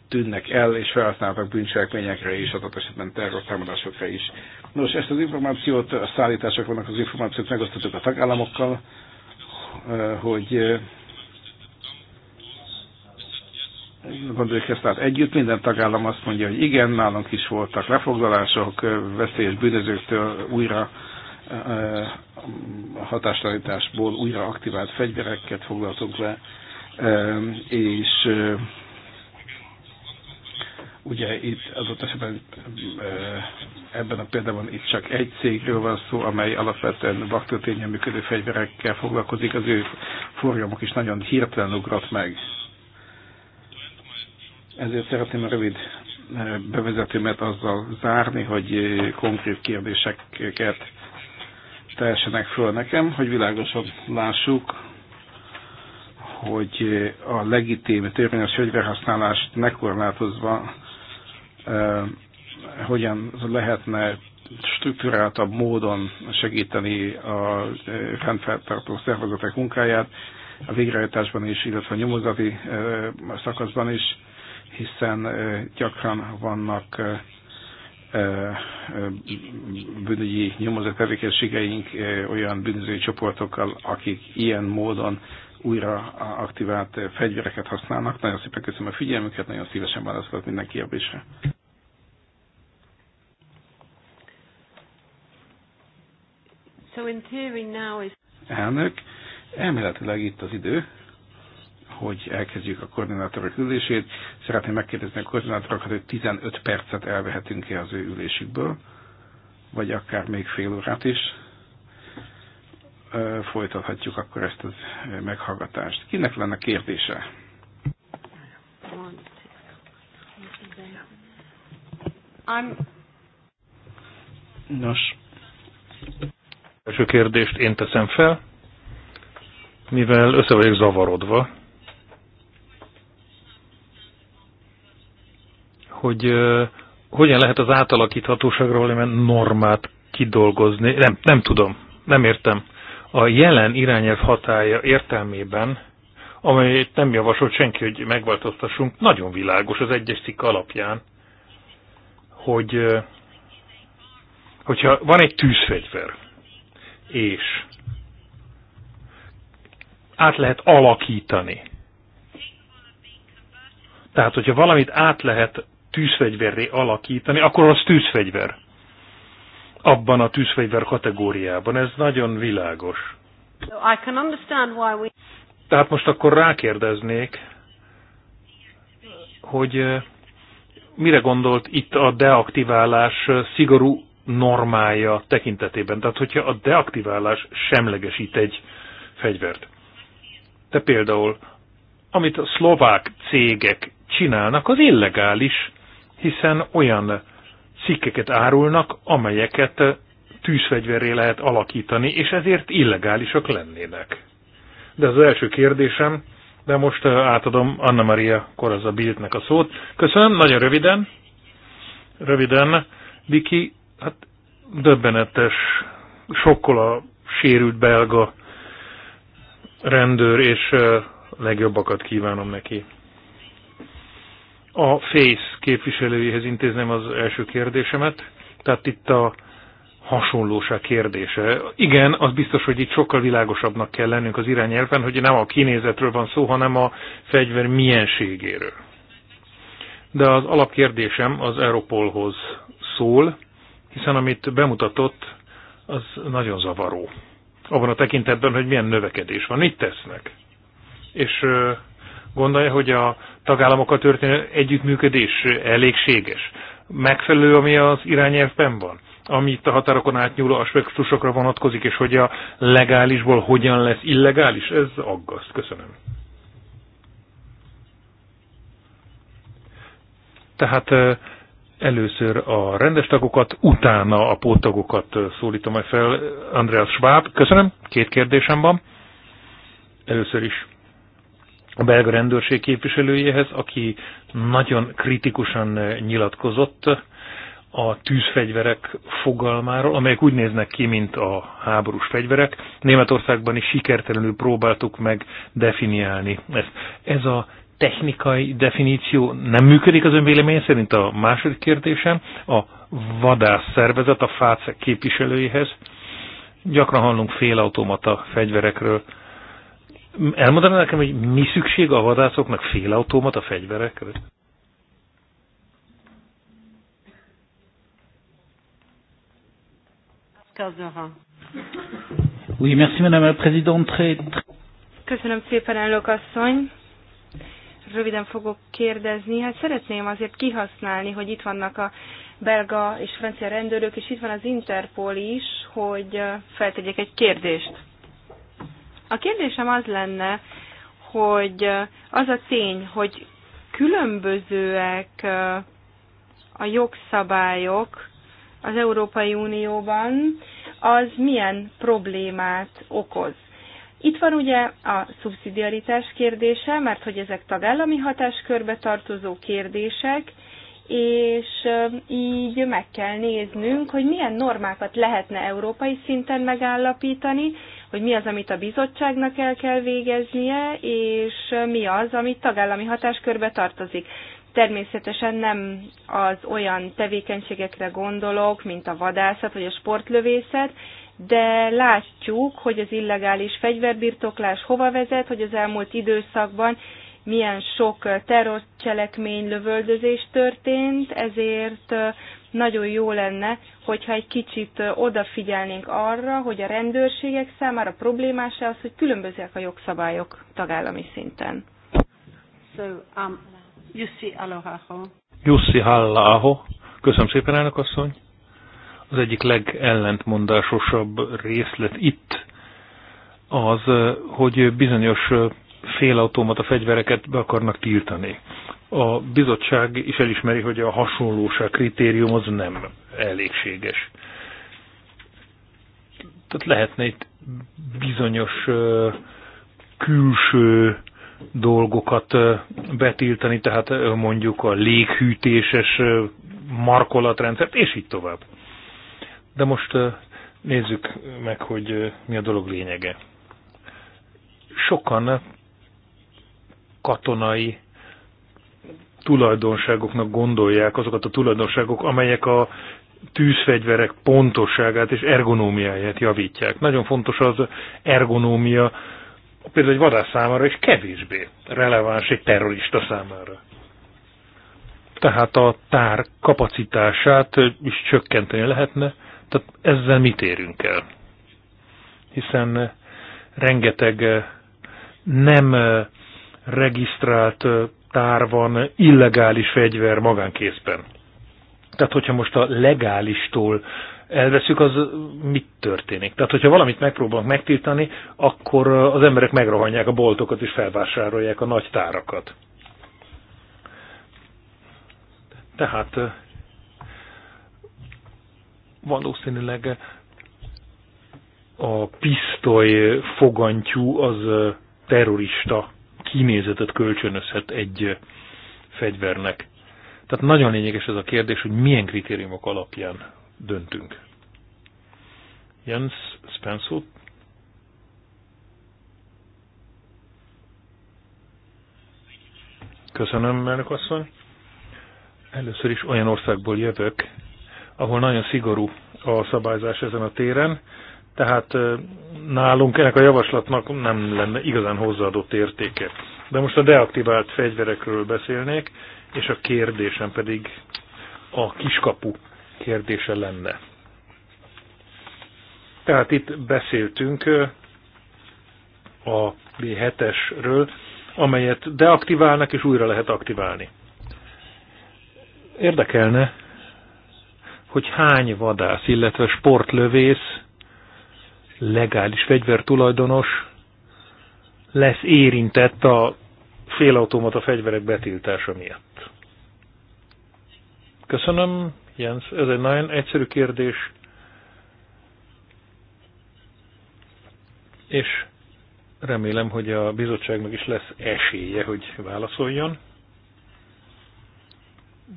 tűnnek el, és felhasználtak bűncselekményekre is, adott esetben terrortámadásokra is. Nos, ezt az információt, a szállítások vannak, az információt megosztottuk a tagállamokkal, hogy gondoljuk ezt tehát együtt, minden tagállam azt mondja, hogy igen, nálunk is voltak lefoglalások, veszélyes bűnözőktől újra hatástalanításból újra aktivált fegyvereket foglaltunk le, és ugye itt adott esetben ebben a példában itt csak egy cégről van szó, amely alapvetően vaktőtényen működő fegyverekkel foglalkozik, az ő forgalmuk is nagyon hirtelen ugrott meg. Ezért szeretném a rövid eh, bevezetőmet azzal zárni, hogy eh, konkrét kérdéseket teljesenek föl nekem, hogy világosan lássuk, hogy eh, a legitim törvényes fegyverhasználást megkorlátozva hogyan lehetne struktúráltabb módon segíteni a rendfeltartó szervezetek munkáját a végrehajtásban is, illetve a nyomozati szakaszban is hiszen gyakran vannak bűnügyi nyomozó tevékenységeink olyan bűnözői csoportokkal, akik ilyen módon újra aktivált fegyvereket használnak. Nagyon szépen köszönöm a figyelmüket, nagyon szívesen válaszolok minden kérdésre. So in theory now is... Elnök, elméletileg itt az idő hogy elkezdjük a koordinátorok ülését. Szeretném megkérdezni a koordinátorokat, hogy 15 percet elvehetünk-e az ő ülésükből, vagy akár még fél órát is. Folytathatjuk akkor ezt a meghallgatást. Kinek lenne kérdése? I'm... Nos. Első kérdést én teszem fel, mivel össze vagyok zavarodva, hogy hogyan lehet az átalakíthatóságról olyan normát kidolgozni. Nem, nem tudom, nem értem. A jelen irányelv hatája értelmében, amelyet nem javasolt senki, hogy megváltoztassunk, nagyon világos az egyes cikk alapján, hogy hogyha van egy tűzfegyver, és át lehet alakítani. Tehát, hogyha valamit át lehet tűzfegyverré alakítani, akkor az tűzfegyver. Abban a tűzfegyver kategóriában. Ez nagyon világos. Tehát most akkor rákérdeznék, hogy eh, mire gondolt itt a deaktiválás eh, szigorú normája tekintetében. Tehát, hogyha a deaktiválás semlegesít egy fegyvert. Te például, amit a szlovák cégek csinálnak, az illegális hiszen olyan cikkeket árulnak, amelyeket tűzfegyverré lehet alakítani, és ezért illegálisak lennének. De az első kérdésem, de most átadom Anna Maria Koraza Bildnek a szót. Köszönöm, nagyon röviden. Röviden, Viki, hát döbbenetes, sokkal a sérült belga rendőr, és legjobbakat kívánom neki. A FACE képviselőjéhez intézném az első kérdésemet. Tehát itt a hasonlóság kérdése. Igen, az biztos, hogy itt sokkal világosabbnak kell lennünk az irányelven, hogy nem a kinézetről van szó, hanem a fegyver mienségéről. De az alapkérdésem az Europolhoz szól, hiszen amit bemutatott, az nagyon zavaró. Abban a tekintetben, hogy milyen növekedés van, mit tesznek. És gondolja, hogy a tagállamokkal történő együttműködés elégséges? Megfelelő, ami az irányelvben van? ami itt a határokon átnyúló aspektusokra vonatkozik, és hogy a legálisból hogyan lesz illegális, ez aggaszt. Köszönöm. Tehát először a rendes tagokat, utána a póttagokat szólítom meg fel. Andreas Schwab, köszönöm, két kérdésem van. Először is a belga rendőrség képviselőjéhez, aki nagyon kritikusan nyilatkozott a tűzfegyverek fogalmáról, amelyek úgy néznek ki, mint a háborús fegyverek. Németországban is sikertelenül próbáltuk meg definiálni ezt. Ez a technikai definíció nem működik az önvélemény szerint a második kérdésem, a vadász szervezet a FÁCE képviselőjéhez Gyakran hallunk félautomata fegyverekről, Elmondaná nekem, hogy mi szükség a vadászoknak félautomat a fegyverekre? Oui, merci madame la présidente. Köszönöm szépen, elnök asszony. Röviden fogok kérdezni. Hát szeretném azért kihasználni, hogy itt vannak a belga és francia rendőrök, és itt van az Interpol is, hogy feltegyek egy kérdést. A kérdésem az lenne, hogy az a tény, hogy különbözőek a jogszabályok az Európai Unióban, az milyen problémát okoz. Itt van ugye a szubszidiaritás kérdése, mert hogy ezek tagállami hatáskörbe tartozó kérdések, és így meg kell néznünk, hogy milyen normákat lehetne európai szinten megállapítani, hogy mi az, amit a bizottságnak el kell végeznie, és mi az, amit tagállami hatáskörbe tartozik. Természetesen nem az olyan tevékenységekre gondolok, mint a vadászat vagy a sportlövészet, de látjuk, hogy az illegális fegyverbirtoklás hova vezet, hogy az elmúlt időszakban milyen sok terrorcselekmény, lövöldözés történt, ezért nagyon jó lenne, hogyha egy kicsit odafigyelnénk arra, hogy a rendőrségek számára problémás -e az, hogy különbözőek a jogszabályok tagállami szinten. So, um, Jussi Alohaho. Jussi Hallaho. Köszönöm szépen, elnök asszony. Az egyik legellentmondásosabb részlet itt az, hogy bizonyos a fegyvereket be akarnak tiltani. A bizottság is elismeri, hogy a hasonlóság kritérium az nem elégséges. Tehát lehetne itt bizonyos külső dolgokat betiltani, tehát mondjuk a léghűtéses markolatrendszert, és így tovább. De most nézzük meg, hogy mi a dolog lényege. Sokan katonai tulajdonságoknak gondolják azokat a tulajdonságok, amelyek a tűzfegyverek pontosságát és ergonómiáját javítják. Nagyon fontos az ergonómia, például egy vadász számára és kevésbé releváns egy terrorista számára. Tehát a tár kapacitását is csökkenteni lehetne, tehát ezzel mit érünk el? Hiszen rengeteg nem regisztrált tár van illegális fegyver magánkézben. Tehát, hogyha most a legálistól elveszük, az mit történik? Tehát, hogyha valamit megpróbálunk megtiltani, akkor az emberek megrohanják a boltokat és felvásárolják a nagy tárakat. Tehát valószínűleg a pisztoly fogantyú az terrorista kinézetet kölcsönözhet egy fegyvernek. Tehát nagyon lényeges ez a kérdés, hogy milyen kritériumok alapján döntünk. Jens Spencer. Köszönöm, elnök asszony. Először is olyan országból jövök, ahol nagyon szigorú a szabályzás ezen a téren, tehát nálunk ennek a javaslatnak nem lenne igazán hozzáadott értéke. De most a deaktivált fegyverekről beszélnék, és a kérdésem pedig a kiskapu kérdése lenne. Tehát itt beszéltünk a B7-esről, amelyet deaktiválnak és újra lehet aktiválni. Érdekelne, hogy hány vadász, illetve sportlövész legális fegyvertulajdonos lesz érintett a félautomata fegyverek betiltása miatt. Köszönöm, Jens. Ez egy nagyon egyszerű kérdés. És remélem, hogy a bizottságnak is lesz esélye, hogy válaszoljon.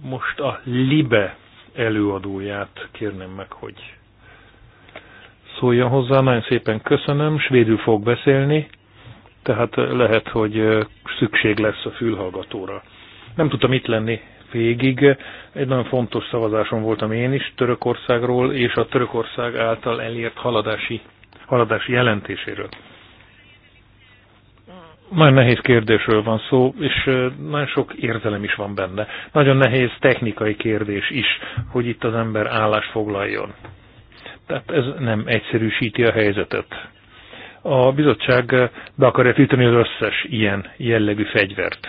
Most a LIBE előadóját kérném meg, hogy szóljon hozzá. Nagyon szépen köszönöm, svédül fog beszélni, tehát eh, lehet, hogy eh, szükség lesz a fülhallgatóra. Nem tudtam itt lenni végig. Egy nagyon fontos szavazáson voltam én is Törökországról és a Törökország által elért haladási, haladási jelentéséről. Nagyon nehéz kérdésről van szó, és eh, nagyon sok érzelem is van benne. Nagyon nehéz technikai kérdés is, hogy itt az ember állást foglaljon. Tehát ez nem egyszerűsíti a helyzetet. A bizottság be akarja tiltani az összes ilyen jellegű fegyvert.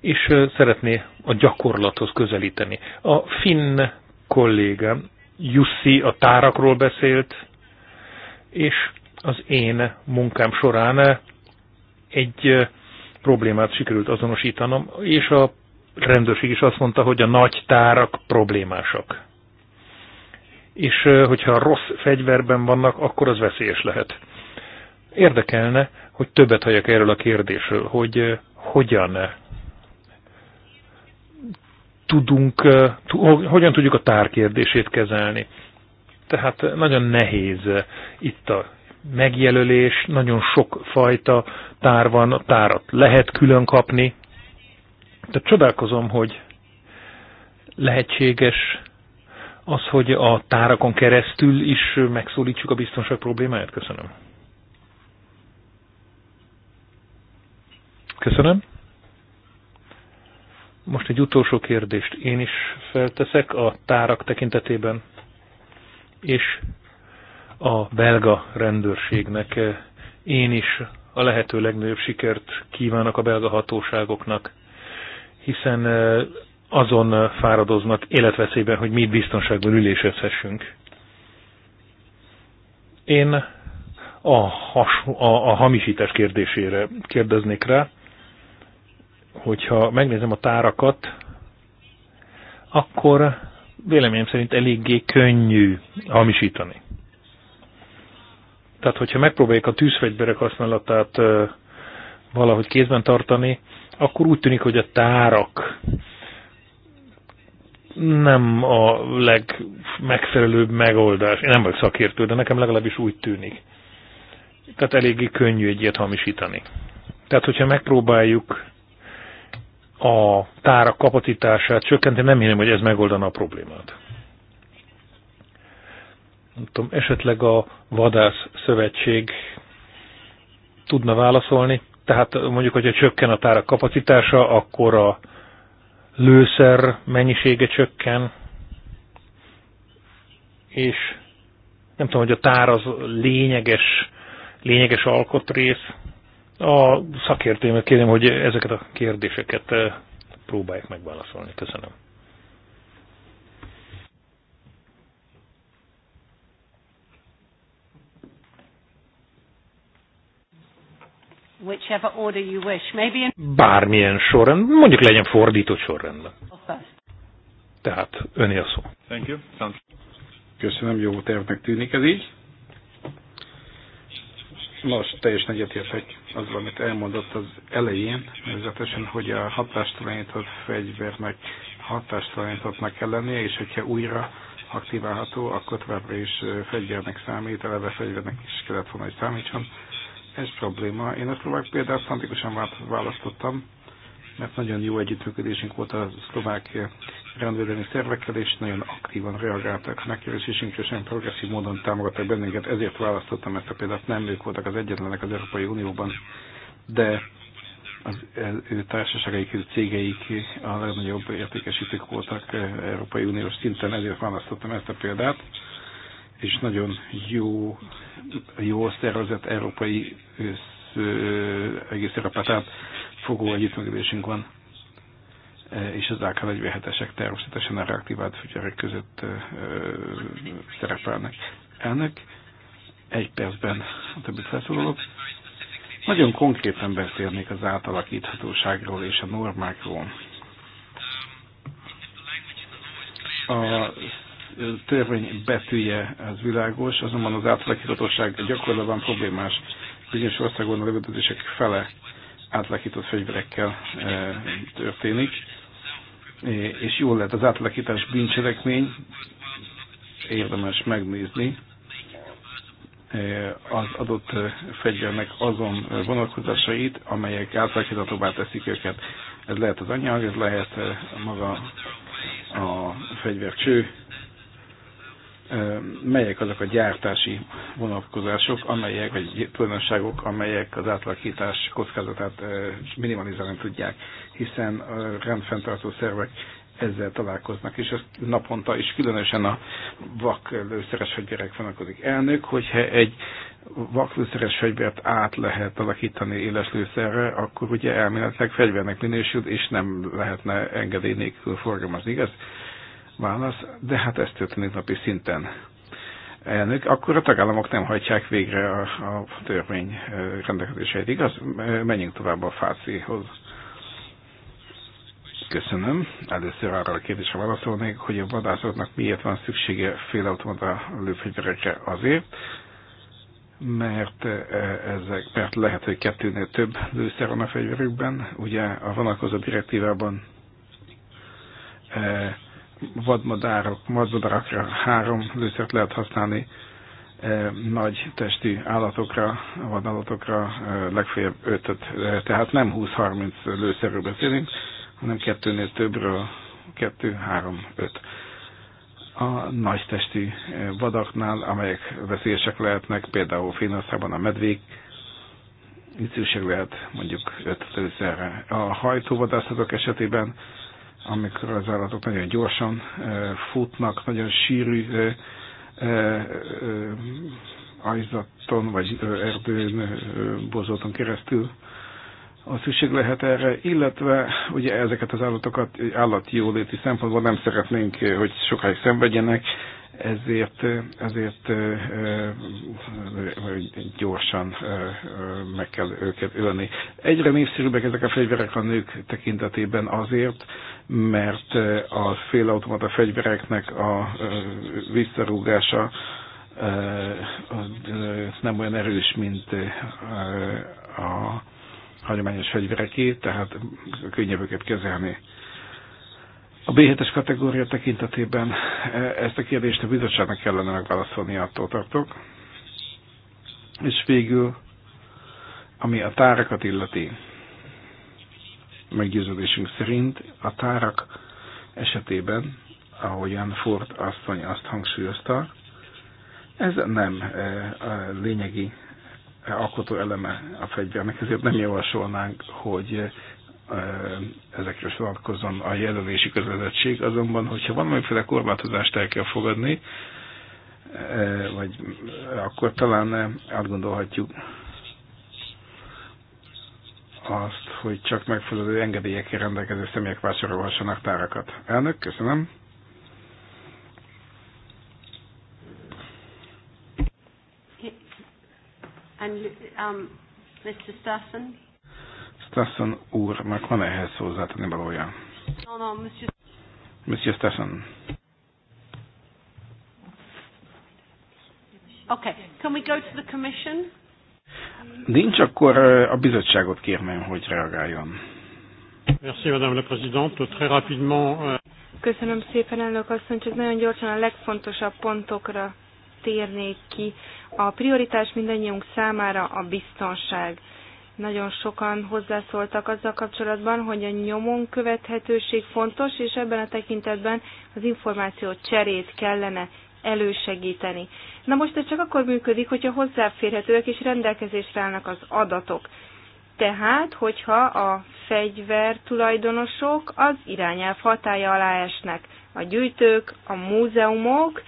És szeretné a gyakorlathoz közelíteni. A finn kollégám Jussi a tárakról beszélt, és az én munkám során egy problémát sikerült azonosítanom, és a rendőrség is azt mondta, hogy a nagy tárak problémásak és hogyha rossz fegyverben vannak, akkor az veszélyes lehet. Érdekelne, hogy többet halljak erről a kérdésről, hogy hogyan tudunk, hogyan tudjuk a tárkérdését kezelni. Tehát nagyon nehéz itt a megjelölés, nagyon sok fajta tár van, a tárat lehet külön kapni. Tehát csodálkozom, hogy lehetséges az, hogy a tárakon keresztül is megszólítsuk a biztonság problémáját? Köszönöm. Köszönöm. Most egy utolsó kérdést én is felteszek a tárak tekintetében, és a belga rendőrségnek én is a lehető legnagyobb sikert kívánok a belga hatóságoknak, hiszen azon fáradoznak életveszélyben, hogy mi itt biztonságban ülésezhessünk. Én a, has, a, a hamisítás kérdésére kérdeznék rá, hogyha megnézem a tárakat, akkor véleményem szerint eléggé könnyű hamisítani. Tehát, hogyha megpróbáljuk a tűzfegyverek használatát valahogy kézben tartani, akkor úgy tűnik, hogy a tárak nem a legmegfelelőbb megoldás. Én nem vagyok szakértő, de nekem legalábbis úgy tűnik. Tehát eléggé könnyű egy ilyet hamisítani. Tehát, hogyha megpróbáljuk a tárak kapacitását csökkenteni, nem hinném, hogy ez megoldana a problémát. Nem tudom, esetleg a vadász szövetség tudna válaszolni. Tehát mondjuk, hogyha csökken a tárak kapacitása, akkor a lőszer mennyisége csökken, és nem tudom, hogy a tár az lényeges, lényeges alkotrész. A szakértőimet kérem, hogy ezeket a kérdéseket eh, próbálják megválaszolni. Köszönöm. whichever order you wish. Maybe in... Bármilyen sorrend, mondjuk legyen fordított sorrendben. Tehát öné a szó. Thank you. Sounds... Köszönöm, jó tervnek tűnik ez így. Nos, teljesen egyetértek azzal, amit elmondott az elején, nevezetesen, hogy a hatástalanított fegyvernek hatástalanítottnak kell lennie, és hogyha újra aktiválható, akkor továbbra is fegyvernek számít, eleve fegyvernek is kellett volna, hogy számítson ez probléma. Én a szlovák példát szándékosan választottam, mert nagyon jó együttműködésünk volt a szlovák rendvédelmi szervekkel, és nagyon aktívan reagáltak megkérdésünkre, és nagyon progresszív módon támogattak bennünket, ezért választottam ezt a példát, nem ők voltak az egyetlenek az Európai Unióban, de az ő társaságaik, ő cégeik a legnagyobb értékesítők voltak eh, Európai Uniós szinten, ezért választottam ezt a példát és nagyon jó, jó szervezett európai össz, egész Európátát fogó együttműködésünk van e, és az AK-47-esek természetesen a reaktivált fügyerek között ö, szerepelnek. Elnök, egy percben a többit felszólalok. Nagyon konkrétan beszélnék az átalakíthatóságról és a normákról. A törvény betűje az világos, azonban az átalakíthatóság gyakorlatban problémás. Bizonyos országban a lövöldözések fele átalakított fegyverekkel e, történik, e, és jól lehet az átalakítás bűncselekmény, érdemes megnézni e, az adott fegyvernek azon vonatkozásait, amelyek átláthatóbbá teszik őket. Ez lehet az anyag, ez lehet maga a fegyvercső, melyek azok a gyártási vonatkozások, amelyek, vagy tulajdonságok, amelyek az átlakítás kockázatát minimalizálni tudják, hiszen a rendfenntartó szervek ezzel találkoznak, és ez naponta is különösen a vaklőszeres fegyverek vonatkozik. Elnök, hogyha egy vaklőszeres fegyvert át lehet alakítani éles lőszerre, akkor ugye elméletileg fegyvernek minősül, és nem lehetne engedély nélkül forgalmazni, igaz? Válasz, de hát ez történik napi szinten. Elnök, akkor a tagállamok nem hajtják végre a, a törvény rendelkezéseit, igaz? Menjünk tovább a fácihoz. Köszönöm. Először arra a kérdésre válaszolnék, hogy a vadászoknak miért van szüksége félautomata lőfegyverekre azért, mert ezek, mert lehet, hogy kettőnél több lőszer van a fegyverükben. Ugye a vonatkozó direktívában e, vadmadárok, madmadarakra három lőszert lehet használni, e, nagy testű állatokra, vadállatokra e, legfeljebb ötöt, e, tehát nem 20-30 lőszerről beszélünk, hanem kettőnél többről, kettő, három, öt. A nagy testű vadaknál, amelyek veszélyesek lehetnek, például Finországban a medvék, itt szükség lehet mondjuk öt lőszerre. A hajtóvadászatok esetében amikor az állatok nagyon gyorsan futnak, nagyon sűrű ajzaton vagy erdőn, bozóton keresztül a szükség lehet erre, illetve ugye ezeket az állatokat állati jóléti szempontból nem szeretnénk, hogy sokáig szenvedjenek, ezért, ezért gyorsan meg kell őket ölni. Egyre népszerűbbek ezek a fegyverek a nők tekintetében azért, mert a félautomata fegyvereknek a visszarúgása nem olyan erős, mint a hagyományos fegyvereké, tehát könnyebb őket kezelni a B7-es kategória tekintetében e, ezt a kérdést a bizottságnak kellene megválaszolni, attól tartok. És végül, ami a tárakat illeti, meggyőződésünk szerint a tárak esetében, ahogyan Ford asszony azt hangsúlyozta, ez nem e, a lényegi e, alkotó eleme a fegyvernek, ezért nem javasolnánk, hogy ezekre szabadkozzon a jelölési közvezettség. azonban, hogyha valamiféle korlátozást el kell fogadni, vagy akkor talán átgondolhatjuk azt, hogy csak megfelelő engedélyekkel rendelkező személyek vásárolhassanak tárakat. Elnök, köszönöm. And, um, Mr. Stassen, Stassen úrnak van ehhez hozzátenni valója? No, no, monsieur. Monsieur Stassen. Okay, can we go to the commission? Nincs, akkor a bizottságot kérném, hogy reagáljon. Merci, Madame la Présidente. Très rapidement. Euh, Köszönöm szépen, elnök asszony, csak nagyon gyorsan a legfontosabb pontokra térnék ki. A prioritás mindannyiunk számára a biztonság. Nagyon sokan hozzászóltak azzal kapcsolatban, hogy a nyomon követhetőség fontos, és ebben a tekintetben az információ cserét kellene elősegíteni. Na most ez csak akkor működik, hogyha hozzáférhetőek és rendelkezésre állnak az adatok. Tehát, hogyha a fegyver tulajdonosok az irányelv hatája alá esnek, a gyűjtők, a múzeumok,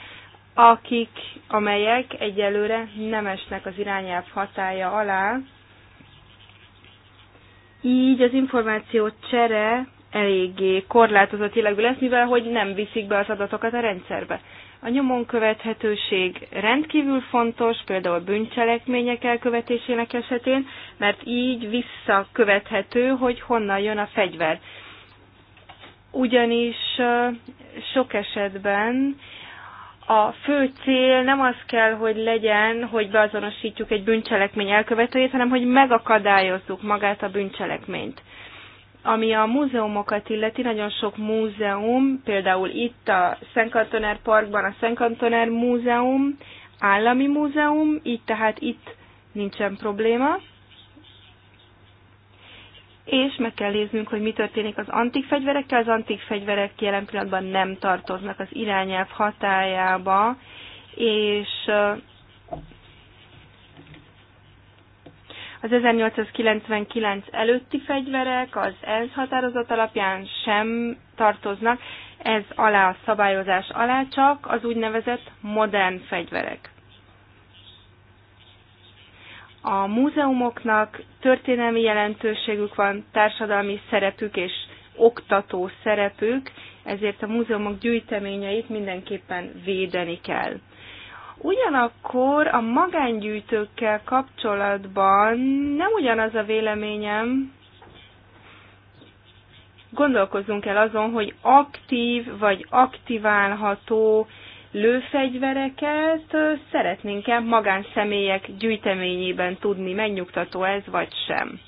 akik, amelyek egyelőre nem esnek az irányelv hatája alá, így az információ csere eléggé korlátozott jellegű lesz, mivel hogy nem viszik be az adatokat a rendszerbe. A nyomon követhetőség rendkívül fontos, például bűncselekmények elkövetésének esetén, mert így visszakövethető, hogy honnan jön a fegyver. Ugyanis sok esetben a fő cél nem az kell, hogy legyen, hogy beazonosítjuk egy bűncselekmény elkövetőjét, hanem hogy megakadályozzuk magát a bűncselekményt. Ami a múzeumokat illeti, nagyon sok múzeum, például itt a Szentkantoner Parkban a Szentkantoner Múzeum, állami múzeum, így tehát itt nincsen probléma és meg kell néznünk, hogy mi történik az antik fegyverekkel. Az antik fegyverek jelen pillanatban nem tartoznak az irányelv hatájába, és uh, az 1899 előtti fegyverek az ENSZ határozat alapján sem tartoznak, ez alá a szabályozás alá csak az úgynevezett modern fegyverek. A múzeumoknak történelmi jelentőségük van, társadalmi szerepük és oktató szerepük, ezért a múzeumok gyűjteményeit mindenképpen védeni kell. Ugyanakkor a magángyűjtőkkel kapcsolatban nem ugyanaz a véleményem, gondolkozzunk el azon, hogy aktív vagy aktiválható lőfegyvereket szeretnénk-e magánszemélyek gyűjteményében tudni, megnyugtató ez vagy sem.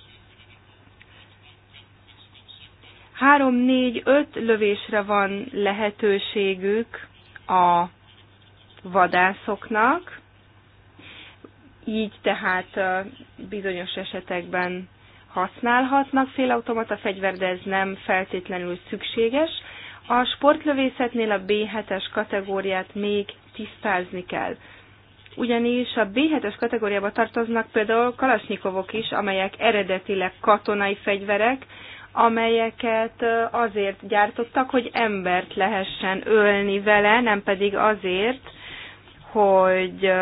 3-4-5 lövésre van lehetőségük a vadászoknak, így tehát bizonyos esetekben használhatnak félautomata fegyver, de ez nem feltétlenül szükséges. A sportlövészetnél a B7-es kategóriát még tisztázni kell. Ugyanis a B7-es kategóriába tartoznak például kalasnyikovok is, amelyek eredetileg katonai fegyverek, amelyeket azért gyártottak, hogy embert lehessen ölni vele, nem pedig azért, hogy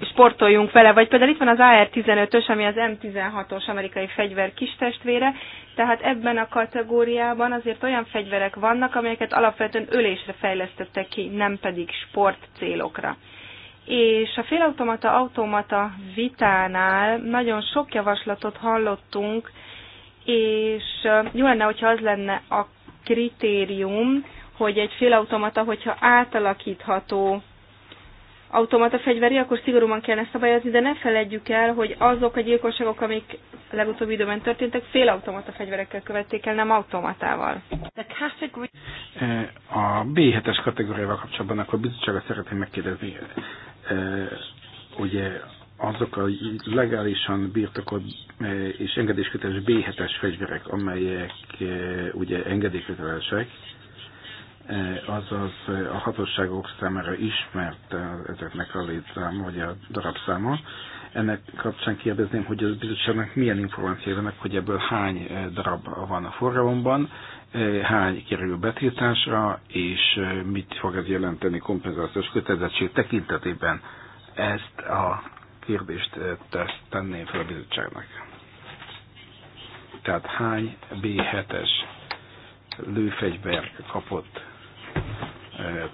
sportoljunk vele, vagy például itt van az AR-15-ös, ami az M16-os amerikai fegyver kistestvére, tehát ebben a kategóriában azért olyan fegyverek vannak, amelyeket alapvetően ölésre fejlesztettek ki, nem pedig sport célokra. És a félautomata-automata vitánál nagyon sok javaslatot hallottunk, és jó lenne, hogyha az lenne a kritérium, hogy egy félautomata, hogyha átalakítható automata fegyveri, akkor szigorúan kellene szabályozni, de ne feledjük el, hogy azok a gyilkosságok, amik legutóbbi időben történtek, félautomata fegyverekkel követték el, nem automatával. E, a B7-es kategóriával kapcsolatban akkor bizottságot szeretném megkérdezni, e, ugye azok a legálisan birtokolt e, és engedélyköteles B7-es fegyverek, amelyek ugye engedélykötelesek, Eh, azaz eh, a hatóságok számára ismert eh, ezeknek a létszám, vagy a darabszáma. Ennek kapcsán kérdezném, hogy a bizottságnak milyen információ vannak, hogy ebből hány darab van a forgalomban, hány kerül betiltásra, és mit fog ez jelenteni kompenzációs kötelezettség tekintetében. Ezt a kérdést tesz tenném fel a bizottságnak. Tehát hány B7-es lőfegyver kapott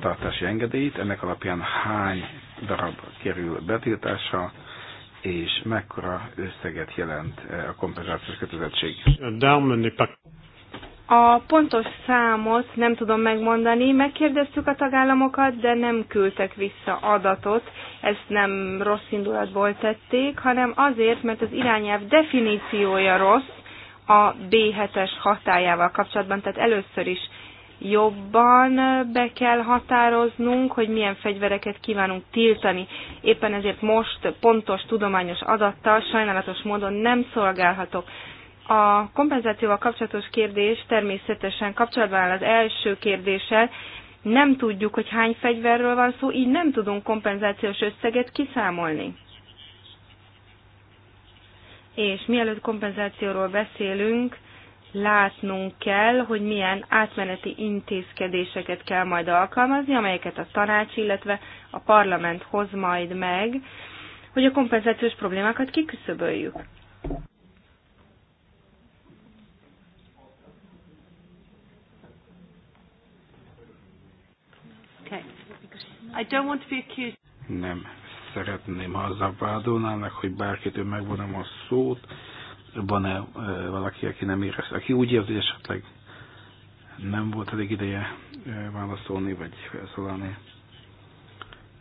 tartási engedélyt, ennek alapján hány darab kerül betiltásra, és mekkora összeget jelent eh, a kompenzációs kötelezettség. A pontos számot nem tudom megmondani, megkérdeztük a tagállamokat, de nem küldtek vissza adatot, ezt nem rossz indulatból tették, hanem azért, mert az irányelv definíciója rossz a B7-es hatájával kapcsolatban, tehát először is jobban be kell határoznunk, hogy milyen fegyvereket kívánunk tiltani. Éppen ezért most pontos tudományos adattal sajnálatos módon nem szolgálhatok. A kompenzációval kapcsolatos kérdés természetesen kapcsolatban áll az első kérdéssel. Nem tudjuk, hogy hány fegyverről van szó, így nem tudunk kompenzációs összeget kiszámolni. És mielőtt kompenzációról beszélünk, látnunk kell, hogy milyen átmeneti intézkedéseket kell majd alkalmazni, amelyeket a tanács, illetve a parlament hoz majd meg, hogy a kompenzációs problémákat kiküszöböljük. I don't want to be accused. Nem szeretném, ha azzal vádolnának, hogy bárkitől megvonom a szót van-e valaki, aki nem érez, aki úgy érzi, hogy esetleg nem volt elég ideje válaszolni, vagy felszólalni.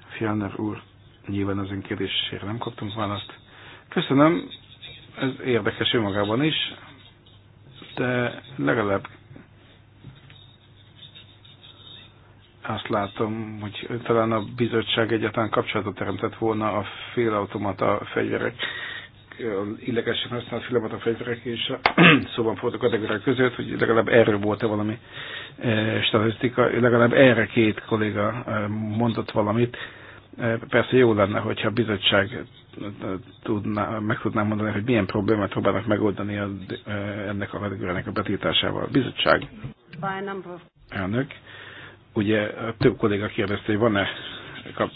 Fjellner úr, nyilván az ön kérdésére nem kaptunk választ. Köszönöm, ez érdekes önmagában is, de legalább azt látom, hogy talán a bizottság egyáltalán kapcsolatot teremtett volna a félautomata fegyverek illegesen használt filmet a fegyverek, és szóban volt a kategóriák között, hogy legalább erről volt-e valami eh, statisztika, legalább erre két kolléga eh, mondott valamit. Eh, persze jó lenne, hogyha a bizottság tudná, meg tudná mondani, hogy milyen problémát próbálnak megoldani a, ennek a kategóriának a betiltásával. Bizottság. Elnök. Ugye több kolléga kérdezte, hogy van-e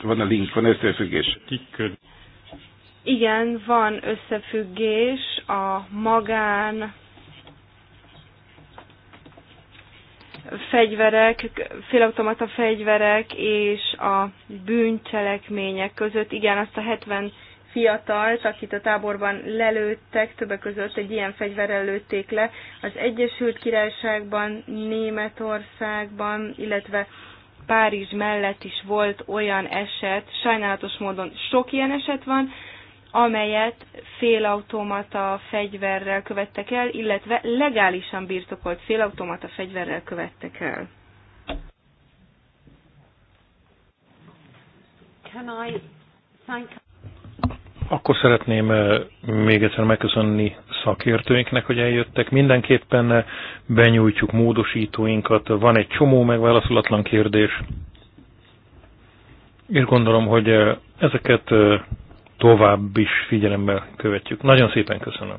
van-e link, van összefüggés? igen, van összefüggés a magán fegyverek, félautomata fegyverek és a bűncselekmények között. Igen, azt a 70 fiatalt, akit a táborban lelőttek, többek között egy ilyen fegyverrel lőtték le az Egyesült Királyságban, Németországban, illetve Párizs mellett is volt olyan eset, sajnálatos módon sok ilyen eset van, amelyet félautomata fegyverrel követtek el, illetve legálisan birtokolt félautomata fegyverrel követtek el. Akkor szeretném eh, még egyszer megköszönni szakértőinknek, hogy eljöttek. Mindenképpen eh, benyújtjuk módosítóinkat. Van egy csomó megválaszolatlan kérdés. És gondolom, hogy eh, ezeket tovább is figyelemmel követjük. Nagyon szépen köszönöm.